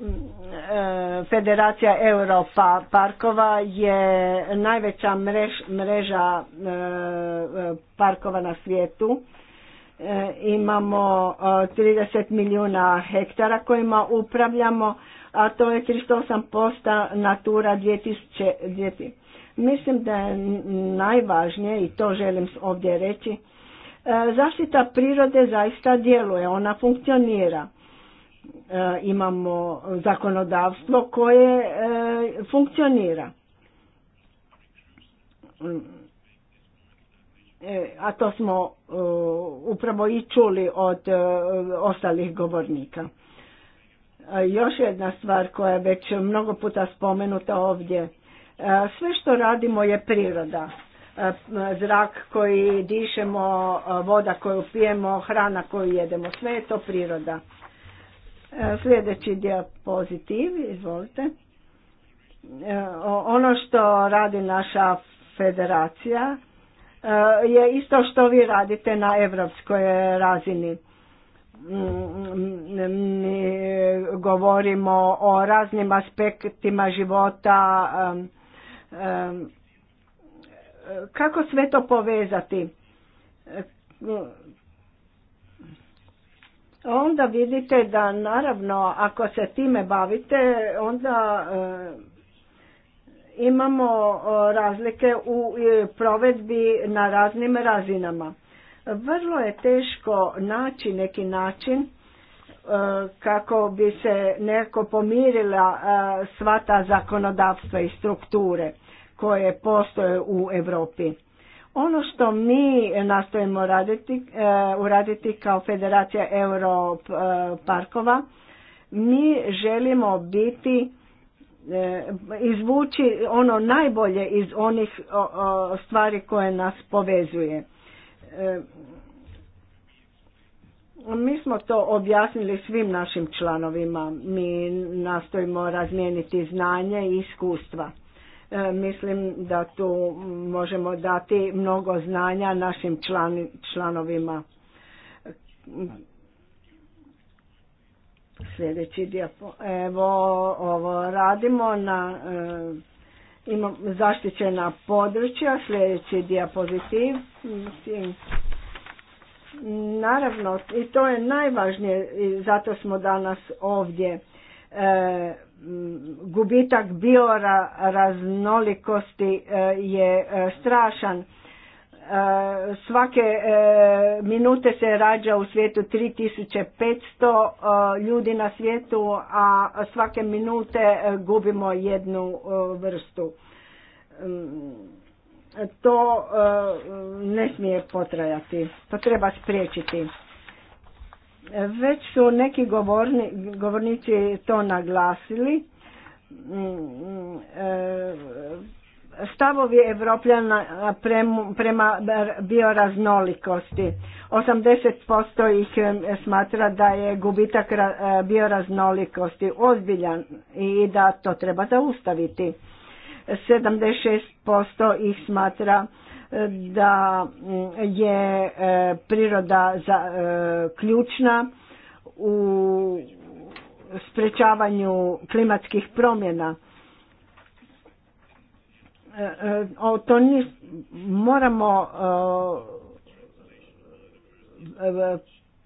Mm, e, Federacija Europa parkova je najveća mreža e, parkova na svijetu. E, imamo 30 milijuna hektara kojima upravljamo, a to je posta Natura 2000. Mislim da je najvažnije, i to želim ovdje reći, e, zaštita prirode zaista djeluje, ona funkcionira. E, imamo zakonodavstvo koje e, funkcionira. A to smo upravo i čuli od ostalih govornika. Još jedna stvar koja je već mnogo puta spomenuta ovdje E, sve što radimo je priroda. E, zrak koji dišemo, e, voda koju pijemo, hrana koju jedemo, sve je to priroda. Sljedeći diapozitiv, izvolite. Ono što radi naša federacija je isto što vi radite na evropskoj razini. Mm, mm, mi govorimo o raznim aspektima života, kako sve to povezati? Onda vidite da naravno ako se time bavite onda imamo razlike u provedbi na raznim razinama. Vrlo je teško naći neki način e, kako bi se neko pomirila e, sva ta zakonodavstva i strukture koje postoje u Europi. Ono što mi nastojimo raditi, e, uraditi kao Federacija Europarkova, mi želimo biti e, izvući ono najbolje iz onih stvari koje nas povezuje. E, mi smo to objasnili svim našim članovima. Mi nastojimo razmijeniti znanje i iskustva. E, mislim da tu možemo dati mnogo znanja našim članovima. Sljedeći dijapo. Evo, ovo radimo na e, imam zaštićena područja, sljedeći diapozitiv. Naravno, i to je najvažnije, i zato smo danas ovdje. E, Mm, gubitak raznolikosti e, je e, strašan. E, svake minute se rađa u svijetu 3500 ljudi na svijetu, a svake minute gubimo jednu vrstu. Mm, to ne smije potrajati, to treba spriječiti. Već su neki govornici to naglasili. Mm, mm, e, stavovi Evropljana prema bioraznolikosti. 80% ih e, smatra da je gubitak e, bioraznolikosti ozbiljan i da to treba zaustaviti. 76% ih smatra da je e, priroda za, e, ključna u sprečavanju klimatskih promjena. E, o, to ni, moramo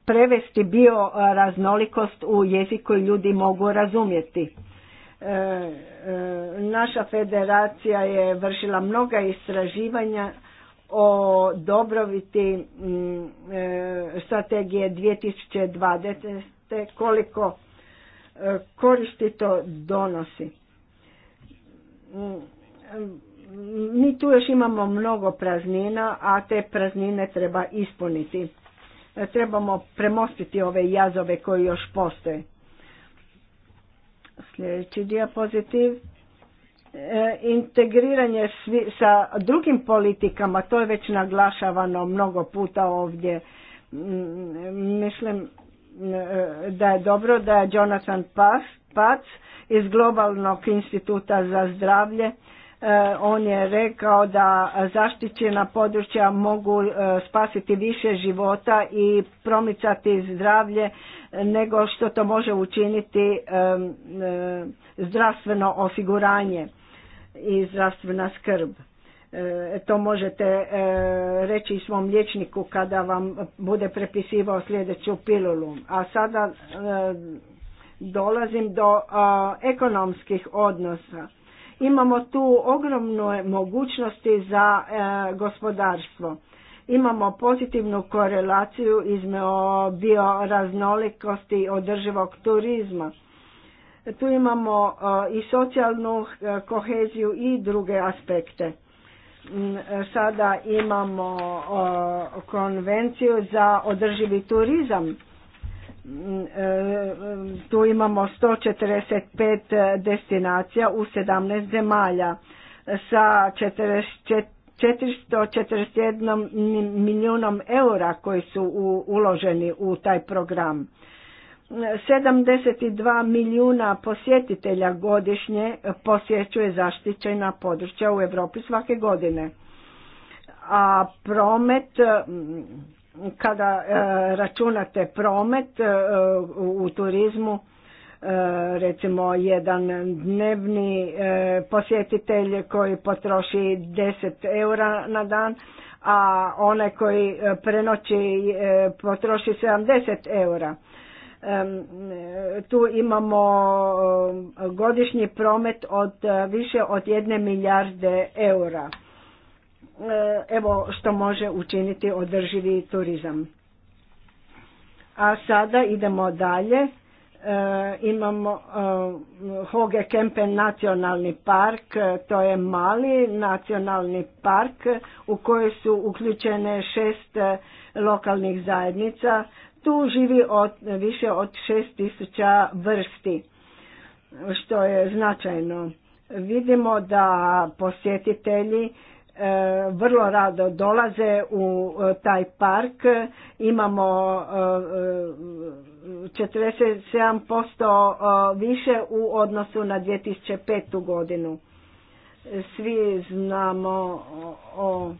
prevesti bio raznolikost u jezik koji ljudi mogu razumjeti. naša federacija je vršila mnoga istraživanja o dobroviti mm, e, strategije 2020. koliko e, koristi to donosi. Mm, mi tu još imamo mnogo praznina, a te praznine treba ispuniti. E, trebamo premostiti ove jazove koji još postoje. Sljedeći diapozitiv E, integriranje svi, sa drugim politikama, to je već naglašavano mnogo puta ovdje. Mm, mislim e, da je dobro da je Jonathan Pac iz Globalnog instituta za zdravlje e, on je rekao da zaštićena područja mogu spasiti više života i promicati zdravlje nego što to može učiniti zdravstveno osiguranje i zdravstvena skrb. E, to možete e, reći svom liječniku kada vam bude prepisivao sljedeću pilulu. A sada e, dolazim do ekonomskih odnosa. Imamo tu ogromne mogućnosti za gospodarstvo. Imamo pozitivnu korelaciju između bioraznolikosti i održivog turizma tu imamo e, i socijalnu e, koheziju i druge aspekte. Mm, e, sada imamo konvenciju za održivi turizam. Mm, tu imamo 145 destinacija u 17 zemalja sa 441 milijunom eura koji su uloženi u taj program. 72 milijuna posjetitelja godišnje posjećuje zaštićena područja u Europi svake godine. A promet, kada e, računate promet e, u turizmu, e, recimo jedan dnevni posjetitelj koji potroši 10 eura na dan, a onaj koji prenoći potroši 70 eura E, tu imamo godišnji promet od e, više od jedne milijarde eura. E, evo što može učiniti održivi turizam. A sada idemo dalje. Imamo Hoge Kempen nacionalni park, to je mali nacionalni park u kojoj su uključene šest lokalnih zajednica, tu živi od, više od 6000 vrsti, što je značajno. Vidimo da posjetitelji e, vrlo rado dolaze u e, taj park. Imamo 47% e, više u odnosu na 2005. godinu. Svi znamo o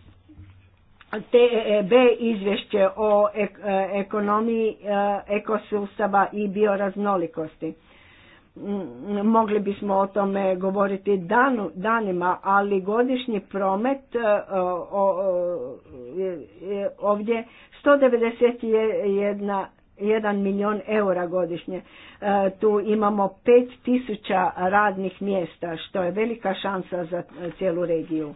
TEB e, izvješće o e, ekonomiji e, ekosustava i bioraznolikosti. Mm, mogli bismo o tome govoriti danima, ali godišnji promet ovdje 191 jedan milijon eura godišnje. Tu imamo 5000 radnih mjesta, što je velika šansa za cijelu regiju.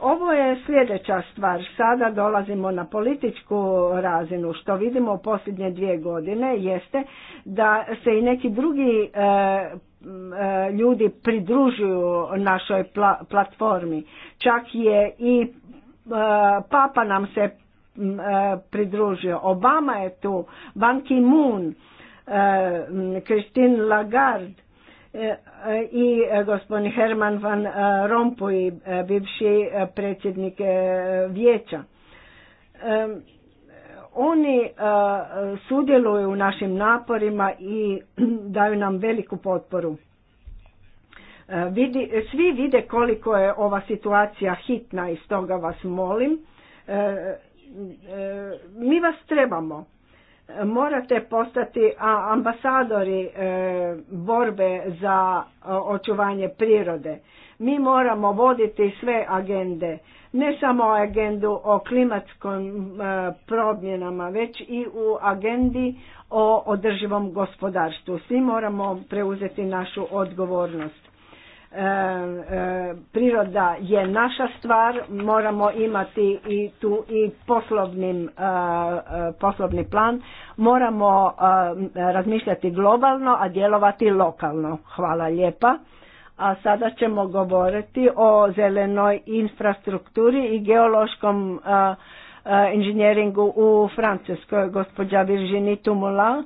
Ovo je sljedeća stvar. Sada dolazimo na političku razinu. Što vidimo u posljednje dvije godine jeste da se i neki drugi e, e, ljudi pridružuju našoj platformi. Čak je i e, Papa nam se pridružio. Obama je tu, Ban Ki-moon, Christine Lagarde, i e, gospodin Herman van e, Rompuy, e, bivši predsjednik vijeća. Oni sudjeluju u našim naporima i daju nam veliku potporu. Svi vide koliko je ova situacija hitna i stoga vas molim. Mi vas trebamo morate postati ambasadori e, borbe za e, očuvanje prirode. Mi moramo voditi sve agende, ne samo agendu o klimatskom e, promjenama, već i u agendi o održivom gospodarstvu. Svi moramo preuzeti našu odgovornost priroda je naša stvar, moramo imati i tu i poslovnim, e, e, poslovni plan, moramo e, razmišljati globalno, a djelovati lokalno. Hvala lijepa. A sada ćemo govoriti o zelenoj infrastrukturi i geološkom inženjeringu u Francuskoj, gospođa Virginie Tumula,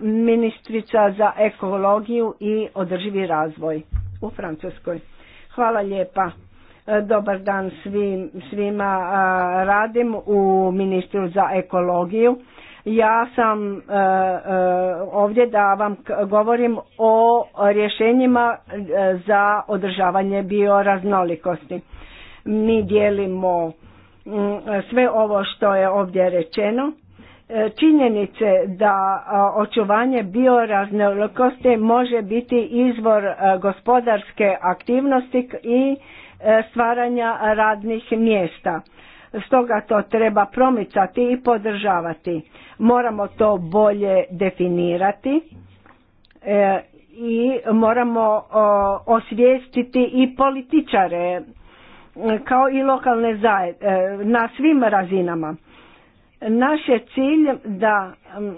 ministrica za ekologiju i održivi razvoj u Francuskoj. Hvala lijepa. E, dobar dan svim, svima. E, radim u ministru za ekologiju. Ja sam e, ovdje da vam govorim o rješenjima za održavanje bioraznolikosti. Mi dijelimo sve ovo što je ovdje rečeno E, činjenice da očuvanje bioraznolikosti može biti izvor e, gospodarske aktivnosti i e, stvaranja radnih mjesta. Stoga to treba promicati i podržavati. Moramo to bolje definirati i moramo osvijestiti i političare kao i lokalne zajednice na svim razinama naš je cilj da, mm,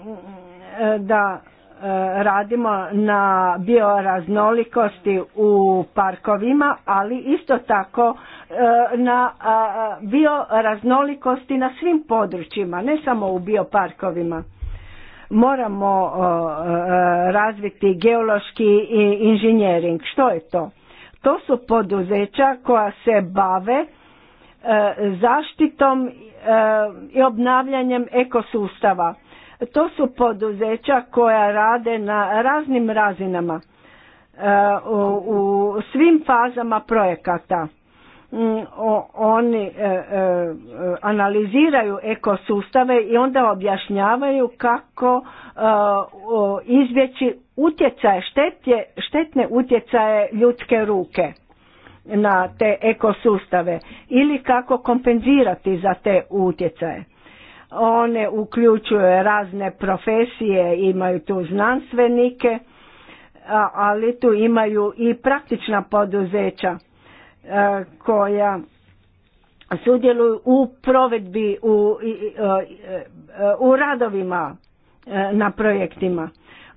da e, radimo na bioraznolikosti u parkovima, ali isto tako e, na bioraznolikosti na svim područjima, ne samo u bioparkovima. Moramo e, razviti geološki inženjering. Što je to? To su poduzeća koja se bave zaštitom Eh, i obnavljanjem ekosustava. To su poduzeća koja rade na raznim razinama eh, u svim fazama projekata. Mm, oni eh, analiziraju ekosustave i onda objašnjavaju kako izvjeći utjecaje, štetne utjecaje ljudske ruke na te ekosustave ili kako kompenzirati za te utjecaje. One uključuju razne profesije, imaju tu znanstvenike, ali tu imaju i praktična poduzeća e, koja sudjeluju u provedbi, u, e, e, u radovima na projektima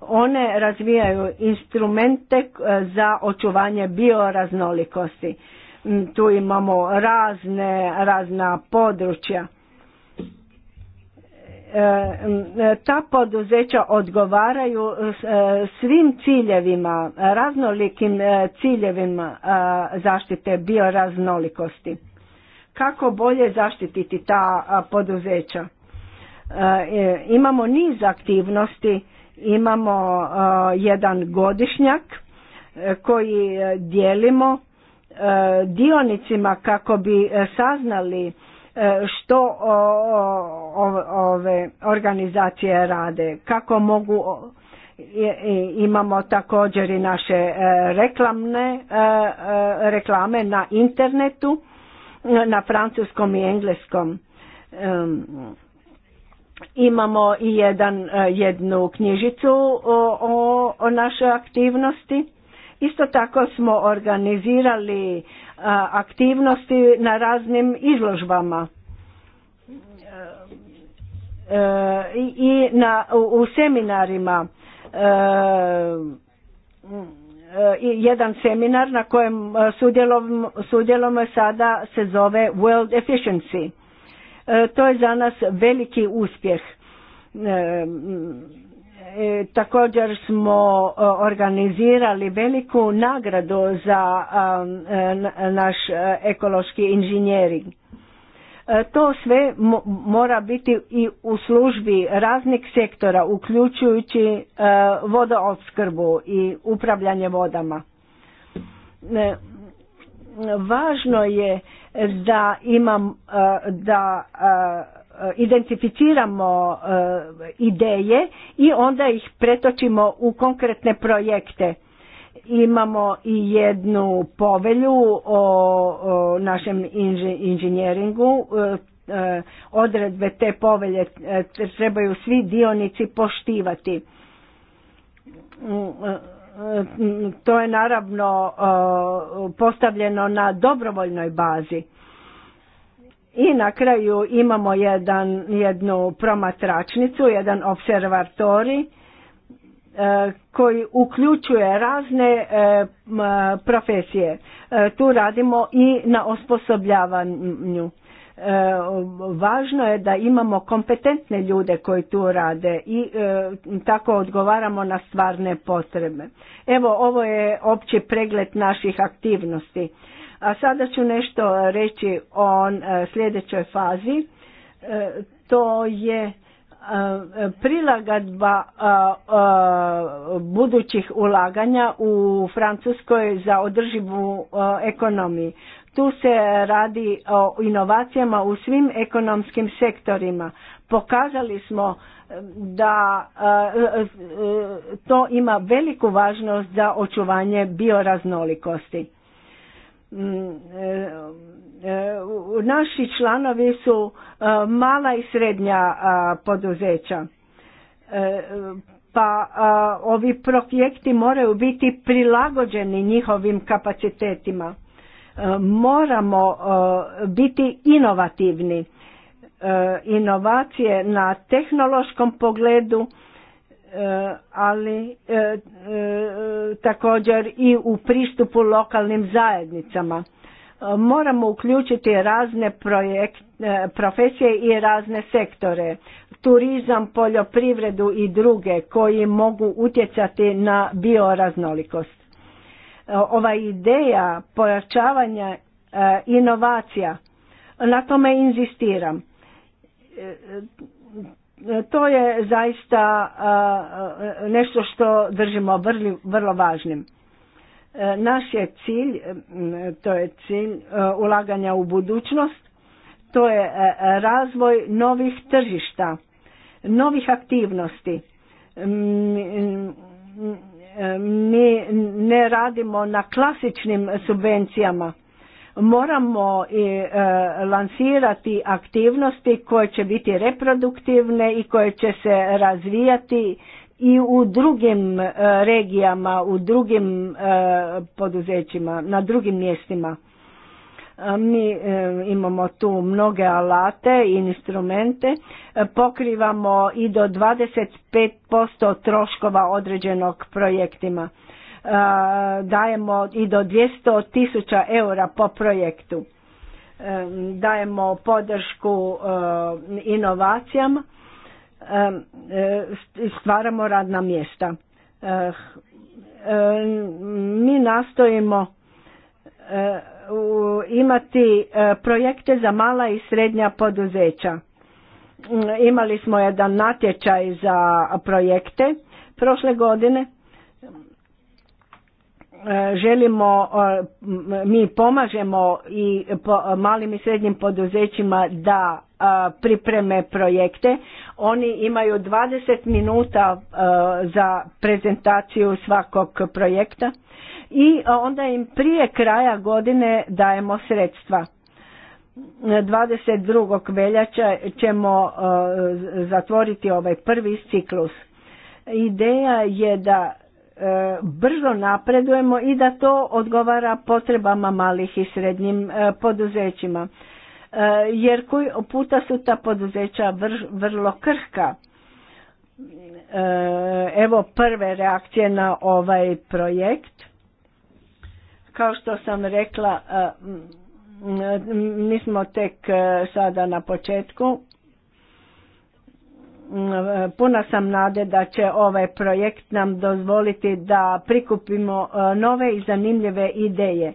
one razvijaju instrumente eh, za očuvanje bioraznolikosti. Mm, tu imamo razne, razna područja. Eh, mm, ta poduzeća odgovaraju eh, svim ciljevima, raznolikim ciljevima zaštite bioraznolikosti. Kako bolje zaštititi ta poduzeća? Imamo niz aktivnosti Imamo e, jedan godišnjak e, koji e, dijelimo dionicima kako bi saznali što ove organizacije rade, kako mogu imamo također i naše reklamne reklame na internetu na francuskom i engleskom Imamo i jedan, e, jednu knjižicu o, našoj aktivnosti. Isto tako smo organizirali e, aktivnosti na raznim izložbama e, i na, u seminarima. Jedan seminar na kojem sudjelujemo sada se zove World Efficiency E, to je za nas veliki uspjeh. E, e, također smo organizirali veliku nagradu za naš ekološki inženjering. To sve mora biti i u službi raznih sektora, uključujući vodoopskrbu i upravljanje vodama. Važno je da imam e, da e, identificiramo e, ideje i onda ih pretočimo u konkretne projekte imamo i jednu povelju o, našem inženjeringu odredbe te povelje trebaju svi dionici poštivati mm, to je naravno e, postavljeno na dobrovoljnoj bazi. I na kraju imamo jedan, jednu promatračnicu, jedan observatori e, koji uključuje razne e, profesije. Tu radimo i na osposobljavanju. E, važno je da imamo kompetentne ljude koji tu rade i e, tako odgovaramo na stvarne potrebe. Evo, ovo je opći pregled naših aktivnosti. A sada ću nešto reći o e, sljedećoj fazi. To je prilagadba budućih ulaganja u Francuskoj za održivu ekonomiju. Tu se radi o inovacijama u svim ekonomskim sektorima. Pokazali smo eh, da eh, eh, to ima veliku važnost za očuvanje bioraznolikosti. Mm, naši članovi su mala i srednja poduzeća. Pa ovi projekti moraju biti prilagođeni njihovim kapacitetima E, moramo e, biti inovativni. E, inovacije na tehnološkom pogledu, ali također i u pristupu lokalnim zajednicama. Moramo uključiti razne projekt, profesije i razne sektore, turizam, poljoprivredu i druge koji mogu utjecati na bioraznolikost. E, ova ideja pojačavanja e, inovacija, na tome inzistiram. E, to je zaista nešto što držimo vrlo važnim. Naš je cilj, to je cilj ulaganja u budućnost, to je razvoj novih tržišta, novih aktivnosti E, mi ne radimo na klasičnim subvencijama. Moramo i e, lansirati aktivnosti koje će biti reproduktivne i koje će se razvijati i u drugim e, regijama, u drugim poduzećima, na drugim mjestima. Mi e, imamo tu mnoge alate i instrumente, e, pokrivamo i do 25% troškova određenog projektima. E, dajemo i do 200 tisuća eura po projektu. Dajemo podršku inovacijama, stvaramo radna mjesta. Mi nastojimo E, imati e, projekte za mala i srednja poduzeća. Mm, imali smo jedan natječaj za projekte prošle godine. E, želimo, mi pomažemo i malim i srednjim poduzećima da pripreme projekte. Oni imaju 20 minuta za prezentaciju svakog projekta i e, onda im prije kraja godine dajemo sredstva. 22. E, veljača ćemo e, zatvoriti ovaj prvi ciklus. Ideja je da brzo napredujemo i da to odgovara potrebama malih i srednjim poduzećima. Jer koji puta su ta poduzeća vrlo krhka. Evo prve reakcije na ovaj projekt. Kao što sam rekla, e, mi smo tek e, sada na početku. E, Puna sam nade da će ovaj projekt nam dozvoliti da prikupimo nove i zanimljive ideje.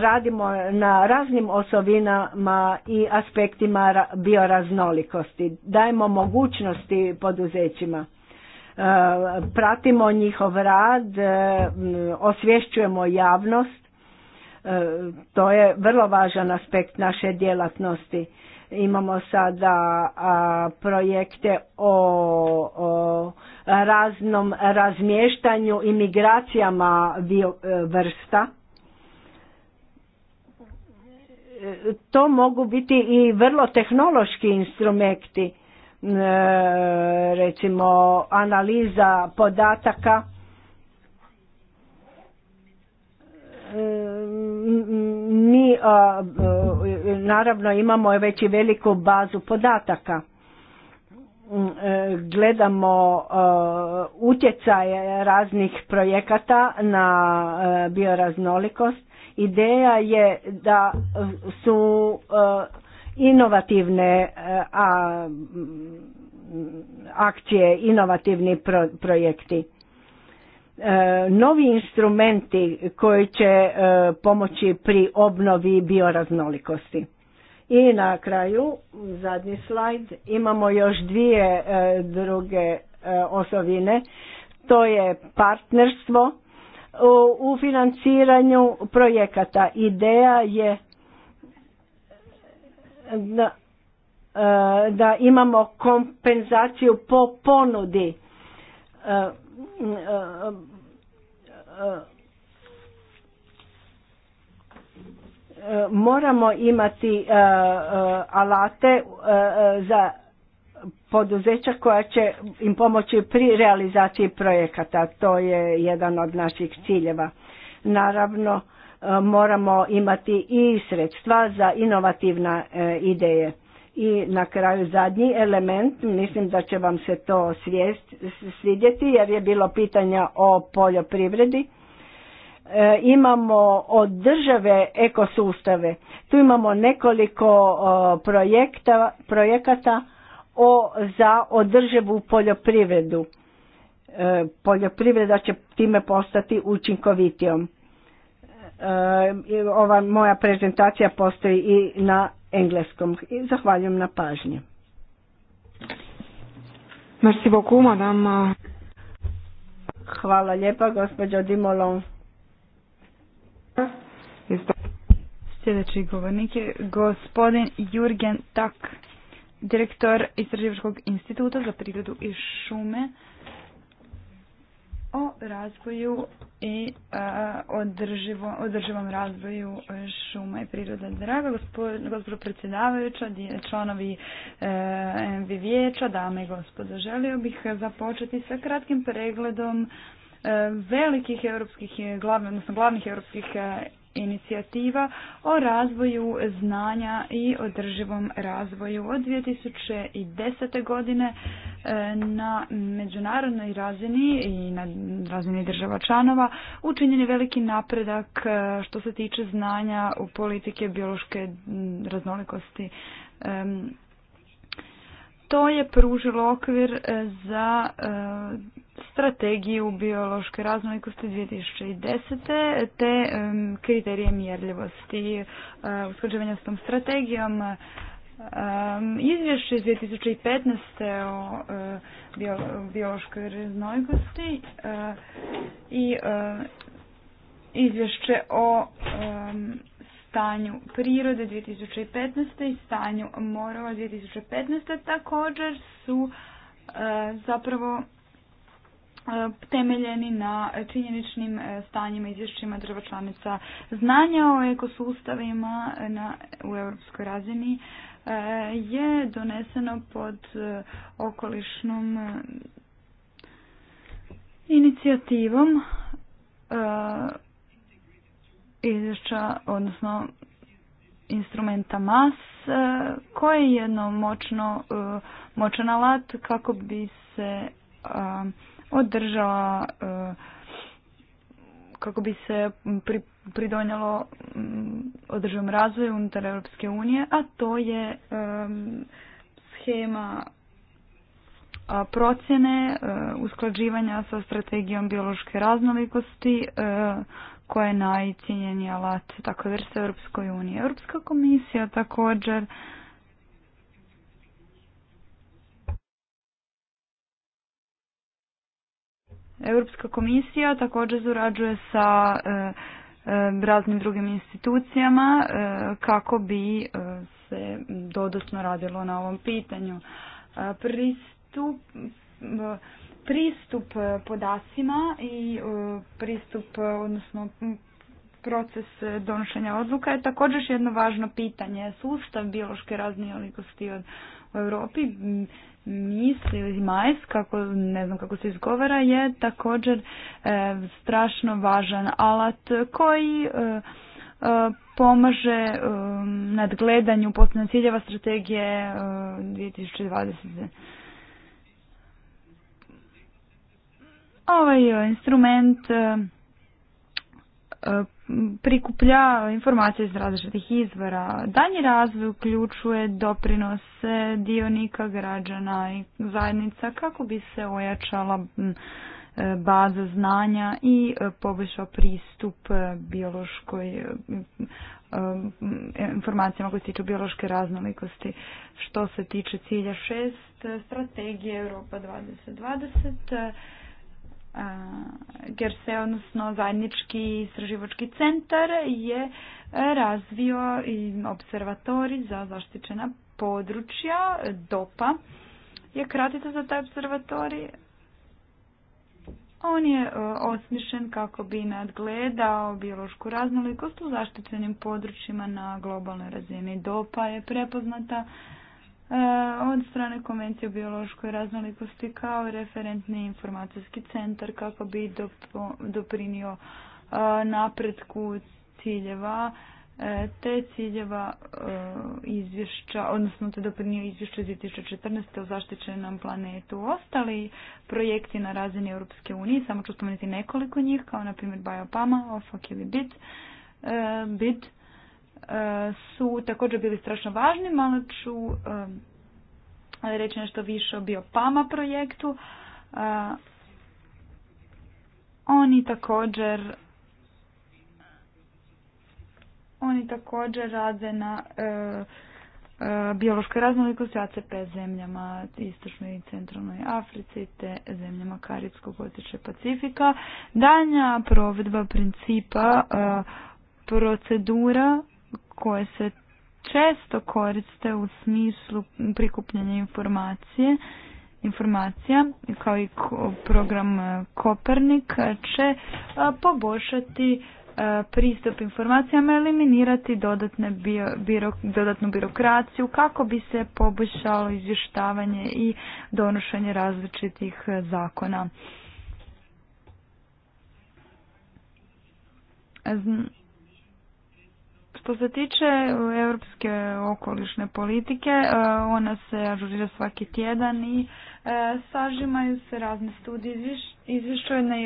Radimo na raznim osovinama i aspektima bioraznolikosti. Dajemo mogućnosti poduzećima pratimo njihov rad, e, osvješćujemo javnost, e, to je vrlo važan aspekt naše djelatnosti. Imamo sada projekte o, raznom razmještanju i migracijama e, vrsta. To mogu biti i vrlo tehnološki instrumenti E, recimo analiza podataka e, mi e, naravno imamo već i veliku bazu podataka mm, gledamo utjecaje raznih projekata na bioraznolikost ideja je da su inovativne e, a, mm, akcije, inovativni projekti. E, novi instrumenti koji će e, pomoći pri obnovi bioraznolikosti. I na kraju, zadnji slajd, imamo još dvije druge osovine. To je partnerstvo u financiranju projekata. Ideja je da, e, da imamo kompenzaciju po ponudi e, e, moramo imati alate za poduzeća koja će im pomoći pri realizaciji projekata. To je jedan od naših ciljeva. Naravno, E, moramo imati i sredstva za inovativne e, ideje. I na kraju zadnji element, mislim da će vam se to svijest, svidjeti jer je bilo pitanja o poljoprivredi. E, imamo od države ekosustave. Tu imamo nekoliko projekta, projekata o, za održavu poljoprivredu. poljoprivreda će time postati učinkovitijom E, ova moja prezentacija postoji i na engleskom. I zahvaljujem na pažnji. Merci beaucoup, madame. Hvala lijepa, gospođo Dimolon. Sljedeći govornik je gospodin Jurgen Tak, direktor Istraživačkog instituta za prirodu i šume o razvoju i održivo, održivom razvoju e, šuma i prirode. Draga gospodo predsjedavajuća, članovi e, vijeća, dame i gospodo, želio bih započeti sa kratkim pregledom e, velikih europskih glavnih, odnosno glavnih europskih inicijativa o razvoju znanja i održivom razvoju od 2010. godine e, na međunarodnoj razini i na razini država članova učinjen je veliki napredak e, što se tiče znanja u politike biološke raznolikosti e, to je pružilo okvir za strategiju biološke raznolikosti 2010. te kriterije mjerljivosti e, usklađivanja s tom strategijom. Izvješće iz 2015. o e, biološkoj raznolikosti e, i izvješće o stanju prirode 2015. i stanju morova 2015. također su zapravo E, temeljeni na činjeničnim e, stanjima izvješćima država članica znanja o ekosustavima na, u europskoj razini e, je doneseno pod okolišnom inicijativom izvješća, odnosno instrumenta MAS, koji je jedno moćno, moćan alat kako bi se održala e, kako bi se pridonjalo mm, održavom razvoju unutar Europske unije, a to je e, schema procjene e, usklađivanja sa strategijom biološke raznolikosti koja je najcijenjeniji alat takve vrste Europskoj unije. Europska komisija također Europska komisija također zurađuje sa e, e, raznim drugim institucijama e, kako bi se dodatno radilo na ovom pitanju. Pristup, pristup podacima i pristup, odnosno proces donošenja odluka je također jedno važno pitanje. Sustav biološke raznolikosti u Europi mis ili majs, kako, ne znam kako se izgovara, je također e, strašno važan alat koji e, e, pomaže nadgledanju posljednog ciljeva strategije 2020. Ovaj instrument prikuplja informacije iz različitih izvora. Danji razvoj uključuje doprinose dionika, građana i zajednica kako bi se ojačala e, baza znanja i e, poboljšao pristup e, biološkoj informacijama koje se tiču biološke raznolikosti. Što se tiče cilja 6, strategije Europa 2020, GERSE, odnosno zajednički istraživački centar, je razvio observatori za zaštićena područja, DOPA je kratica za taj observatori. On je e, osmišljen kako bi nadgledao biološku raznolikost u zaštićenim područjima na globalnoj razini. DOPA je prepoznata E, od strane Konvencije o biološkoj raznolikosti kao referentni informacijski centar kako bi doprinio e, napretku ciljeva e, te ciljeva izvješća, odnosno te doprinio izvješća 2014. o zaštićenom planetu. Ostali projekti na razini Europske unije, samo ću spomenuti nekoliko njih, kao na primjer Biopama, OFAC ili BIT, BIT su također bili strašno važni. Malo ću reći nešto više o BioPama projektu. E, oni također oni također rade na biološke e, biološkoj raznolikosti ACP zemljama istočnoj i centralnoj Africi te zemljama Karibskog otječe Pacifika. Danja provedba principa e, procedura koje se često koriste u smislu prikupljanja informacije, informacija kao i program e, Kopernik e, će e, poboljšati pristup informacijama, eliminirati dodatne bio, biro, dodatnu birokraciju kako bi se poboljšalo izvještavanje i donošenje različitih zakona. Što se tiče uh, europske okolišne politike, uh, ona se ažurira svaki tjedan i uh, sažimaju se razne studije, izvješćuje na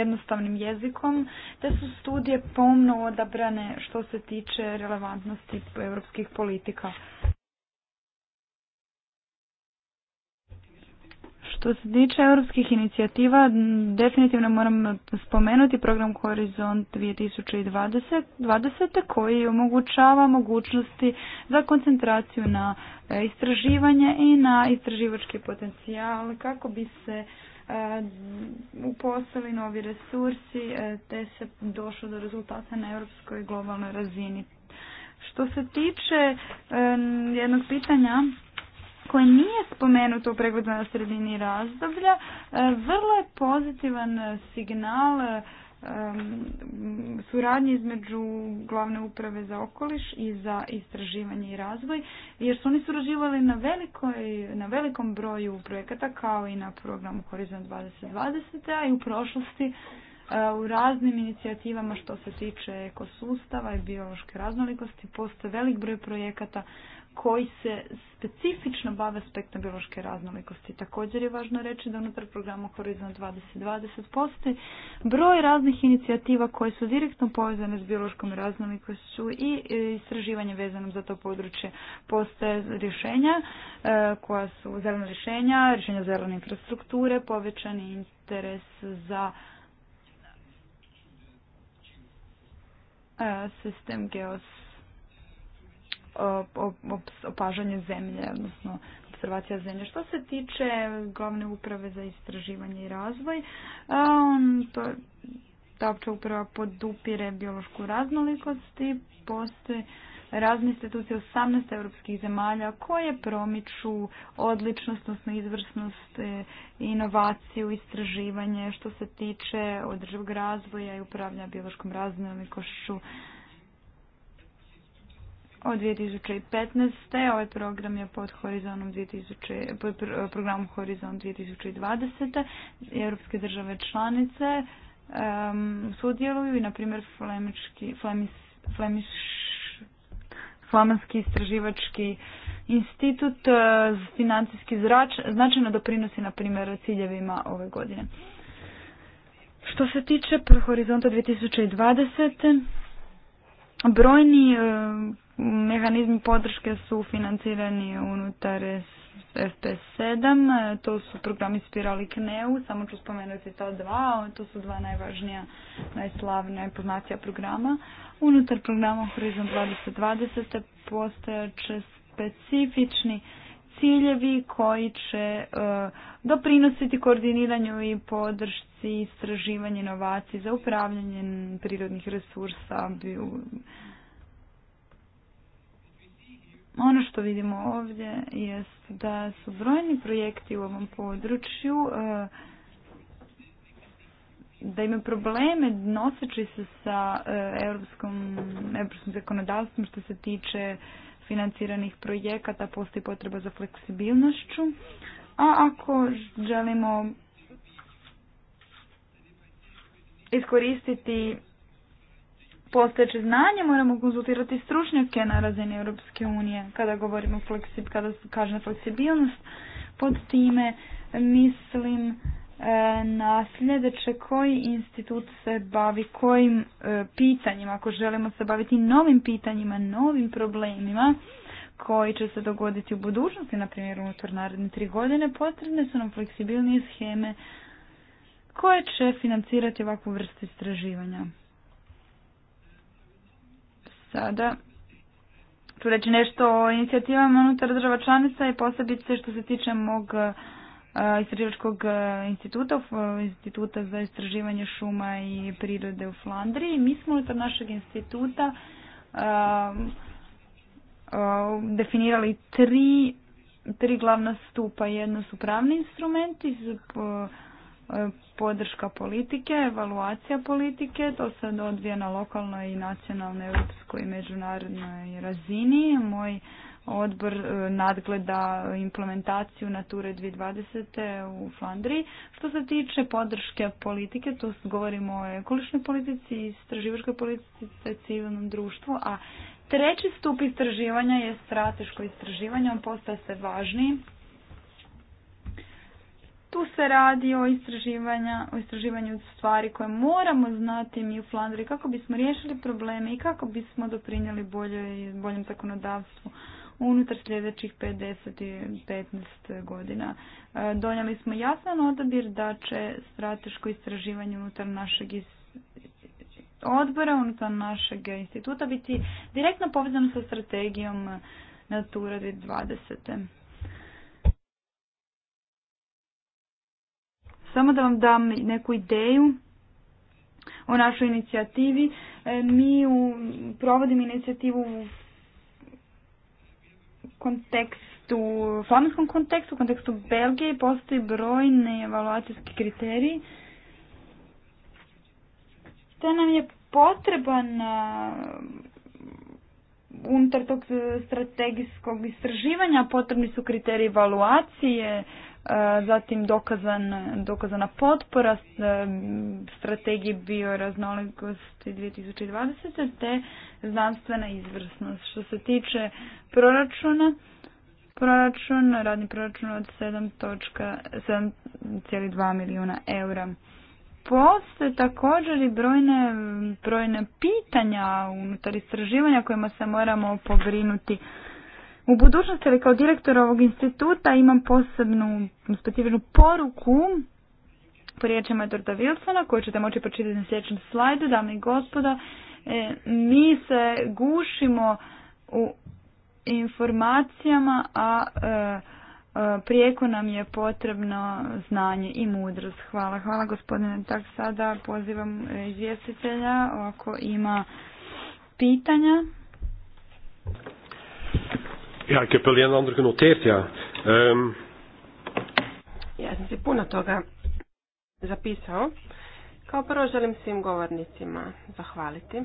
jednostavnim jezikom, te su studije pomno odabrane što se tiče relevantnosti europskih politika. Što se tiče europskih inicijativa, definitivno moram spomenuti program Horizont 2020 dvadeset koji omogućava mogućnosti za koncentraciju na e, istraživanje i na istraživački potencijal kako bi se e, uposlili novi resursi e, te se došlo do rezultata na europskoj globalnoj razini. Što se tiče jednog pitanja koje nije spomenuto u pregledu na sredini razdoblja, e, vrlo je pozitivan signal e, suradnje između glavne uprave za okoliš i za istraživanje i razvoj, jer su oni surađivali na, velikoj, na velikom broju projekata kao i na programu Horizon 2020, a i u prošlosti e, u raznim inicijativama što se tiče ekosustava i biološke raznolikosti postoje velik broj projekata koji se specifično bave aspektom biološke raznolikosti. Također je važno reći da unutar programa Horizon 2020 postoji broj raznih inicijativa koje su direktno povezane s biološkom raznolikošću i e, istraživanje vezanom za to područje. Postoje rješenja e, koja su zelena rješenja, rješenja zelene infrastrukture, povećani interes za e, sistem geos opažanje zemlje, odnosno observacija zemlje. Što se tiče glavne uprave za istraživanje i razvoj, um, to, ta opća uprava podupire biološku raznolikost i postoje razne institucije 18 europskih zemalja koje promiču odličnost, odnosno izvrsnost, e, inovaciju, istraživanje što se tiče održivog razvoja i upravljanja biološkom raznolikošću od 2015. Ovaj program je pod 2000, pod programom Horizon 2020. Europske države članice sudjeluju i, na primjer, Flemenski istraživački institut eh, financijski zrač, značajno doprinosi, na primjer, ciljevima ove godine. Što se tiče Horizonta 2020. Brojni Mehanizmi podrške su financirani unutar FP7, to su programi Spirali Kneu, samo ću spomenuti to dva, to su dva najvažnija, najslavnija poznatija programa. Unutar programa Horizon 2020 postojaće specifični ciljevi koji će e, doprinositi koordiniranju i podršci, istraživanju inovaciji za upravljanje prirodnih resursa, u ono što vidimo ovdje jest da su brojni projekti u ovom području e, da imaju probleme noseći se sa e, europskom, europskim zakonodavstvom što se tiče financiranih projekata, postoji potreba za fleksibilnošću, a ako želimo iskoristiti postojeće znanje moramo konzultirati stručnjake na razini Europske unije kada govorimo fleksib, kada kažem fleksibilnost pod time mislim e, na sljedeće koji institut se bavi kojim e, pitanjima ako želimo se baviti novim pitanjima novim problemima koji će se dogoditi u budućnosti na primjer unutar naredne tri godine potrebne su nam fleksibilnije sheme koje će financirati ovakvu vrstu istraživanja Sada ću reći nešto o inicijativama unutar država članica i posebice što se tiče mog e, istraživačkog e, instituta, instituta za istraživanje šuma i prirode u Flandriji. Mi smo unutar našeg instituta e, definirali tri, tri glavna stupa. Jedno su pravni instrumenti, E, podrška politike, evaluacija politike, to se odvija na lokalnoj i nacionalnoj, europskoj i međunarodnoj razini. Moj odbor e, nadgleda implementaciju Nature 2020. u Flandriji. Što se tiče podrške politike, to govorimo o ekološkoj politici, istraživačkoj politici, civilnom društvu, a treći stup istraživanja je strateško istraživanje, on postaje se važniji tu se radi o, istraživanja, o istraživanju stvari koje moramo znati mi u Flandri kako bismo riješili probleme i kako bismo doprinijeli bolje, boljem zakonodavstvu unutar sljedećih 50 i 15 godina. E, donijeli smo jasan odabir da će strateško istraživanje unutar našeg odbora, unutar našeg instituta biti direktno povezano sa strategijom Natura 2020. Samo da vam dam neku ideju o našoj inicijativi. E, mi provodimo inicijativu u kontekstu, u flamenskom kontekstu, u kontekstu Belgije postoji brojne evaluacijski kriteriji. Te nam je potreban unutar tog strategijskog istraživanja potrebni su kriteriji evaluacije, E, zatim dokazan, dokazana potpora e, strategiji bioraznolikosti 2020. te znanstvena izvrsnost. Što se tiče proračuna, proračun, radni proračun od 7.2 milijuna eura. Postoje također i brojne, brojne pitanja unutar istraživanja kojima se moramo pogrinuti u budućnosti ali kao direktor ovog instituta imam posebnu specifičnu poruku po riječima Edwarda Wilsona koju ćete moći pročitati na sljedećem slajdu, dame i gospoda. E, mi se gušimo u informacijama, a e, e prijeko nam je potrebno znanje i mudrost. Hvala, hvala gospodine. Tak sada pozivam e, izvjestitelja ako ima pitanja. Ja, ik heb ja. Ehm, ja sam si puno toga zapisao. Kao prvo želim svim govornicima zahvaliti.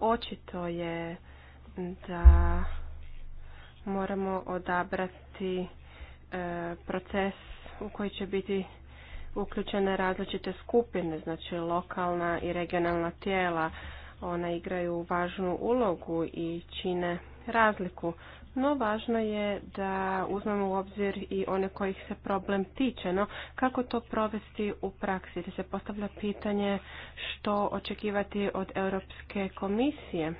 Očito je da moramo odabrati e, proces u koji će biti uključene različite skupine, znači lokalna i regionalna tijela. Ona igraju važnu ulogu i čine razliku, no važno je da uzmemo u obzir i one kojih se problem tiče, no kako to provesti u praksi, Da se postavlja pitanje što očekivati od Europske komisije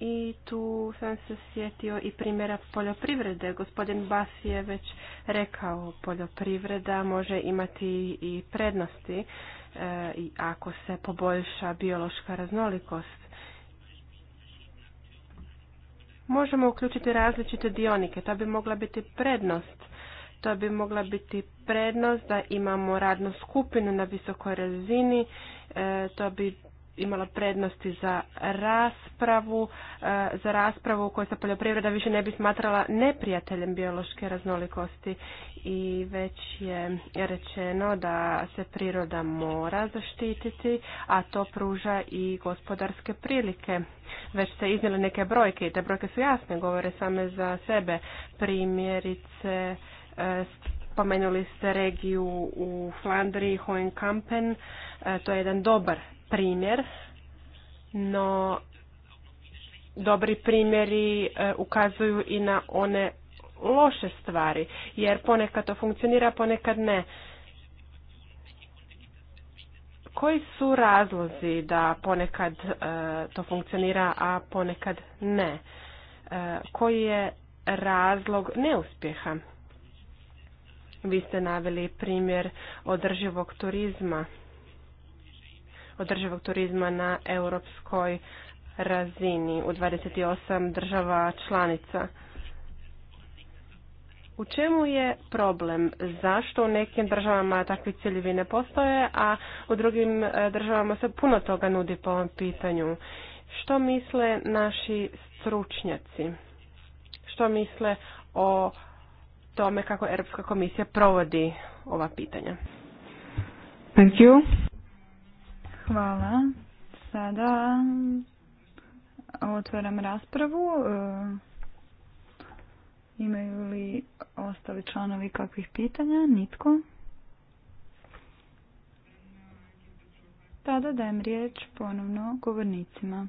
i tu sam se sjetio i primjera poljoprivrede. Gospodin Bas je već rekao, poljoprivreda može imati i prednosti e, ako se poboljša biološka raznolikost. Možemo uključiti različite dionike, to bi mogla biti prednost. To bi mogla biti prednost da imamo radnu skupinu na visokoj razini, e, to bi imala prednosti za raspravu, e, za raspravu u kojoj se poljoprivreda više ne bi smatrala neprijateljem biološke raznolikosti i već je rečeno da se priroda mora zaštititi, a to pruža i gospodarske prilike. Već se iznijeli neke brojke i te brojke su jasne, govore same za sebe. Primjerice, e, spomenuli ste regiju u Flandriji, Hohenkampen, e, to je jedan dobar primjer, no dobri primjeri e, ukazuju i na one loše stvari, jer ponekad to funkcionira, ponekad ne. Koji su razlozi da ponekad e, to funkcionira, a ponekad ne? E, koji je razlog neuspjeha? Vi ste naveli primjer održivog turizma održivog turizma na europskoj razini u 28 država članica. U čemu je problem? Zašto u nekim državama takvi ciljevi ne postoje, a u drugim e, državama se puno toga nudi po ovom pitanju? Što misle naši stručnjaci? Što misle o tome kako Europska komisija provodi ova pitanja? Thank you. Hvala. Sada eh, otvaram raspravu. Eh, imaju li ostali članovi kakvih pitanja? Nitko. Tada dajem riječ ponovno govornicima.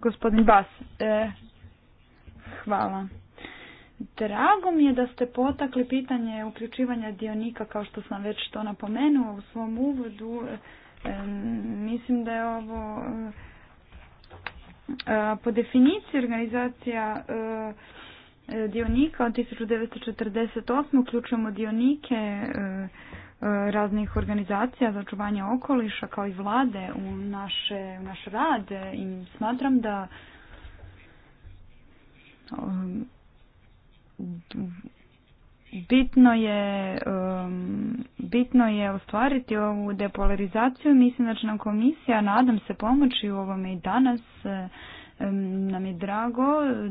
Gospodin Bas, eh, hvala. Drago mi je da ste potakli pitanje uključivanja dionika kao što sam već to napomenula u svom uvodu. E, mislim da je ovo e, po definiciji organizacija e, dionika od 1948. uključujemo dionike raznih organizacija za očuvanje okoliša kao i vlade u, naše, u naš rad i smatram da bitno je um, bitno je ostvariti ovu depolarizaciju mislim da će nam komisija nadam se pomoći u ovome i danas um, nam je drago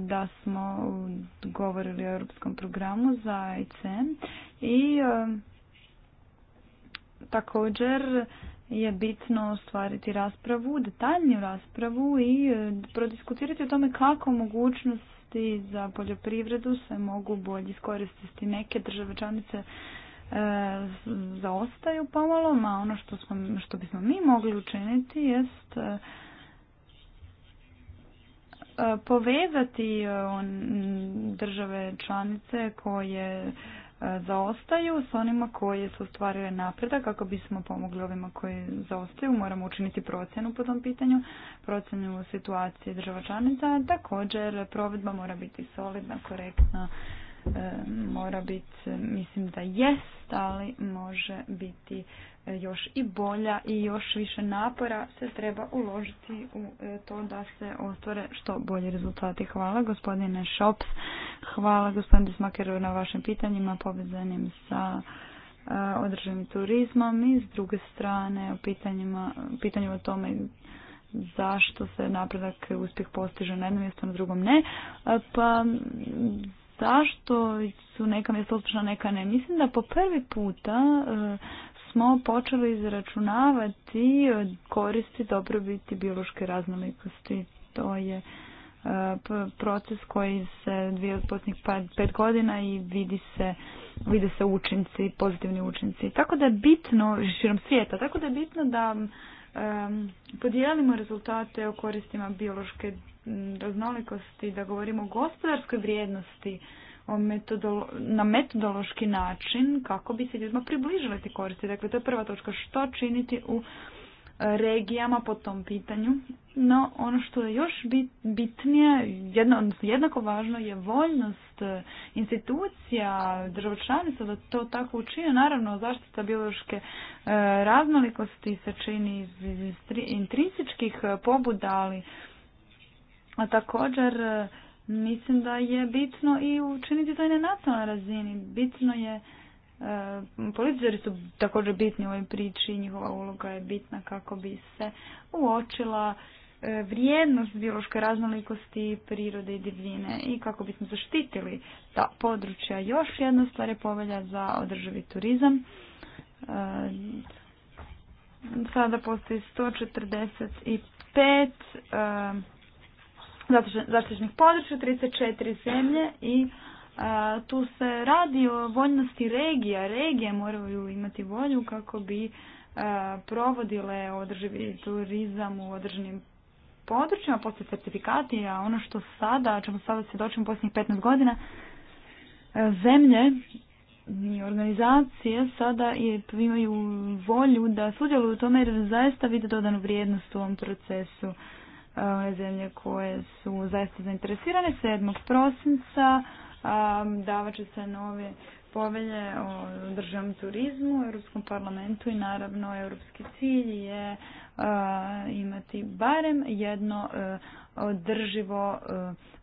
da smo govorili o europskom programu za ICM i e um, također je bitno ostvariti raspravu, detaljniju raspravu i e, prodiskutirati o tome kako mogućnosti za poljoprivredu se mogu bolje iskoristiti. Neke države članice e, zaostaju pomalo, a ono što, smo, što bismo mi mogli učiniti jest e, e povezati e, on, države članice koje zaostaju s onima koji su ostvarile napredak kako bismo pomogli ovima koji zaostaju moramo učiniti procjenu po tom pitanju procjenu situacije država članica također provedba mora biti solidna korektna E, mora biti, mislim da jest, ali može biti e, još i bolja i još više napora se treba uložiti u e, to da se ostvare što bolji rezultati. Hvala gospodine Šops, hvala gospodine Smakeru na vašim pitanjima povezanim sa održivim turizmom i s druge strane o pitanjima, pitanjima o tome zašto se napredak uspjeh postiže na jednom mjestu, na drugom ne. Pa zašto su neka mjesta uspješna, neka ne. Mislim da po prvi puta e, smo počeli izračunavati e, koristi dobrobiti biološke raznolikosti. To je e, proces koji se dvije od posljednjih pa, pet godina i vidi se, vide se učinci, pozitivni učinci. Tako da je bitno, širom svijeta, tako da je bitno da podijelimo rezultate o koristima biološke raznolikosti, da govorimo o gospodarskoj vrijednosti, o metodolo na metodološki način kako bi se ljudima približile te koristi. Dakle, to je prva točka što činiti u regijama po tom pitanju. No, ono što je još bit, bitnije, jedno, jednako važno je voljnost e, institucija, država članica da to tako učine. Naravno, zaštita biološke e, raznolikosti se čini iz, iz, iz intrinsičkih e, pobuda, ali a također e, mislim da je bitno i učiniti to i na nacionalnoj razini. Bitno je e, političari su također bitni u ovoj priči i njihova uloga je bitna kako bi se uočila e, vrijednost biološke raznolikosti prirode i divljine i kako bismo zaštitili ta područja. Još jedna stvar je povelja za održivi turizam. Sada postoji 145 zaštićenih područja, 34 zemlje i tu se radi o voljnosti regija. Regije moraju imati volju kako bi provodile održivi turizam u održenim područjima, postoje certifikati, a ono što sada, čemu sada svjedočimo posljednjih 15 godina, e, zemlje i organizacije sada imaju volju da sudjeluju u tome jer zaista vide dodanu vrijednost u ovom procesu one zemlje koje su zaista zainteresirane. 7. prosinca um, davat će se nove povelje o državnom turizmu u Europskom parlamentu i naravno europski cilj je uh, imati barem jedno uh, održivo uh,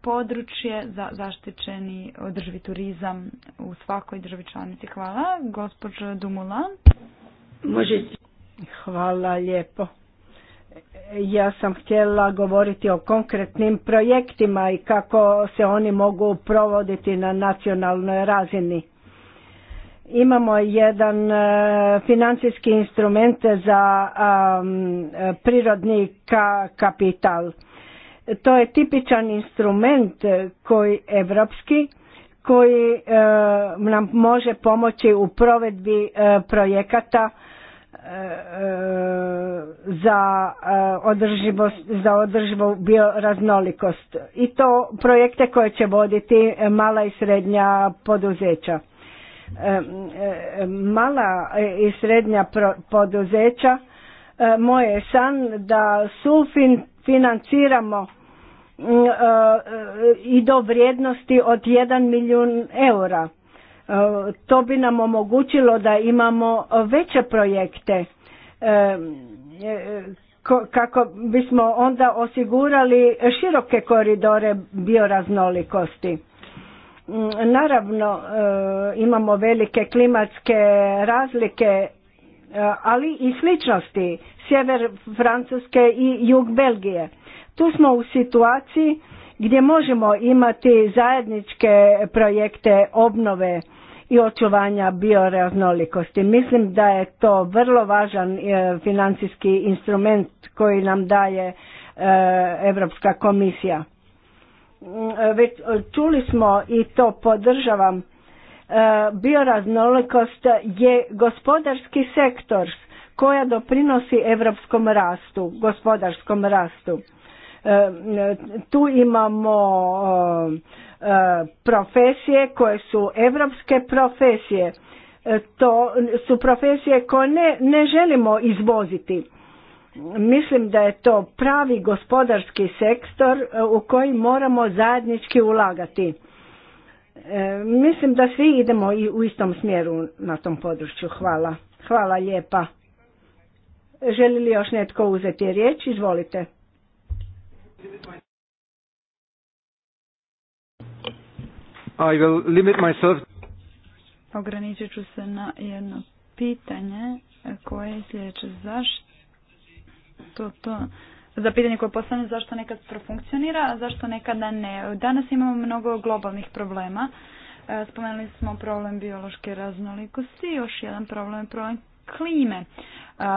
područje za zaštićeni održivi turizam u svakoj državi članici. Hvala. Gospođo Dumulan. Hvala lijepo ja sam htjela govoriti o konkretnim projektima i kako se oni mogu provoditi na nacionalnoj razini. Imamo jedan e, financijski instrument za prirodni kapital. To je tipičan instrument koji evropski koji e, nam može pomoći u provedbi e, projekata E, e, za e, održivost, za održivu bioraznolikost i to projekte koje će voditi mala i srednja poduzeća. Mala i srednja poduzeća moj je san da financiramo i do vrijednosti od 1 milijun eura Eh, to bi nam omogućilo da imamo veće projekte eh, eh, kako bismo onda osigurali široke koridore bioraznolikosti. Mm, naravno imamo velike klimatske razlike, ali i sličnosti sjever Francuske i jug Belgije. Tu smo u situaciji gdje možemo imati zajedničke projekte obnove i očuvanja bioraznolikosti. Mislim da je to vrlo važan e, financijski instrument koji nam daje Europska komisija. Mm, e, već e, čuli smo i to podržavam. Bioraznolikost je gospodarski sektor koja doprinosi europskom rastu, gospodarskom rastu. Tu imamo profesije koje su evropske profesije. E, to su profesije koje ne, ne želimo izvoziti. Mislim da je to pravi gospodarski sektor e, u koji moramo zajednički ulagati. E, mislim da svi idemo i u istom smjeru na tom području. Hvala. Hvala lijepa. Želi li još netko uzeti riječ? Izvolite. I will limit myself. Ograničit ću se na jedno pitanje koje je sljedeće. Zašto to? Za pitanje koje postavljam zašto nekad profunkcionira, a zašto nekada ne. Danas imamo mnogo globalnih problema. E, spomenuli smo problem biološke raznolikosti, još jedan problem je problem klime.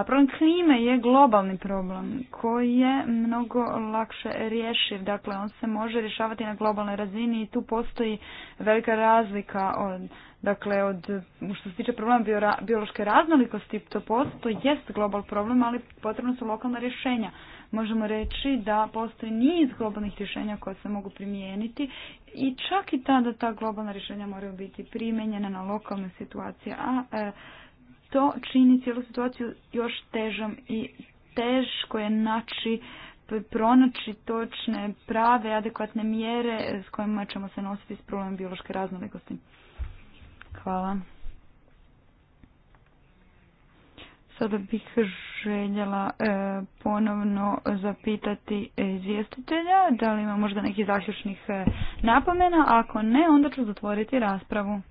Problem klime je globalni problem koji je mnogo lakše rješiv. Dakle, on se može rješavati na globalnoj razini i tu postoji velika razlika od, dakle, od, što se tiče problema biološke raznolikosti, to postoji, jest global problem, ali potrebno su lokalna rješenja. Možemo reći da postoji niz globalnih rješenja koje se mogu primijeniti i čak i tada ta globalna rješenja moraju biti primijenjena na lokalne situacije, a e, to čini cijelu situaciju još težom i teško je naći pronaći točne, prave, adekvatne mjere s kojima ćemo se nositi s problemom biološke raznolikosti. Hvala. Sada bih željela e, ponovno zapitati izvjestitelja da li ima možda nekih zaključnih e, napomena. Ako ne, onda ću zatvoriti raspravu.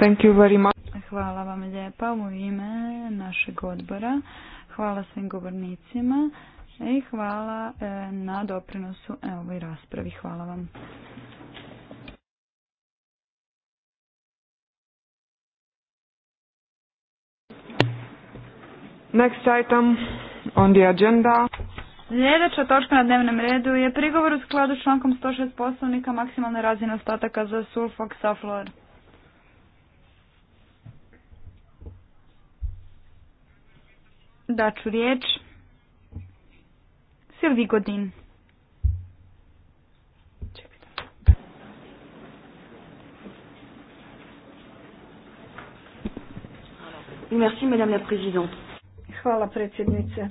Thank you very much. Hvala vam lijepa u ime našeg odbora. Hvala svim govornicima i hvala e, na doprinosu e, ovoj raspravi. Hvala vam. Next item on the agenda. Sljedeća točka na dnevnom redu je prigovor u skladu s člankom 106 poslovnika maksimalne razine ostataka za sulfoksaflor. daću riječ Silvi Godin. Merci, madame la présidente. Hvala predsjednice.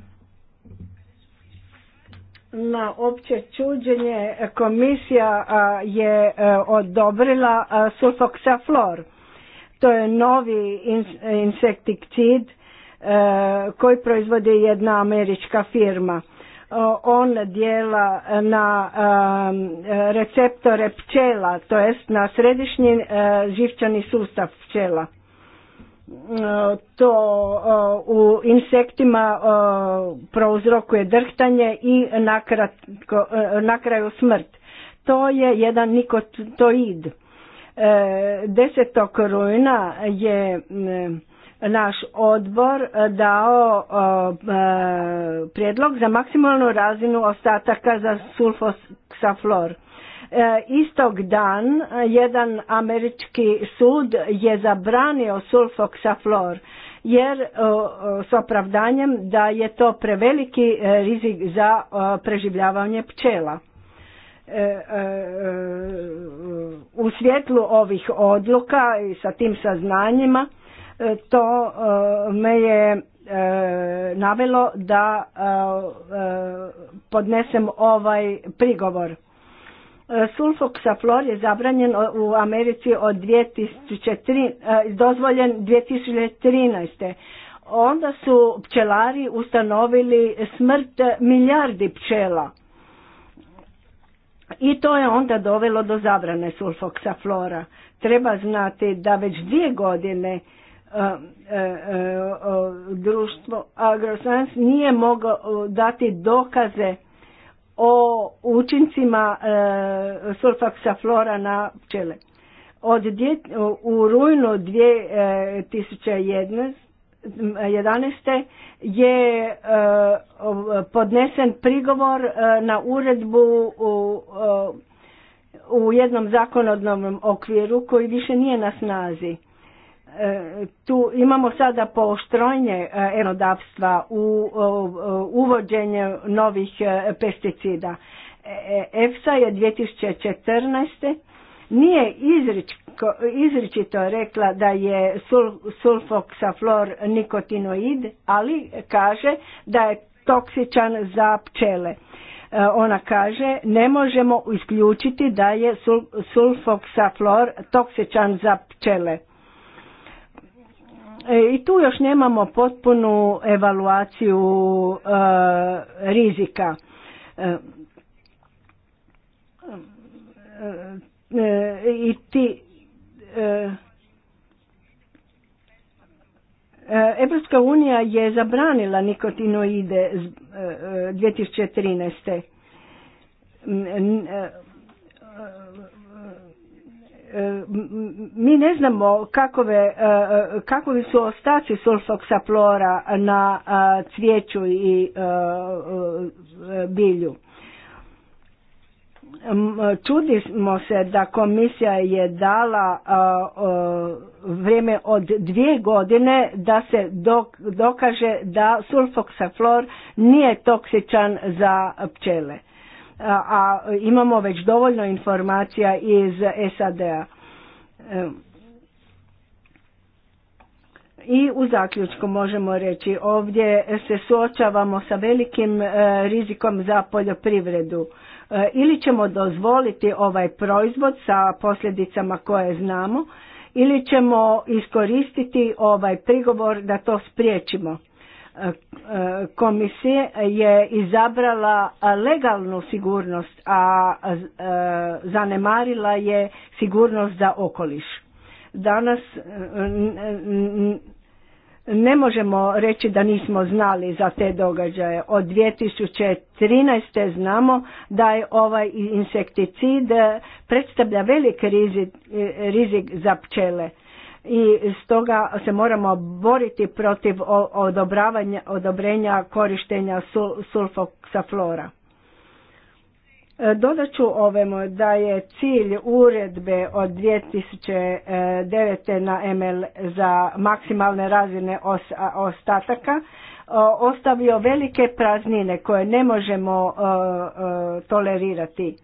Na opće čuđenje komisija je e, odobrila sulfoksaflor. To je novi insekticid E, koji proizvodi jedna američka firma. E, on dijela na e, receptore pčela, to jest na središnji živčani sustav pčela. To u insektima prouzrokuje drhtanje i na kraju smrt. To je jedan nikotoid. 10. rujna je naš odbor e, dao e, e, prijedlog za maksimalnu razinu ostataka za sulfoksaflor. Istog dan jedan američki sud je zabranio sulfoksaflor jer s opravdanjem da je to preveliki rizik za preživljavanje pčela. U svjetlu ovih odluka i sa tim saznanjima to eh, me je eh, navelo da eh, podnesem ovaj prigovor. Sulfoksaflor je zabranjen u Americi od 2013, dozvoljen 2013. Onda su pčelari ustanovili smrt milijardi pčela. I to je onda dovelo do zabrane sulfoksaflora. Treba znati da već dvije godine E, e, društvo Agroscience nije mogao dati dokaze o učincima e, sulfaksa flora na pčele. Od djet, u rujnu 2011 je podnesen prigovor na uredbu u, u jednom zakonodnom okviru koji više nije na snazi tu imamo sada poštrojenje e, enodavstva u uvođenje novih e, pesticida. E, EFSA je 2014. nije izričito rekla da je sulfoksaflor nikotinoid, ali kaže da je toksičan za pčele. Ona kaže ne možemo isključiti da je sulfoksaflor toksičan za pčele E, I tu još nemamo potpunu evaluaciju e, rizika. E, I ti Evropska unija je zabranila nikotinoide 2013. E, mi ne znamo kakove, e, e, kakovi su ostaci sulfoksaplora na cvijeću i bilju. Čudimo se da komisija je dala vrijeme od dvije godine da se dokaže da sulfoksaflor nije toksičan za pčele a imamo već dovoljno informacija iz SAD-a. E, I u zaključku možemo reći ovdje se suočavamo sa velikim e, rizikom za poljoprivredu. E, ili ćemo dozvoliti ovaj proizvod sa posljedicama koje znamo ili ćemo iskoristiti ovaj prigovor da to spriječimo komisije je izabrala legalnu sigurnost, a e, zanemarila je sigurnost za okoliš. Danas e, ne možemo reći da nismo znali za te događaje. Od 2013. znamo da je ovaj insekticid predstavlja velik rizik, rizik za pčele i stoga se moramo boriti protiv odobravanja, odobrenja korištenja sulfoksaflora. E, dodat ću ovemu da je cilj uredbe od 2009. na ML za maksimalne razine ostataka e, ostavio velike praznine koje ne možemo e, tolerirati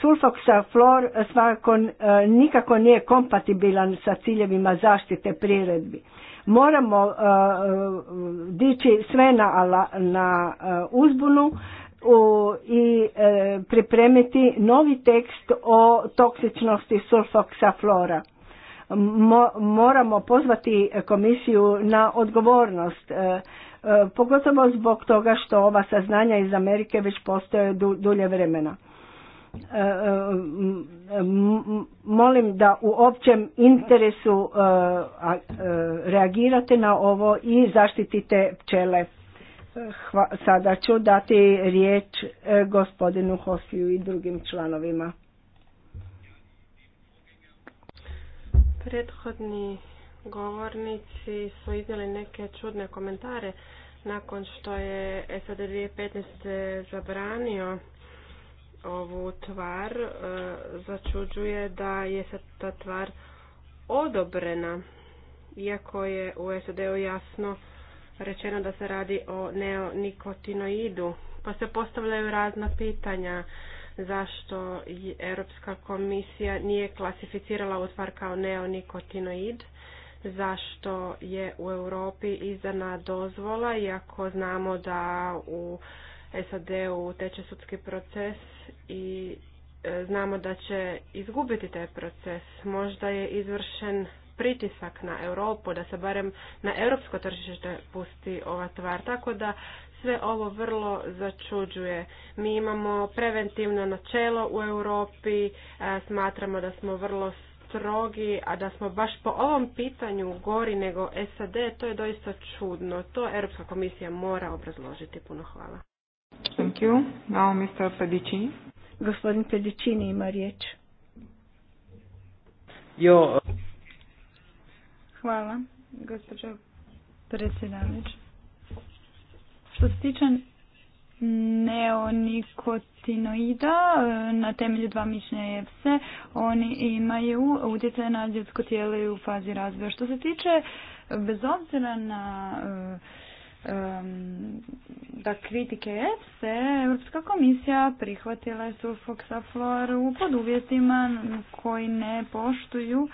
Sulfoksa flor svakako e, nikako nije kompatibilan sa ciljevima zaštite priredbi. Moramo e, dići sve na, na e, uzbunu i pripremiti novi tekst o toksičnosti sulfoksa flora. Moramo pozvati komisiju na odgovornost pogotovo zbog toga što ova saznanja iz Amerike već postoje dulje vremena molim da u općem interesu e, e, reagirate na ovo i zaštitite pčele. Sada ću dati riječ e, gospodinu Hosiju i drugim članovima. Prethodni govornici su iznijeli neke čudne komentare nakon što je SAD 2015. zabranio ovu tvar e, začuđuje da je ta tvar odobrena, iako je u SAD-u jasno rečeno da se radi o neonikotinoidu. Pa se postavljaju razna pitanja zašto Europska komisija nije klasificirala ovu tvar kao neonikotinoid, zašto je u Europi izdana dozvola, iako znamo da u SAD-u teče sudski proces i e, znamo da će izgubiti taj proces. Možda je izvršen pritisak na Europu, da se barem na europsko tržište pusti ova tvar, tako da sve ovo vrlo začuđuje. Mi imamo preventivno načelo u Europi, e, smatramo da smo vrlo strogi, a da smo baš po ovom pitanju gori nego SAD, to je doista čudno. To Europska komisija mora obrazložiti. Puno hvala. Thank you. Now Mr. Pedicini. Gospodin Pedicini ima riječ. Jo. Hvala, gospođo predsjedanič. Što se tiče neonikotinoida na temelju dva mišljenja EFSE, oni imaju utjecaj na ljudsko tijelo i u fazi razvoja. Što se tiče, bez obzira na da kritike se, Europska komisija prihvatila je sulfoksafloru pod uvjetima koji ne poštuju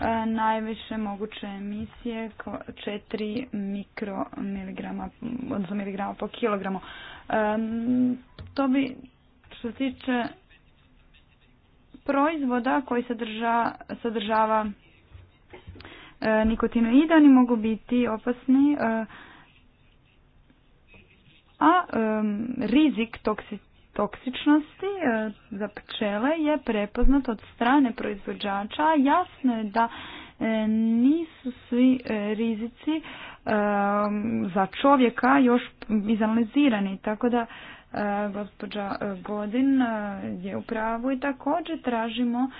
e, najviše moguće emisije 4 mikromiligrama, odnosno miligrama po kilogramu. To bi što se tiče proizvoda koji sadrža, sadržava e, nikotinoida, oni mogu biti opasni e, a rizik toksi, toksičnosti e, za pčele je prepoznat od strane proizvođača, a jasno je da e, nisu svi e, rizici za čovjeka još izanalizirani, tako da gospođa Godin je u pravu i također tražimo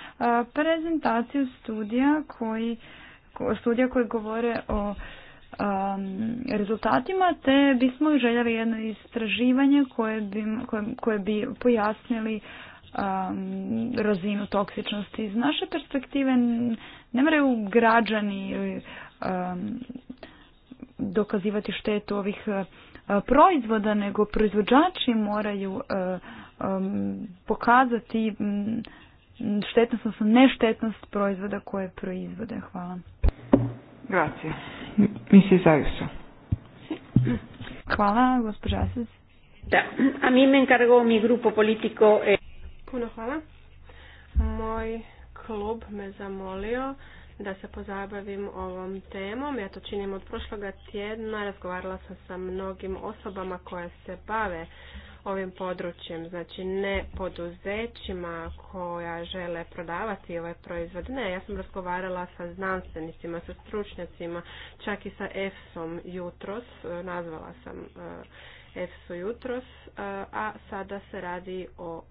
prezentaciju studija koji studija koji govore o um, rezultatima, te bismo željeli jedno istraživanje koje bi, koje, koje bi pojasnili um, razinu toksičnosti. Iz naše perspektive ne moraju građani um, dokazivati štetu ovih uh, proizvoda, nego proizvođači moraju uh, um, pokazati mm, štetnost, odnosno neštetnost proizvoda koje proizvode. Hvala. Grazie. Mislim, zavisno. Hvala, gospođa Asic. Da, a mi me encargo mi grupo politiko E... Eh. Puno hvala. Moj klub me zamolio da se pozabavim ovom temom. Ja to činim od prošloga tjedna. Razgovarala sam sa mnogim osobama koje se bave ovim područjem, znači ne poduzećima koja žele prodavati ovaj proizvod. Ne, ja sam razgovarala sa znanstvenicima, sa stručnjacima, čak i sa EFSom jutros, e, nazvala sam e, EFSO jutros, e, a sada se radi o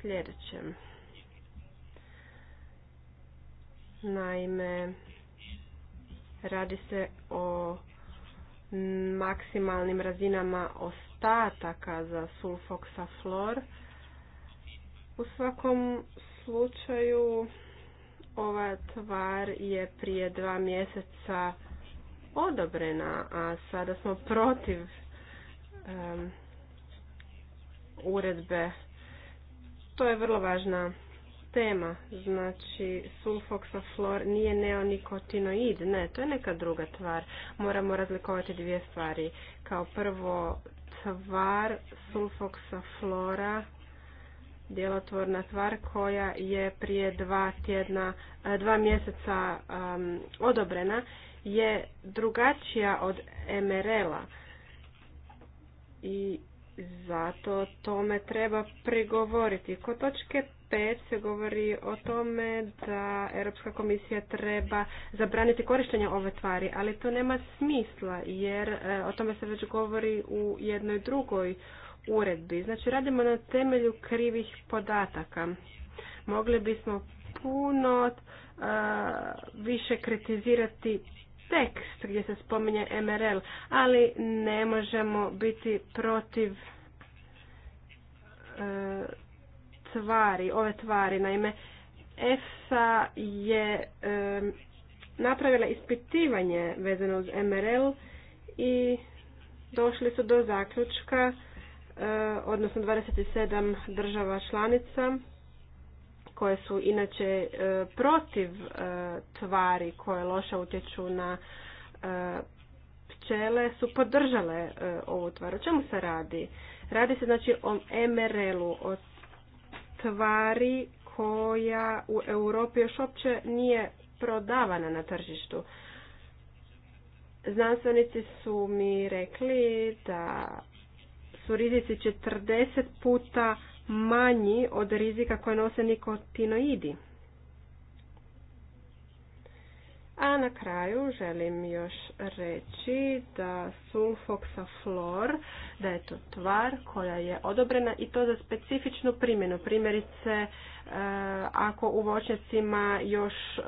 sljedećem. Naime, radi se o maksimalnim razinama ostataka za sulfoksaflor. U svakom slučaju ova tvar je prije dva mjeseca odobrena, a sada smo protiv uredbe. To je vrlo važna tema. Znači, sulfoksaflor nije neonikotinoid. Ne, to je neka druga tvar. Moramo razlikovati dvije stvari. Kao prvo, tvar flora djelotvorna tvar koja je prije dva tjedna, e, dva mjeseca odobrena, je drugačija od mrl i zato tome treba prigovoriti. Kod točke Pet se govori o tome da Europska komisija treba zabraniti korištenje ove tvari, ali to nema smisla jer e, o tome se već govori u jednoj drugoj uredbi. Znači radimo na temelju krivih podataka. Mogli bismo puno e, više kritizirati tekst gdje se spominje MRL, ali ne možemo biti protiv e, tvari, ove tvari. Naime, EFSA je napravila ispitivanje vezano uz MRL i došli su do zaključka, e, odnosno 27 država članica koje su inače eh, protiv eh, tvari koje loša utječu na pčele su podržale ovu tvar. O čemu se radi? Radi se znači o MRL-u, o tvari koja u Europi još uopće nije prodavana na tržištu. Znanstvenici su mi rekli da su rizici 40 puta manji od rizika koje nose nikotinoidi. A na kraju želim još reći da sulfoksaflor, da je to tvar koja je odobrena i to za specifičnu primjenu. Primjerice, e, ako u voćnjacima još e,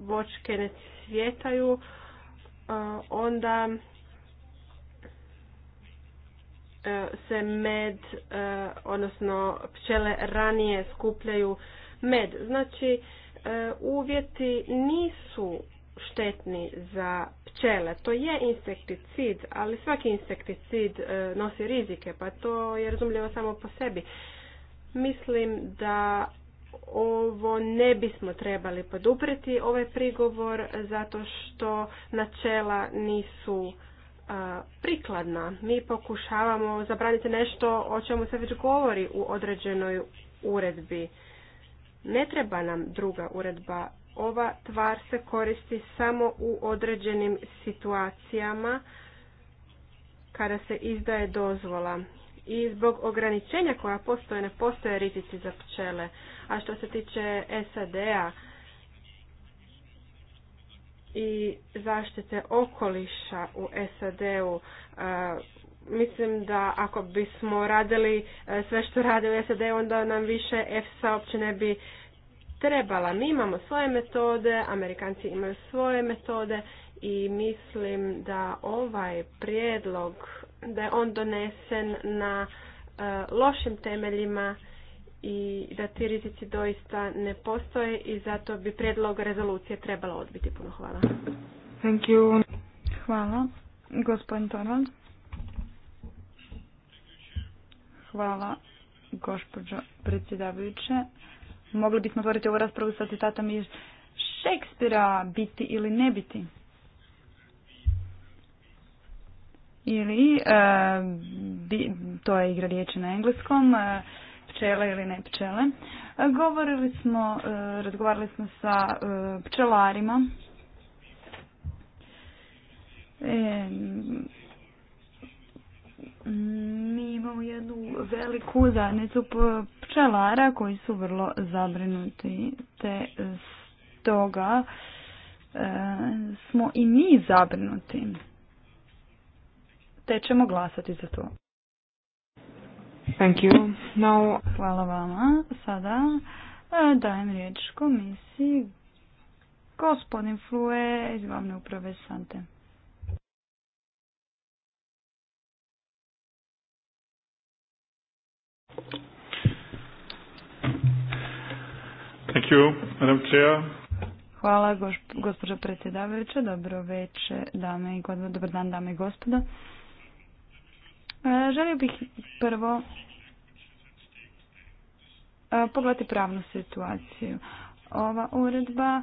voćke ne cvjetaju, e, onda se med, odnosno pčele ranije skupljaju med. Znači, E, uvjeti nisu štetni za pčele. To je insekticid, ali svaki insekticid e, nosi rizike, pa to je razumljivo samo po sebi. Mislim da ovo ne bismo trebali poduprijeti ovaj prigovor zato što načela nisu e, prikladna. Mi pokušavamo zabraniti nešto o čemu se već govori u određenoj uredbi. Ne treba nam druga uredba. Ova tvar se koristi samo u određenim situacijama kada se izdaje dozvola. I zbog ograničenja koja postoje, ne postoje rizici za pčele. A što se tiče SAD-a i zaštite okoliša u SAD-u, Mislim da ako bismo radili e, sve što rade u SAD, onda nam više EFSA uopće ne bi trebala. Mi imamo svoje metode, Amerikanci imaju svoje metode i mislim da ovaj prijedlog, da je on donesen na e, lošim temeljima i da ti rizici doista ne postoje i zato bi prijedlog rezolucije trebalo odbiti. Puno hvala. Thank you. Hvala. Gospodin Torvalds. Hvala, gospođo predsjedavajuće. Mogli bismo otvoriti ovu raspravu sa citatom iz Šekspira, biti ili ne biti. Ili, e, to je igra riječi na engleskom, e, pčele ili ne pčele. E, govorili smo, razgovarali smo sa pčelarima mi imamo jednu veliku zajednicu pčelara koji su vrlo zabrinuti te stoga e, smo i mi zabrinuti te ćemo glasati za to. Thank you. Hvala vama. Sada e, dajem riječ komisiji gospodin Flue iz glavne uprave Sante. Thank you, Hvala gospođo predsjedavajuća, dobro večer, dame i gospodo, dobar dan dame i gospodo. E, želio bih prvo e, pogledati pravnu situaciju. Ova uredba e,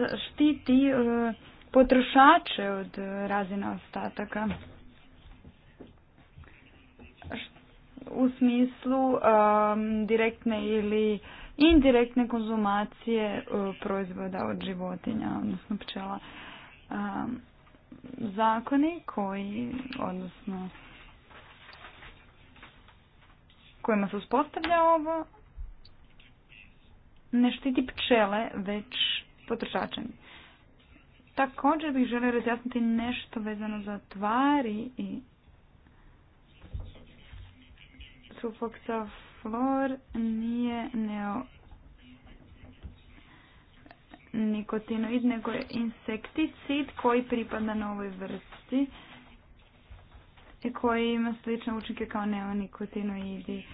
zaštiti za, potrošače od razina ostataka. u smislu um, direktne ili indirektne konzumacije uh, proizvoda od životinja, odnosno pčela. Um, zakoni koji, odnosno kojima se uspostavlja ovo, ne štiti pčele, već potrošače. Također bih želio razjasniti nešto vezano za tvari i flor nije neo nego je insekticid koji pripada novoj vrsti i koji ima slične učinke kao neonikotinoidi.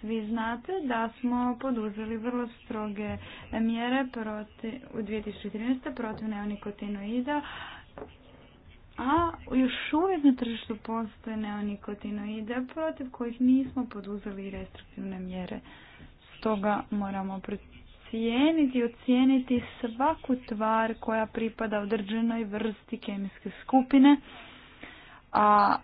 Svi znate da smo poduzeli vrlo stroge mjere proti, u 2013. protiv neonikotinoida a još uvijek na tržištu postoje neonikotinoide protiv kojih nismo poduzeli restriktivne mjere. Stoga moramo procijeniti i ocijeniti svaku tvar koja pripada određenoj vrsti kemijske skupine, a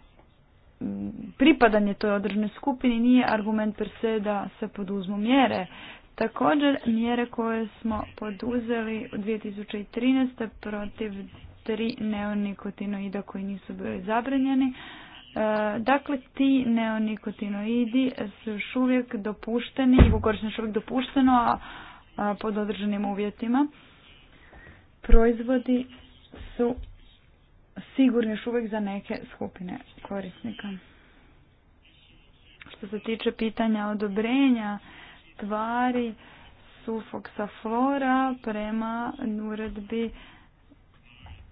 pripadanje toj određenoj skupini nije argument per se da se poduzmu mjere. Također mjere koje smo poduzeli u 2013. protiv tri neonikotinoida koji nisu bili zabranjeni. E, dakle, ti neonikotinoidi su još uvijek dopušteni i još uvijek dopušteno, a pod određenim uvjetima. Proizvodi su sigurni još uvijek za neke skupine korisnika. Što se tiče pitanja odobrenja tvari sufoksa flora prema uredbi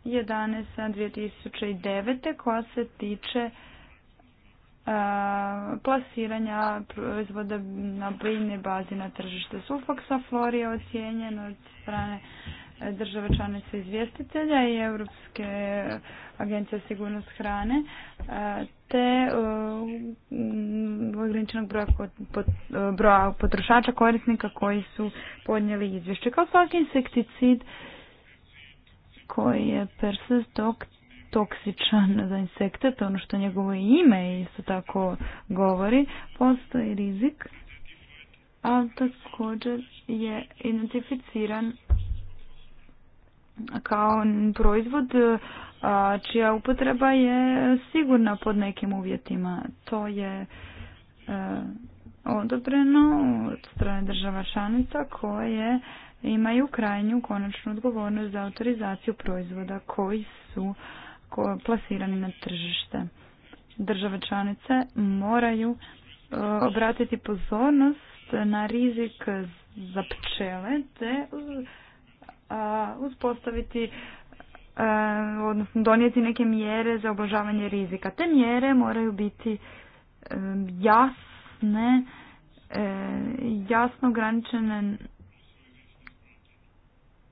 11.2009. 2009. koja se tiče plasiranja proizvoda na biljne bazi na tržište sufoksa Flor je ocijenjen od strane e, države članice izvjestitelja i Europske agencije sigurnost hrane te e, ograničenog broja, e, broja potrošača korisnika koji su podnijeli izvješće. Kao svaki insekticid koji je per tok, toksičan za insekte, to ono što njegovo ime isto tako govori, postoji rizik, a također je identificiran kao proizvod čija upotreba je sigurna pod nekim uvjetima. To je e, odobreno od strane država članica koje imaju krajnju konačnu odgovornost za autorizaciju proizvoda koji su plasirani na tržište. Države članice moraju e, obratiti pozornost na rizik za pčele te uspostaviti e, odnosno donijeti neke mjere za obožavanje rizika. Te mjere moraju biti e, jasne, jasno ograničene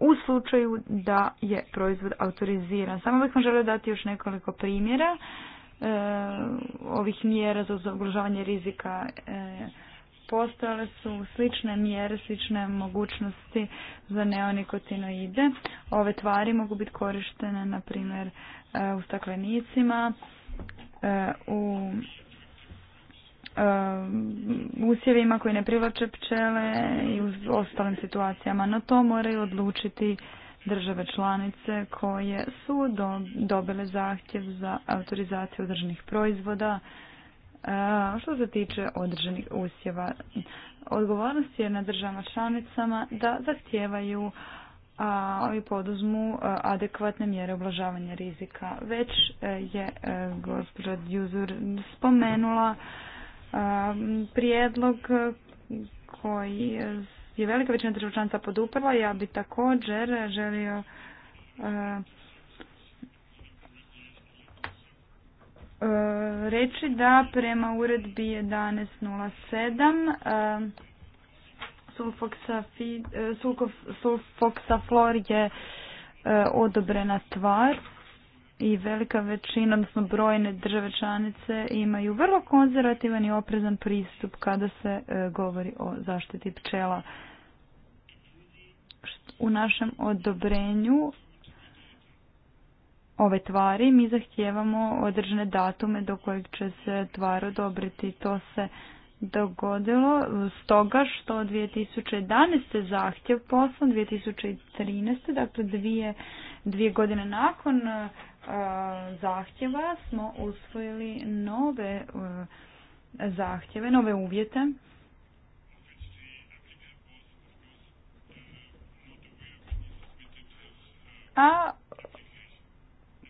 u slučaju da je proizvod autoriziran. Samo bih vam želio dati još nekoliko primjera e, ovih mjera za ugrožavanje rizika. E, postojale su slične mjere, slične mogućnosti za neonikotinoide. Ove tvari mogu biti korištene, na primjer, e, u staklenicima, u Um, usjevima koji ne privlače pčele i u ostalim situacijama. No to moraju odlučiti države članice koje su do, dobile zahtjev za autorizaciju održanih proizvoda uh, što se tiče održanih usjeva. Odgovornost je na državama članicama da zahtijevaju a, uh, i poduzmu uh, adekvatne mjere oblažavanja rizika. Već je gospođa Djuzur spomenula prijedlog eh, koji je velika većina država članica poduprla. Ja bi također želio eh, reći da prema uredbi 11.07 eh, flor je odobrena tvar i velika većina, odnosno brojne države članice imaju vrlo konzervativan i oprezan pristup kada se e, govori o zaštiti pčela. U našem odobrenju ove tvari mi zahtijevamo određene datume do kojeg će se tvar odobriti. To se dogodilo stoga što 2011. zahtjev poslan, 2013. dakle dvije, dvije godine nakon e, zahtjeva smo usvojili nove e, zahtjeve, nove uvjete. A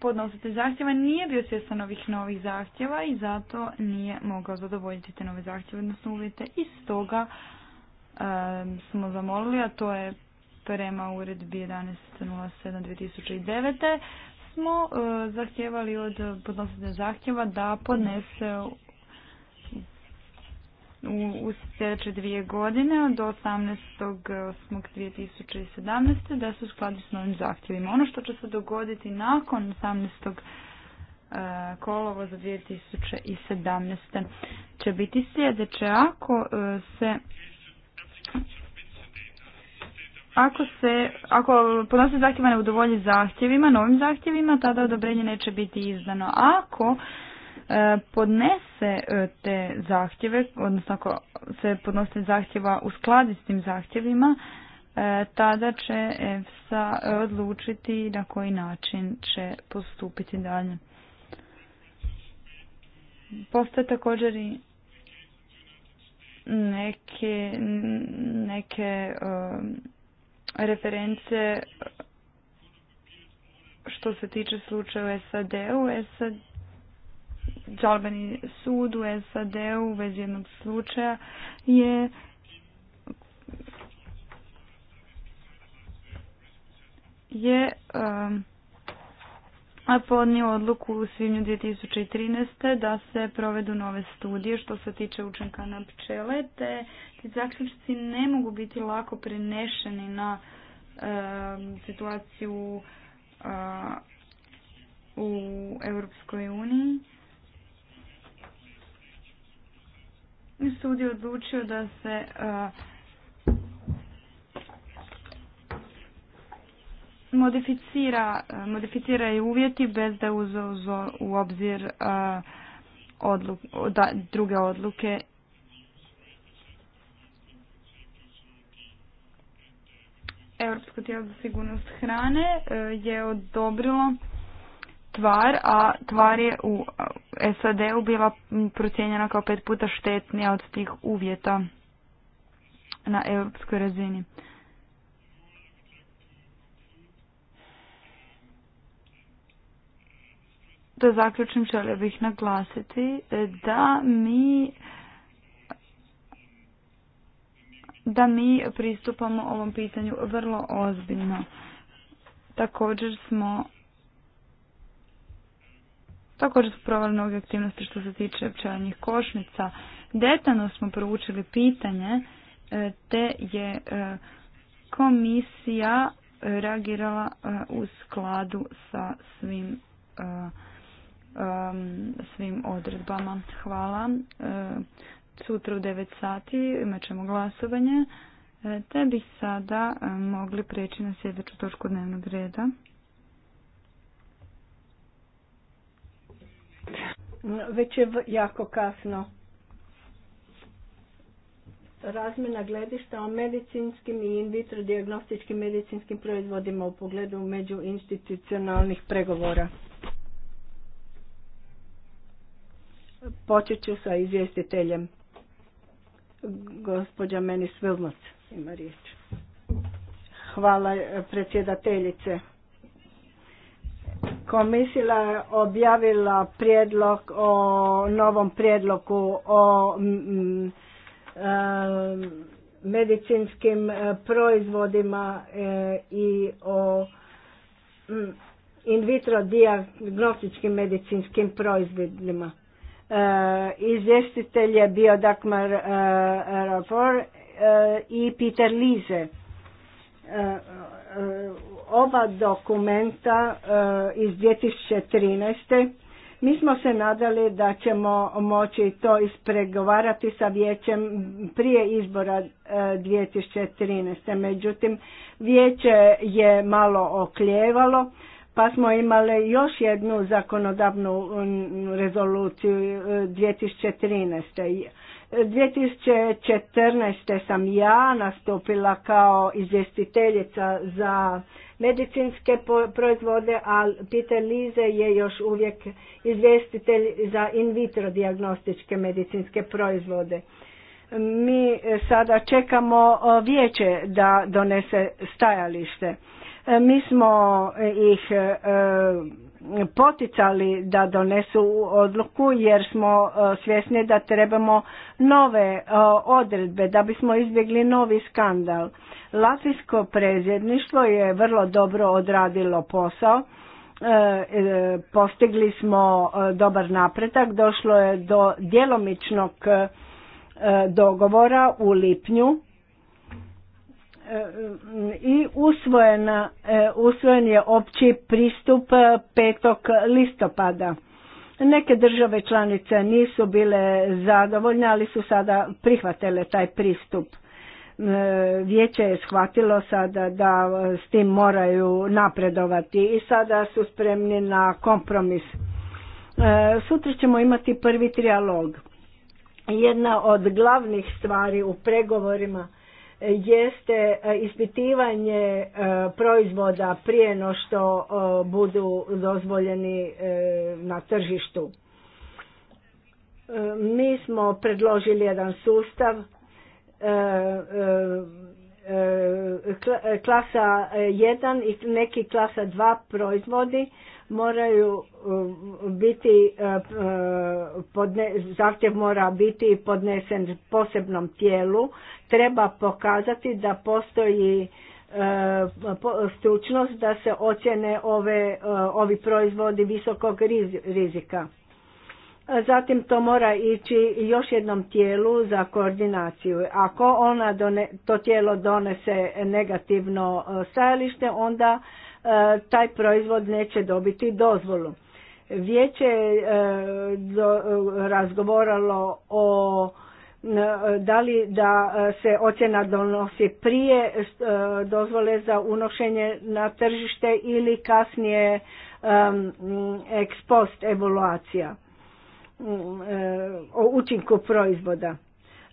podnosite zahtjeva nije bio svjestan ovih novih zahtjeva i zato nije mogao zadovoljiti te nove zahtjeve, odnosno uvjete. I stoga e, smo zamolili, a to je prema uredbi 11.07.2009 smo e, zahtjevali od podnositelja zahtjeva da podnese u, u sljedeće dvije godine do 18.8.2017. da se skladi s novim zahtjevima. Ono što će se dogoditi nakon 18. E, kolovo za 2017. će biti sljedeće. Ako e, se ako se, ako podnositelj zahtjeva ne udovolji zahtjevima, novim zahtjevima, tada odobrenje neće biti izdano. Ako e, podnese e, te zahtjeve, odnosno ako se podnosi zahtjeva u skladi s tim zahtjevima, e, tada će EFSA odlučiti na koji način će postupiti dalje. Postoje također i neke, neke reference što se tiče slučaja u SAD-u, SAD žalbeni sud u SAD-u u vezi jednog slučaja je je um, podnio odluku u svibnju 2013. da se provedu nove studije što se tiče učinka na pčele, te ti zaključci ne mogu biti lako prenešeni na situaciju u Europskoj uniji. Sud je odlučio da se modificira, i uvjeti bez da uze u obzir druge odluke Europsko tijelo za sigurnost hrane e, je odobrilo tvar, a tvar je u SAD-u bila procijenjena kao pet puta štetnija od tih uvjeta na europskoj razini. Da zaključim, želio bih naglasiti e, da mi da mi pristupamo ovom pitanju vrlo ozbiljno. Također smo također su provali mnoge aktivnosti što se tiče pčelanjih košnica. Detaljno smo proučili pitanje e, te je e, komisija reagirala u skladu sa svim svim odredbama. Hvala. Sutra u 9 sati imat ćemo glasovanje, e, te bi sada mogli preći na sljedeću točku dnevnog reda. Već je jako kasno. Razmjena gledišta o medicinskim i in vitro diagnostičkim medicinskim proizvodima u pogledu međuinstitucionalnih pregovora. Počet ću sa izvjestiteljem. Gospođa Meni Svilmac ima riječ. Hvala eh, predsjedateljice. Komisija je objavila prijedlog o novom prijedlogu o eh, medicinskim eh, proizvodima i o in vitro diagnostičkim medicinskim proizvodima Eh, izvjestitelj je bio Dakmar eh, eh, i Peter Lize. Oba dokumenta iz 2013. Mi smo se nadali da ćemo moći to ispregovarati sa vijećem prije izbora 2013. Međutim, vijeće je malo okljevalo, pa smo imali još jednu zakonodavnu mm, rezoluciju 2013. E, 2014. sam ja nastupila kao izvjestiteljica za medicinske proizvode, a Peter Lize je još uvijek izvjestitelj za in vitro diagnostičke medicinske proizvode. Mi sada čekamo e, vijeće da donese stajalište. E, mi smo ih e, poticali da donesu odluku jer smo e, svjesni da trebamo nove odredbe da bismo izbjegli novi skandal. Latvijsko predsjedništvo je vrlo dobro odradilo posao. Postigli smo dobar napretak, došlo je do djelomičnog dogovora u lipnju i usvojena, e, usvojen je opći pristup 5. E, listopada. Neke države članice nisu bile zadovoljne, ali su sada prihvatile taj pristup. E, vijeće je shvatilo sada da s tim moraju napredovati i sada su spremni na kompromis. Sutra ćemo imati prvi trijalog. Jedna od glavnih stvari u pregovorima jeste e, ispitivanje e, proizvoda prije no što e, budu dozvoljeni na tržištu. Mi smo predložili jedan sustav klasa 1 i neki klasa 2 proizvodi moraju um, biti uh, zahtjev mora biti podnesen posebnom tijelu treba pokazati da postoji uh, stručnost da se ocjene ove, uh, ovi proizvodi visokog rizika. Zatim to mora ići još jednom tijelu za koordinaciju. Ako ona to tijelo donese negativno stajalište, onda E, taj proizvod neće dobiti dozvolu. Vijeće je e, razgovoralo o e, da li da se ocjena donosi prije dozvole za unošenje na tržište ili kasnije ex post evaluacija o učinku proizvoda.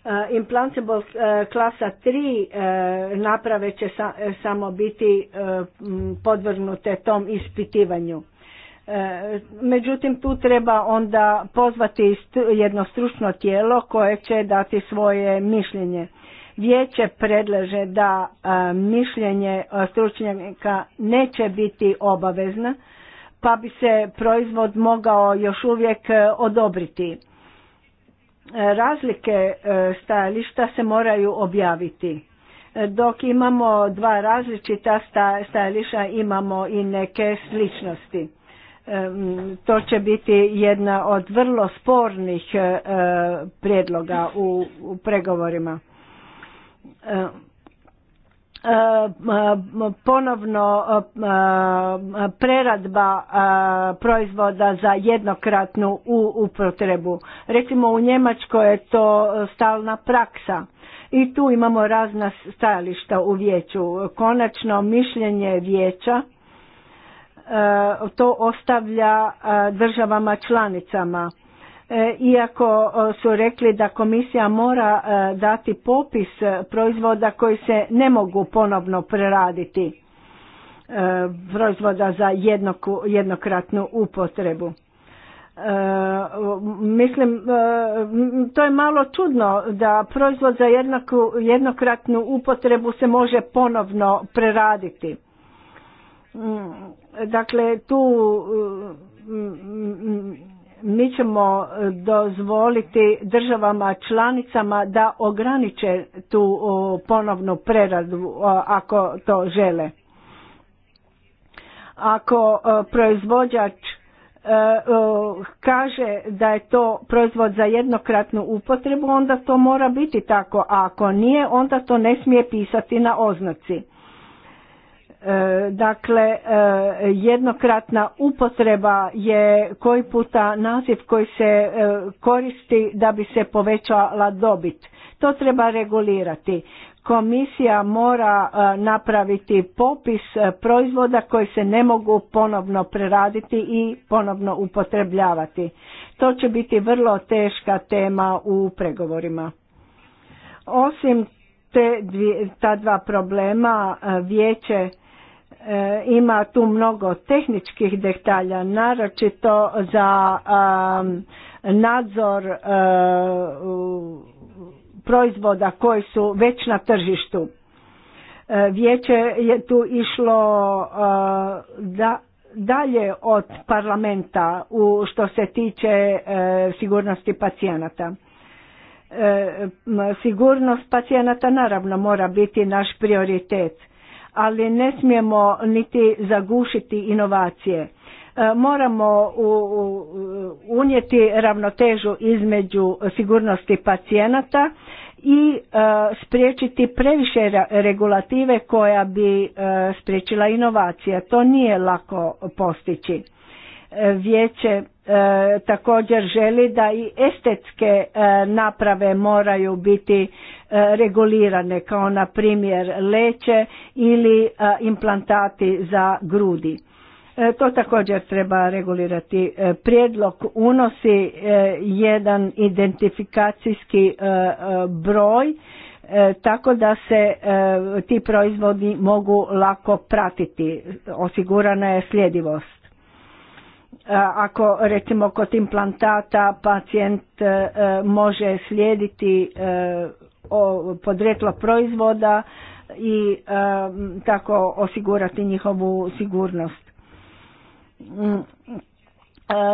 Eh, implantable eh, klasa 3 eh, naprave će samo biti podvrgnute tom ispitivanju. Međutim, tu treba onda pozvati jedno stručno tijelo koje će dati svoje mišljenje. Vijeće predlaže da mišljenje stručnjaka neće biti obavezna, pa bi se proizvod mogao još uvijek odobriti razlike e, stajališta se moraju objaviti. E, dok imamo dva različita stajališta, imamo i neke sličnosti. E, to će biti jedna od vrlo spornih prijedloga u pregovorima E, ponovno e, preradba e, proizvoda za jednokratnu upotrebu. Recimo u Njemačkoj je to stalna praksa i tu imamo razna stajališta u vijeću. Konačno mišljenje vijeća to ostavlja državama članicama E, iako e, su rekli da komisija mora e, dati popis proizvoda koji se ne mogu ponovno preraditi proizvoda za jednokratnu upotrebu. Mislim, to je malo čudno da proizvod za jednokratnu upotrebu se može ponovno preraditi. Mm, dakle, tu mm, mm, mi ćemo e, dozvoliti državama članicama da ograniče tu ponovnu preradu ako to žele. Ako e, proizvođač e, kaže da je to proizvod za jednokratnu upotrebu, onda to mora biti tako, a ako nije, onda to ne smije pisati na oznaci. E, dakle, e, jednokratna upotreba je koji puta naziv koji se e, koristi da bi se povećala dobit. To treba regulirati. Komisija mora napraviti popis proizvoda koji se ne mogu ponovno preraditi i ponovno upotrebljavati. To će biti vrlo teška tema u pregovorima. Osim te ta dva problema vijeće E, ima tu mnogo tehničkih detalja, naročito za nadzor e, proizvoda koji su već na tržištu. E, vijeće je tu išlo dalje od parlamenta u što se tiče sigurnosti pacijenata. Sigurnost pacijenata naravno mora biti naš prioritet ali ne smijemo niti zagušiti inovacije. E, moramo unijeti ravnotežu između sigurnosti pacijenata i e, spriječiti previše regulative koja bi e, spriječila inovacije. To nije lako postići. Vijeće E, također želi da i estetske e, naprave moraju biti e, regulirane kao na primjer leće ili implantati za grudi. To također treba regulirati. Prijedlog unosi jedan identifikacijski broj tako da se ti proizvodi mogu lako pratiti. Osigurana je sljedivost. E, ako recimo kod implantata pacijent e, e, može slijediti podretlo proizvoda i tako osigurati njihovu sigurnost. Mm.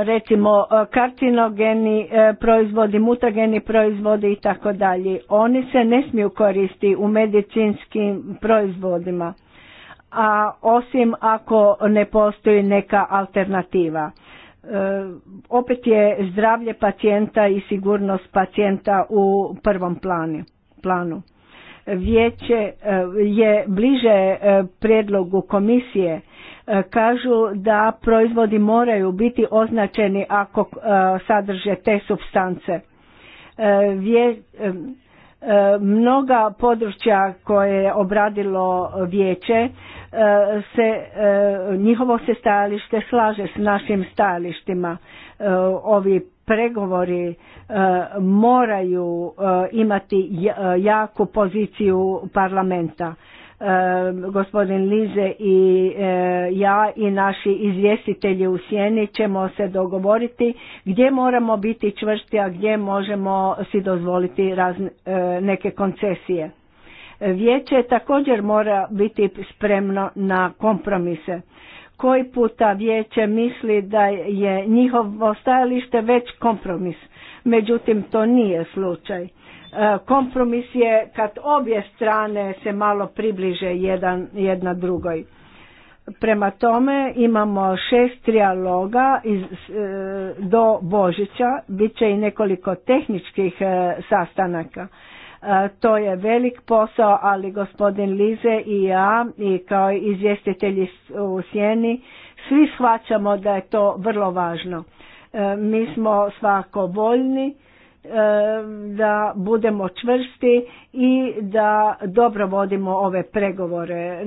Recimo karcinogeni proizvodi, mutageni proizvodi i tako dalje. Oni se ne smiju koristiti u medicinskim proizvodima a osim ako ne postoji neka alternativa. E, opet je zdravlje pacijenta i sigurnost pacijenta u prvom planu. Vijeće e, je bliže e, prijedlogu komisije kažu da proizvodi moraju biti označeni ako sadrže te substance. Mnoga područja koje je obradilo vijeće se e, njihovo se stajalište slaže s našim stajalištima. E, ovi pregovori e, moraju imati jaku poziciju parlamenta. Gospodin Lize i ja i naši izvjestitelji u sjeni ćemo se dogovoriti gdje moramo biti čvrsti, a gdje možemo si dozvoliti neke koncesije. Vijeće također mora biti spremno na kompromise. Koji puta vijeće misli da je njihovo stajalište već kompromis, međutim to nije slučaj. E, kompromis je kad obje strane se malo približe jedan, jedna drugoj. Prema tome imamo šest trijaloga iz, e, do Božića, bit će i nekoliko tehničkih e, sastanaka. E, to je velik posao, ali gospodin Lize i ja i kao izvjestitelji u Sjeni svi shvaćamo da je to vrlo važno. E, mi smo svako voljni e, da budemo čvrsti i da dobro vodimo ove pregovore.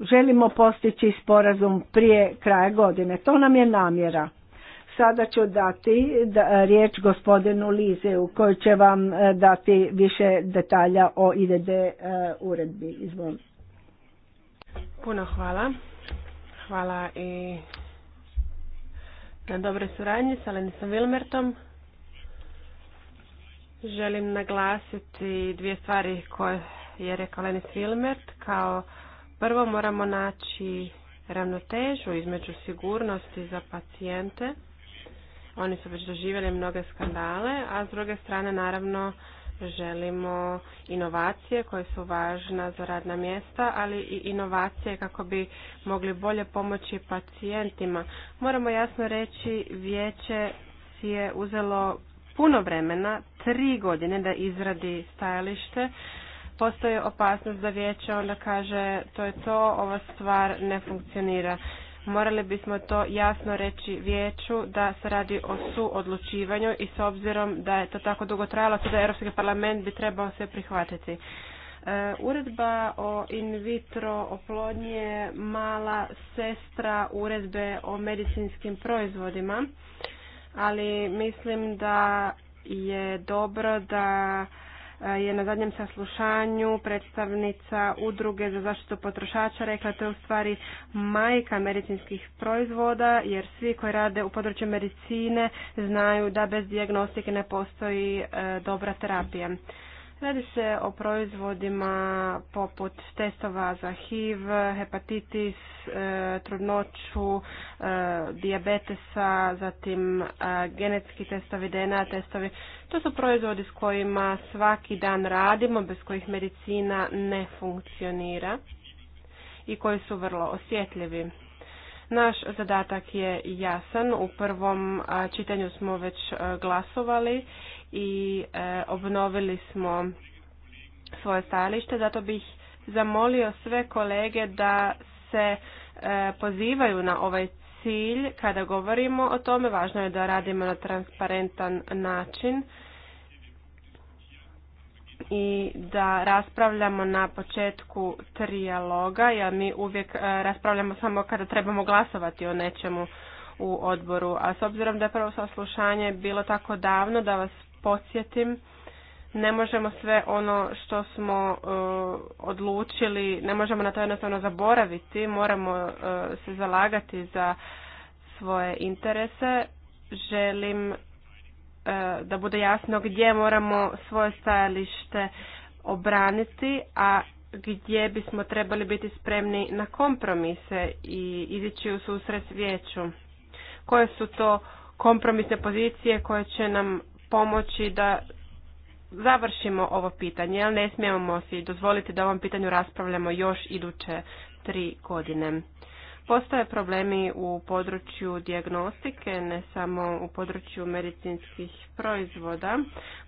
Želimo postići sporazum prije kraja godine. To nam je namjera sada ću dati riječ gospodinu u kojoj će vam e, dati više detalja o IDD e, uredbi. Izvon. Puno hvala. Hvala i na dobre suradnji sa Lenisom Wilmertom. Želim naglasiti dvije stvari koje je rekao Lenis Wilmert. Kao prvo moramo naći ravnotežu između sigurnosti za pacijente oni su već doživjeli mnoge skandale, a s druge strane naravno želimo inovacije koje su važna za radna mjesta, ali i inovacije kako bi mogli bolje pomoći pacijentima. Moramo jasno reći, vijeće si je uzelo puno vremena, tri godine da izradi stajalište. postoje opasnost da vijeće onda kaže to je to, ova stvar ne funkcionira morali bismo to jasno reći vijeću da se radi o suodlučivanju i s obzirom da je to tako dugo trajalo, da Europski parlament bi trebao sve prihvatiti. E, uredba o in vitro oplodnje je mala sestra uredbe o medicinskim proizvodima, ali mislim da je dobro da Eh, je na zadnjem saslušanju predstavnica udruge za zaštitu potrošača rekla to je u stvari majka medicinskih proizvoda jer svi koji rade u području medicine znaju da bez dijagnostike ne postoji eh, dobra terapija. Radi se o proizvodima poput testova za HIV, hepatitis, e, trudnoću, e, diabetesa, zatim e, genetski testovi, DNA testovi. To su proizvodi s kojima svaki dan radimo, bez kojih medicina ne funkcionira i koji su vrlo osjetljivi. Naš zadatak je jasan. U prvom čitanju smo već glasovali i e, obnovili smo svoje stajalište, zato bih zamolio sve kolege da se e, pozivaju na ovaj cilj kada govorimo o tome. Važno je da radimo na transparentan način i da raspravljamo na početku trijaloga, jer mi uvijek e, raspravljamo samo kada trebamo glasovati o nečemu u odboru. A s obzirom da je prvo saslušanje bilo tako davno da vas podsjetim, ne možemo sve ono što smo e, odlučili, ne možemo na to jednostavno zaboraviti, moramo e, se zalagati za svoje interese. Želim e, da bude jasno gdje moramo svoje stajalište obraniti, a gdje bismo trebali biti spremni na kompromise i izići u susret vijeću. Koje su to kompromisne pozicije koje će nam pomoći da završimo ovo pitanje, ali ne smijemo si dozvoliti da ovom pitanju raspravljamo još iduće tri godine. Postoje problemi u području dijagnostike, ne samo u području medicinskih proizvoda.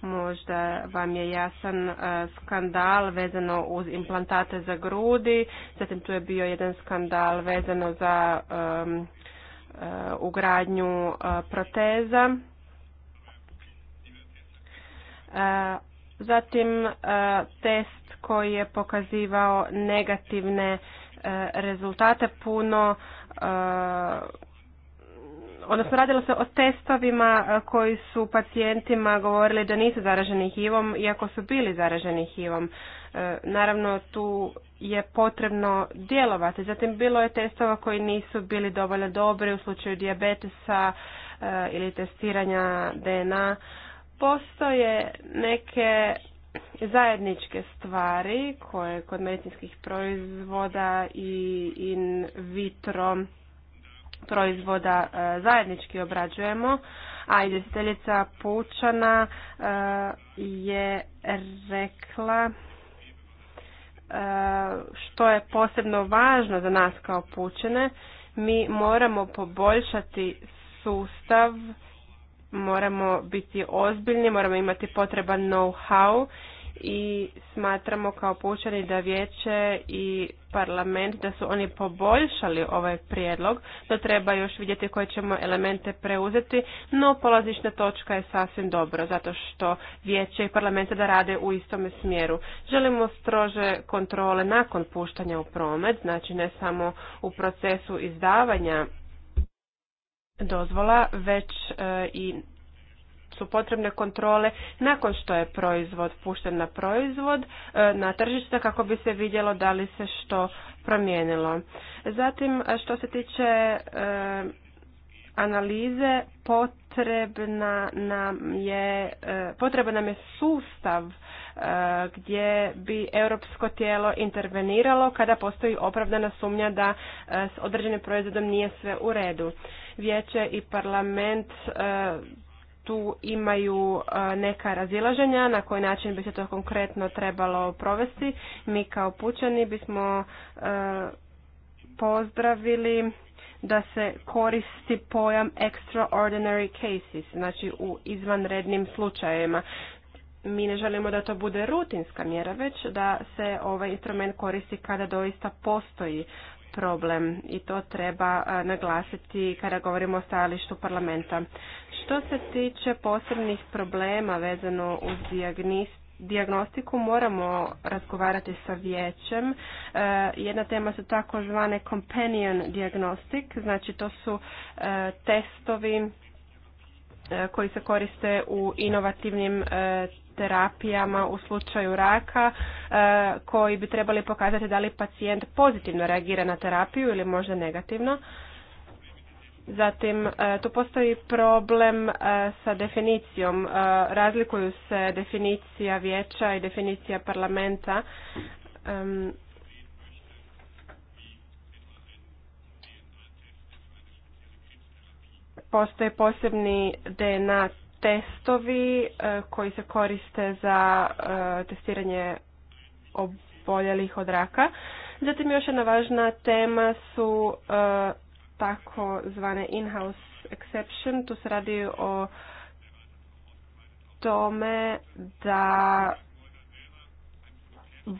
Možda vam je jasan e, skandal vezano uz implantate za grudi, zatim tu je bio jedan skandal vezano za e, ugradnju e, proteza Eh, zatim eh, test koji je pokazivao negativne eh, rezultate puno odnosno radilo se o testovima koji su pacijentima govorili da nisu zaraženi hivom iako su bili zaraženi hivom. Naravno tu je potrebno djelovati. Zatim bilo je testova koji nisu bili dovoljno dobri u slučaju dijabetesa ili testiranja DNA. Postoje neke zajedničke stvari koje kod medicinskih proizvoda i in vitro proizvoda e, zajednički obrađujemo, a izvjestiteljica Pučana e, je rekla e, što je posebno važno za nas kao pučene, mi moramo poboljšati sustav moramo biti ozbiljni, moramo imati potreban know-how i smatramo kao poučani da vijeće i parlament da su oni poboljšali ovaj prijedlog, da treba još vidjeti koje ćemo elemente preuzeti, no polazišna točka je sasvim dobro, zato što vijeće i parlament da rade u istome smjeru. Želimo strože kontrole nakon puštanja u promet, znači ne samo u procesu izdavanja dozvola, već e, i su potrebne kontrole nakon što je proizvod pušten na proizvod e, na tržište kako bi se vidjelo da li se što promijenilo. Zatim e, što se tiče analize potrebna nam je, potreban nam je sustav gdje bi europsko tijelo interveniralo kada postoji opravdana sumnja da e, s određenim proizvodom nije sve u redu. Vijeće i parlament e, tu imaju e, neka razilaženja na koji način bi se to konkretno trebalo provesti. Mi kao pučani bismo pozdravili da se koristi pojam extraordinary cases, znači u izvanrednim slučajevima mi ne želimo da to bude rutinska mjera, već da se ovaj instrument koristi kada doista postoji problem i to treba naglasiti kada govorimo o stajalištu parlamenta. Što se tiče posebnih problema vezano uz dijagnostiku, moramo razgovarati sa vijećem. E, jedna tema su zvane companion diagnostik, znači to su e, testovi e, koji se koriste u inovativnim terapijama u slučaju raka e, koji bi trebali pokazati da li pacijent pozitivno reagira na terapiju ili možda negativno. Zatim, e, tu postoji problem e, sa definicijom. Razlikuju se definicija vijeća i definicija parlamenta. Postoje posebni DNA testovi e, koji se koriste za e, testiranje oboljelih od raka. Zatim još jedna važna tema su e, tako zvane in-house exception. Tu se radi o tome da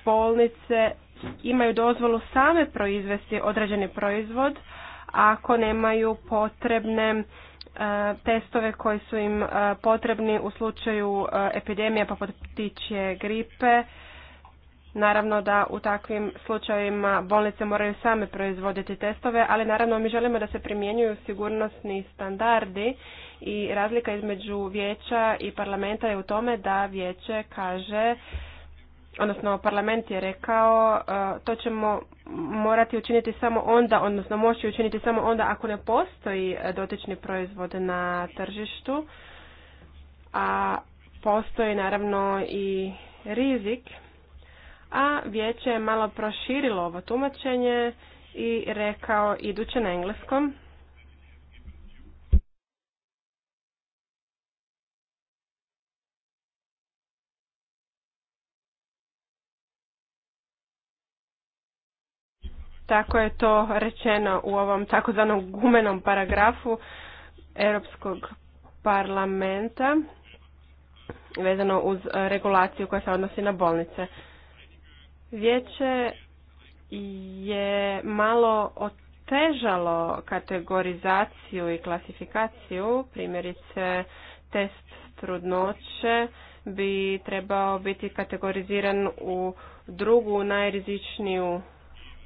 bolnice imaju dozvolu same proizvesti određeni proizvod ako nemaju potrebne E, testove koji su im e, potrebni u slučaju e, epidemije poput ptičje gripe. Naravno da u takvim slučajevima bolnice moraju same proizvoditi testove, ali naravno mi želimo da se primjenjuju sigurnosni standardi i razlika između vijeća i parlamenta je u tome da vijeće kaže odnosno parlament je rekao e, to ćemo morati učiniti samo onda, odnosno moći učiniti samo onda ako ne postoji dotični proizvod na tržištu, a postoji naravno i rizik, a vijeće je malo proširilo ovo tumačenje i rekao iduće na engleskom. Tako je to rečeno u ovom takozvanom gumenom paragrafu Europskog parlamenta vezano uz regulaciju koja se odnosi na bolnice. Vijeće je malo otežalo kategorizaciju i klasifikaciju, primjerice test trudnoće bi trebao biti kategoriziran u drugu najrizičniju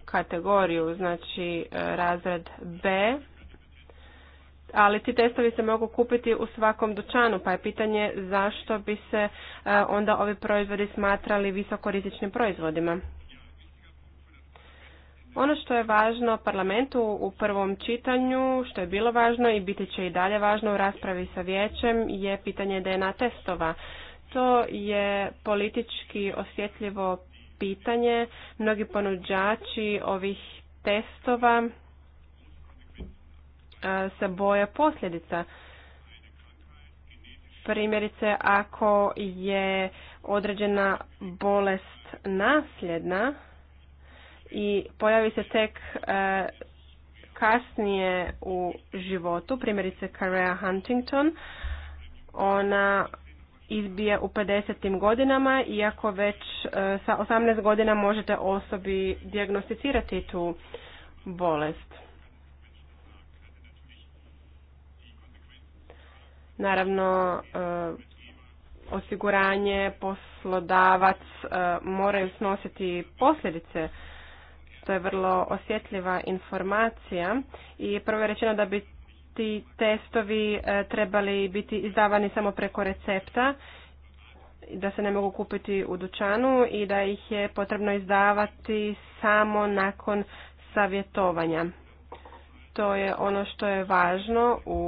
kategoriju, znači e, razred B, ali ti testovi se mogu kupiti u svakom dućanu, pa je pitanje zašto bi se e, onda ovi proizvodi smatrali visokorizičnim proizvodima. Ono što je važno parlamentu u prvom čitanju, što je bilo važno i biti će i dalje važno u raspravi sa vijećem, je pitanje DNA testova. To je politički osjetljivo pitanje. Mnogi ponuđači ovih testova e, se boja posljedica. Primjerice, ako je određena bolest nasljedna i pojavi se tek e, kasnije u životu, primjerice Karea Huntington, ona izbije u 50. godinama, iako već e, sa 18 godina možete osobi diagnosticirati tu bolest. Naravno, e, osiguranje, poslodavac e, moraju snositi posljedice. To je vrlo osjetljiva informacija i prvo je rečeno da bi ti testovi e, trebali biti izdavani samo preko recepta, da se ne mogu kupiti u dućanu i da ih je potrebno izdavati samo nakon savjetovanja. To je ono što je važno u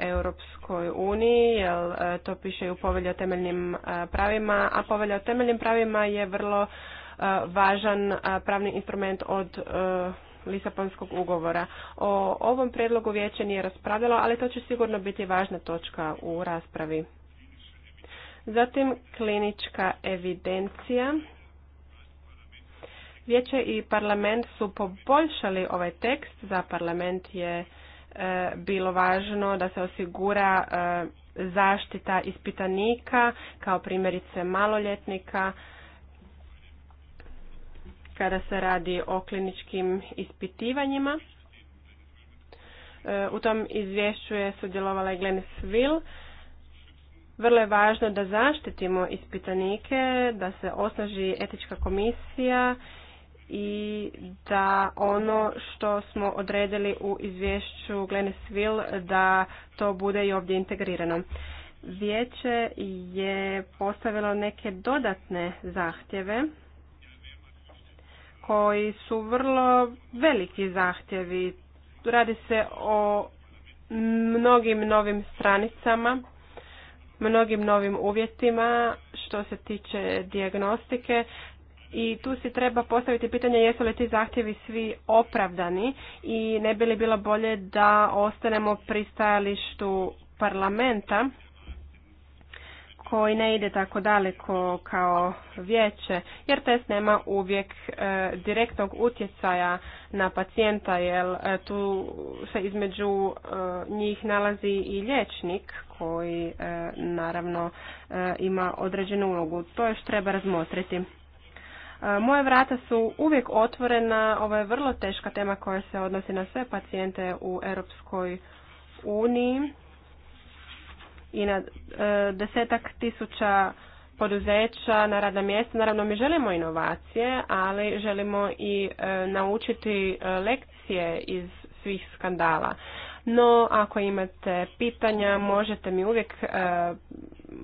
Europskoj uniji, jer e, to piše i u povelji o temeljnim e, pravima, a povelja o temeljnim pravima je vrlo važan pravni instrument od Lisabonskog ugovora. O ovom predlogu vijeće nije raspravljalo, ali to će sigurno biti važna točka u raspravi. Zatim klinička evidencija. Vijeće i parlament su poboljšali ovaj tekst. Za parlament je e, bilo važno da se osigura e, zaštita ispitanika, kao primjerice maloljetnika, kada se radi o kliničkim ispitivanjima. E, u tom izvješću je sudjelovala i Glenis Will. Vrlo je važno da zaštitimo ispitanike, da se osnaži etička komisija i da ono što smo odredili u izvješću Glenis da to bude i ovdje integrirano. Vijeće je postavilo neke dodatne zahtjeve koji su vrlo veliki zahtjevi. Radi se o mnogim novim stranicama, mnogim novim uvjetima što se tiče dijagnostike i tu si treba postaviti pitanje jesu li ti zahtjevi svi opravdani i ne bi li bilo bolje da ostanemo pri stajalištu parlamenta koji ne ide tako daleko kao vijeće, jer test nema uvijek e, direktnog utjecaja na pacijenta, jer e, tu se između e, njih nalazi i liječnik koji naravno ima određenu ulogu. To još treba razmotriti. Moje vrata su uvijek otvorena, ovo je vrlo teška tema koja se odnosi na sve pacijente u Europskoj uniji i na e, desetak tisuća poduzeća na radna mjesta. Naravno, mi želimo inovacije, ali želimo i e, naučiti e, lekcije iz svih skandala. No, ako imate pitanja, možete mi uvijek,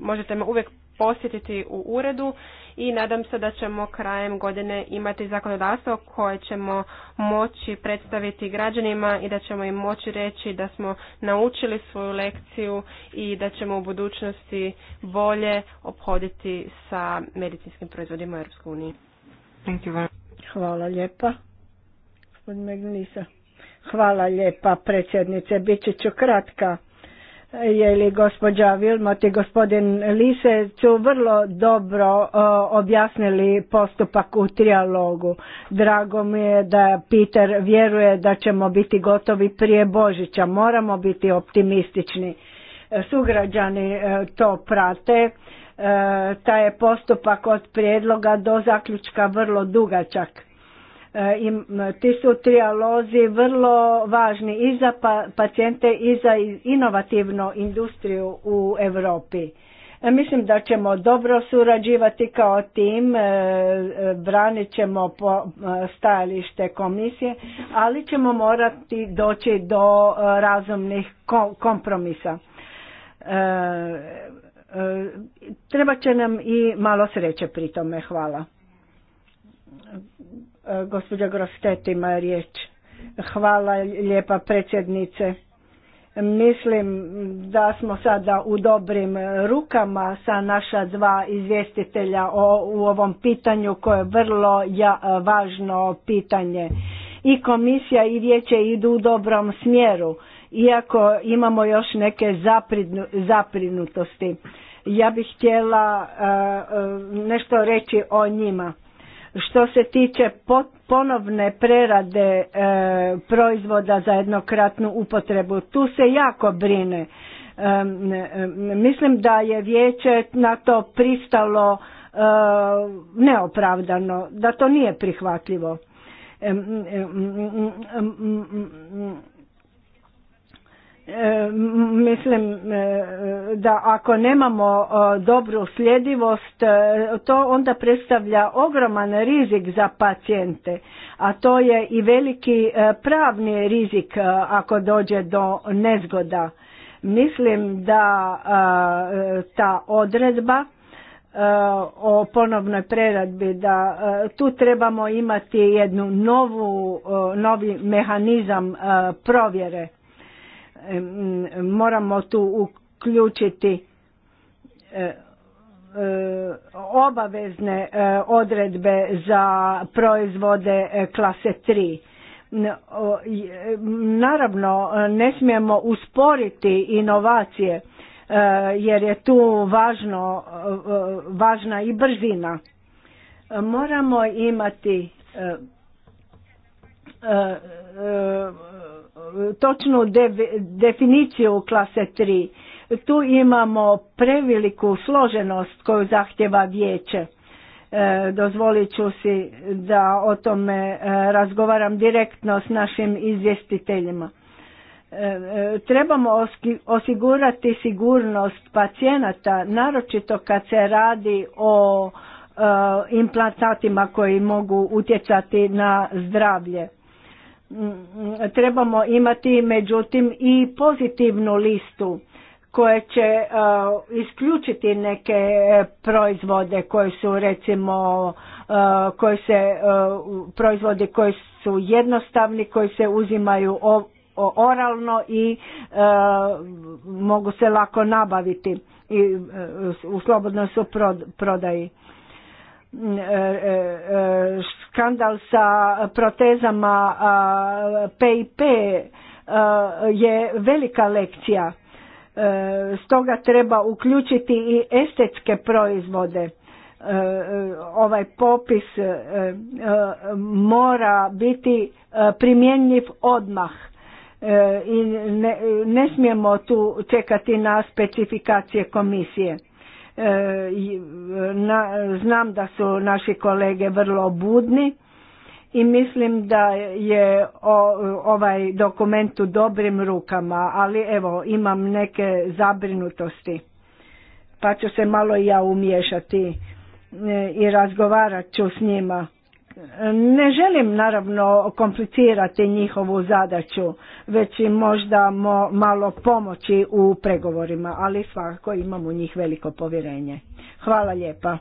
možete me uvijek posjetiti u uredu i nadam se da ćemo krajem godine imati zakonodavstvo koje ćemo moći predstaviti građanima i da ćemo im moći reći da smo naučili svoju lekciju i da ćemo u budućnosti bolje obhoditi sa medicinskim proizvodima u EU. Hvala lijepa. Hvala lijepa predsjednice, bit ću kratka je li gospođa Vilmot i gospodin Lise su vrlo dobro e, objasnili postupak u trijalogu. Drago mi je da Peter vjeruje da ćemo biti gotovi prije Božića. Moramo biti optimistični. E, sugrađani e, to prate. Taj je postupak od prijedloga do zaključka vrlo dugačak Eh, ti su trijalozi vrlo važni i za pa, pacijente i za inovativnu industriju u Europi. Eh, mislim da ćemo dobro surađivati kao tim, eh, branit ćemo po stajalište komisije, ali ćemo morati doći do razumnih kompromisa. Treba će nam i malo sreće pri tome, hvala. Gospođa Grostet ima riječ. Hvala lijepa predsjednice. Mislim da smo sada u dobrim rukama sa naša dva izvjestitelja o, u ovom pitanju koje je vrlo ja, važno pitanje. I komisija i vijeće idu u dobrom smjeru, iako imamo još neke zaprinu, zaprinutosti. Ja bih htjela e, e, nešto reći o njima. Što se tiče ponovne prerade e, proizvoda za jednokratnu upotrebu, tu se jako brine. E, e, mislim da je vijeće na to pristalo neopravdano, da to nije prihvatljivo E, mislim e, da ako nemamo e, dobru sljedivost to onda predstavlja ogroman rizik za pacijente a to je i veliki pravni rizik ako dođe do nezgoda mislim da ta odredba o ponovnoj preradbi da tu trebamo imati jednu novu novi mehanizam provjere moramo tu uključiti e, e, obavezne e, odredbe za proizvode klase 3. Naravno, ne smijemo usporiti inovacije jer je tu važno, važna i brzina. Moramo imati točnu definiciju klase 3. Tu imamo preveliku složenost koju zahtjeva vijeće. E, dozvolit ću si da o tome e, razgovaram direktno s našim izvjestiteljima. E, trebamo osigurati sigurnost pacijenata, naročito kad se radi o implantatima koji mogu utjecati na zdravlje Mm, trebamo imati međutim i pozitivnu listu koje će e, isključiti neke e, proizvode koji su recimo e, koji se proizvodi koji su jednostavni koji se uzimaju oralno i mogu se lako nabaviti i u slobodnoj su prodaji skandal sa protezama PIP je velika lekcija. E, stoga treba uključiti i estetske proizvode. E, ovaj popis e, mora biti primjenjiv odmah i ne, ne smijemo tu čekati na specifikacije komisije E, e, znam da su naši kolege vrlo budni i mislim da je ovaj dokument u dobrim rukama, ali evo imam neke zabrinutosti pa ću se malo i ja umješati e, i razgovarat ću s njima. Ne želim naravno komplicirati njihovu zadaću, već im možda mo, malo pomoći u pregovorima, ali svakako imamo u njih veliko povjerenje. Hvala lijepa.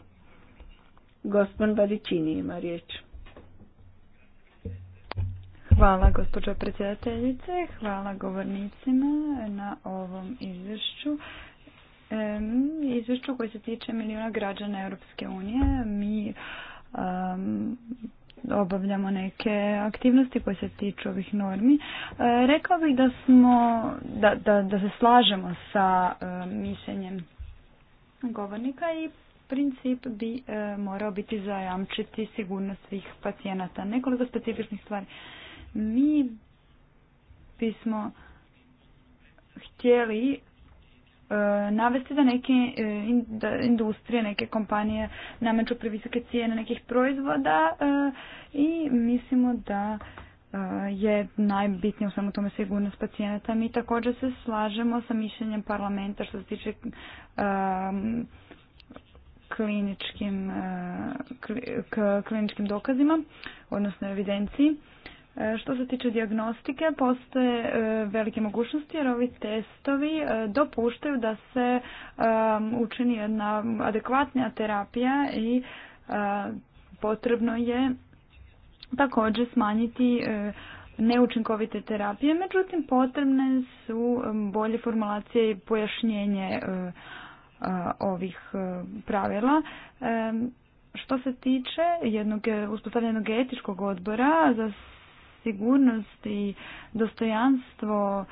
Gospodin Baričini ima riječ. Hvala gospođo predsjedateljice, hvala govornicima na ovom izvješću. Izvješću koje se tiče milijuna građana Europske unije, mi obavljamo neke aktivnosti koje se tiču ovih normi. E, rekao bih da smo, da, da, da se slažemo sa e, mišljenjem govornika i princip bi e, morao biti zajamčiti sigurnost svih pacijenata. Nekoliko specifičnih stvari. Mi bismo htjeli E, navesti da neke e, industrije, neke kompanije nameću previsoke cijene nekih proizvoda e, i mislimo da je najbitnije u svemu tome sigurnost pacijenata. Mi također se slažemo sa mišljenjem parlamenta što se tiče kliničkim, kliničkim dokazima, odnosno evidenciji. E, što se tiče diagnostike, postoje e, velike mogućnosti jer ovi testovi e, dopuštaju da se učini jedna adekvatnija terapija i potrebno je također smanjiti neučinkovite terapije, međutim potrebne su bolje formulacije i pojašnjenje ovih pravila. Što se tiče jednog uspostavljenog etičkog odbora za sigurnost i dostojanstvo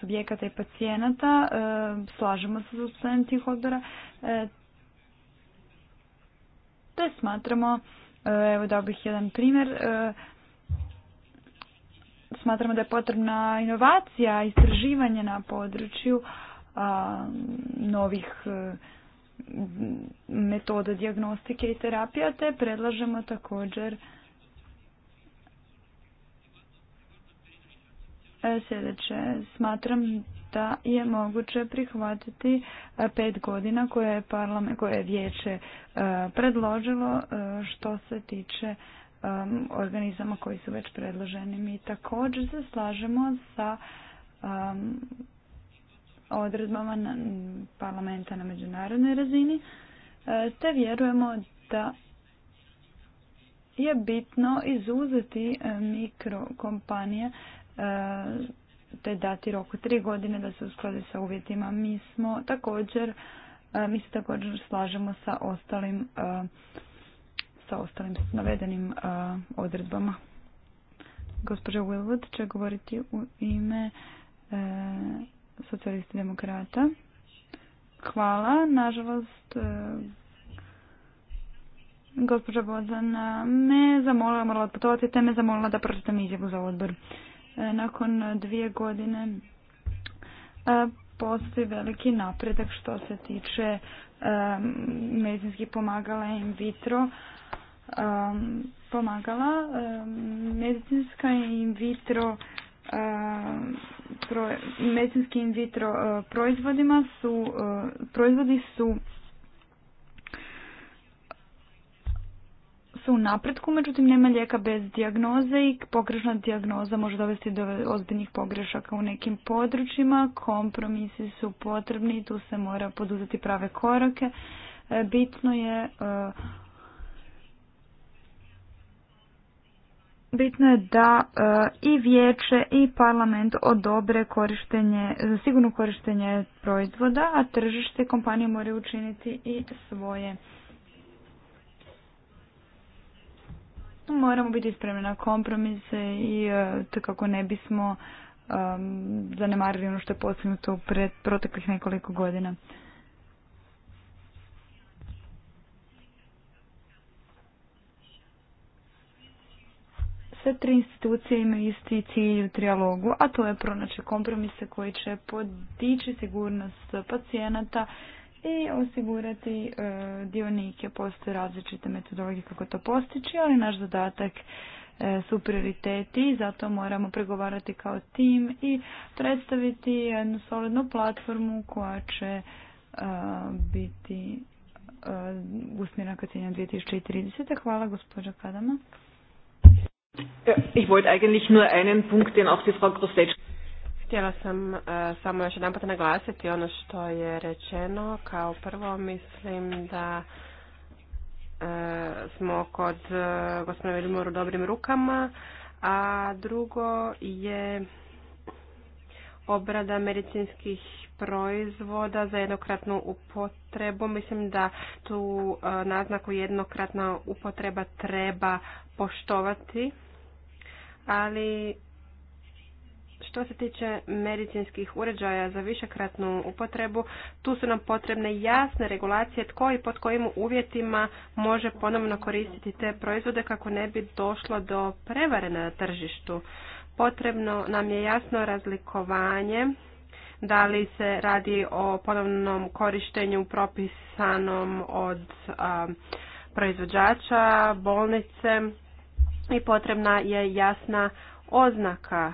subjekata i pacijenata, slažemo se s uspostavljanje tih odbora, e, te smatramo, e, evo dao bih jedan primjer, e, smatramo da je potrebna inovacija, istraživanje na području novih metoda diagnostike i terapija, te predlažemo također E, sljedeće. Smatram da je moguće prihvatiti e, pet godina koje je, parlament, koje je vijeće e, predložilo što se tiče organizama koji su već predloženi. Mi također se slažemo sa odredbama parlamenta na međunarodnoj razini te vjerujemo da je bitno izuzeti mikrokompanije Eh, te dati roku tri godine da se uskladi sa uvjetima. Mi smo također, eh, mi se također slažemo sa ostalim eh, sa ostalim navedenim odredbama. Gospođa Willwood će govoriti u ime socijalisti demokrata. Hvala. Nažalost, gospođa Bozana me zamolila, morala otputovati, te me zamolila da pročitam izjavu za odbor. E, nakon dvije godine e, postoji veliki napredak što se tiče e, medicinskih pomagala in vitro pomagala. Medicinska in vitro medicinski in vitro proizvodima su proizvodi su u napretku, međutim nema lijeka bez dijagnoze i pogrešna dijagnoza može dovesti do ozbiljnih pogrešaka u nekim područjima. Kompromisi su potrebni tu se mora poduzeti prave korake. E, bitno je e, bitno je da e, i vijeće i parlament odobre korištenje, za sigurno korištenje proizvoda, a tržište kompanije moraju učiniti i svoje. moramo biti spremni na kompromise i e, te kako ne bismo e, zanemarili ono što je postignuto u pred, proteklih nekoliko godina. Sve tri institucije imaju isti cilj u trijalogu, a to je pronaći kompromise koji će podići sigurnost pacijenata, i osigurati e, dionike. Postoje različite metodologije kako to postići, ali naš zadatak e, su prioriteti i zato moramo pregovarati kao tim i predstaviti jednu solidnu platformu koja će e, biti usmjerena ka ciljem 2030. Hvala gospođa Kadama. Ich wollte eigentlich nur einen Punkt, den auch die Frau Htjela sam e, samo još jedan naglasiti ono što je rečeno. Kao prvo mislim da e, smo kod e, gospodina u dobrim rukama, a drugo je obrada medicinskih proizvoda za jednokratnu upotrebu. Mislim da tu naznaku jednokratna upotreba treba poštovati, ali što se tiče medicinskih uređaja za višekratnu upotrebu, tu su nam potrebne jasne regulacije tko i pod kojim uvjetima može ponovno koristiti te proizvode kako ne bi došlo do prevare na tržištu. Potrebno nam je jasno razlikovanje da li se radi o ponovnom korištenju propisanom od proizvođača, bolnice i potrebna je jasna oznaka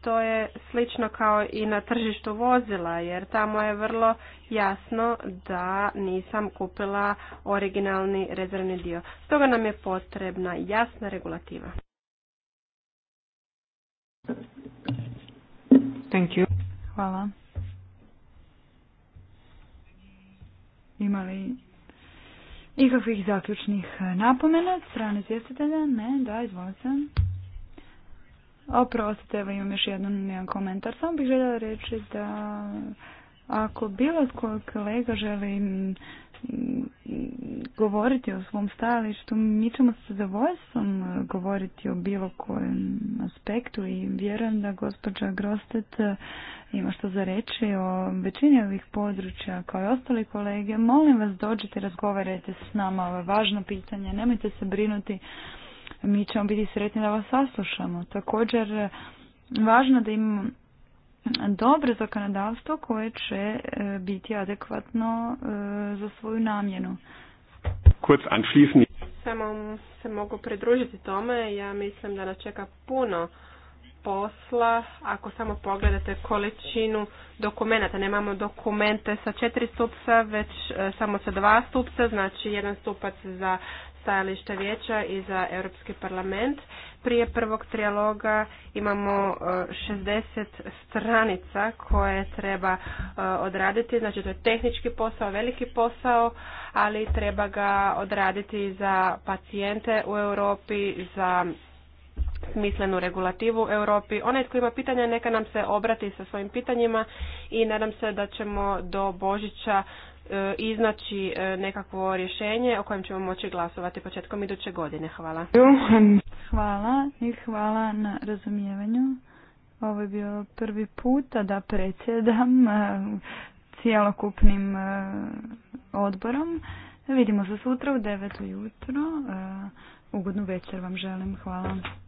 to je slično kao i na tržištu vozila jer tamo je vrlo jasno da nisam kupila originalni rezervni dio. Stoga nam je potrebna jasna regulativa. Thank you. Hvala. Ima li ikakvih zaključnih napomena od strane svjestitelja? Ne, da, izvolite. Oprostite, evo imam još jedan, komentar. Samo bih željela reći da ako bilo kojeg kolega želi mm, govoriti o svom stajalištu, mi ćemo sa zadovoljstvom e, govoriti o bilo kojem aspektu i vjerujem da gospođa Grostet e, ima što za reći o većini ovih područja kao i ostali kolege. Molim vas dođite, razgovarajte s nama, ovo je važno pitanje, nemojte se brinuti mi ćemo biti sretni da vas saslušamo. Također, važno da imamo dobro zakonodavstvo koje će e, biti adekvatno e, za svoju namjenu. Samo se mogu pridružiti tome. Ja mislim da nas čeka puno posla. Ako samo pogledate količinu dokumenata, nemamo dokumente sa četiri stupca, već e, samo sa dva stupca, znači jedan stupac za stajalište vijeća i za Europski parlament. Prije prvog trijaloga imamo 60 e, stranica koje treba e, odraditi, znači to je tehnički posao, veliki posao, ali treba ga odraditi za pacijente u Europi, za smislenu regulativu u Europi. Onaj tko ima pitanja neka nam se obrati sa svojim pitanjima i nadam se da ćemo do Božića E, iznaći e, nekakvo rješenje o kojem ćemo moći glasovati početkom iduće godine. Hvala. Hvala i hvala na razumijevanju. Ovo je bio prvi puta da predsjedam e, cijelokupnim odborom. Vidimo se sutra u 9 ujutro. Ugodnu večer vam želim. Hvala.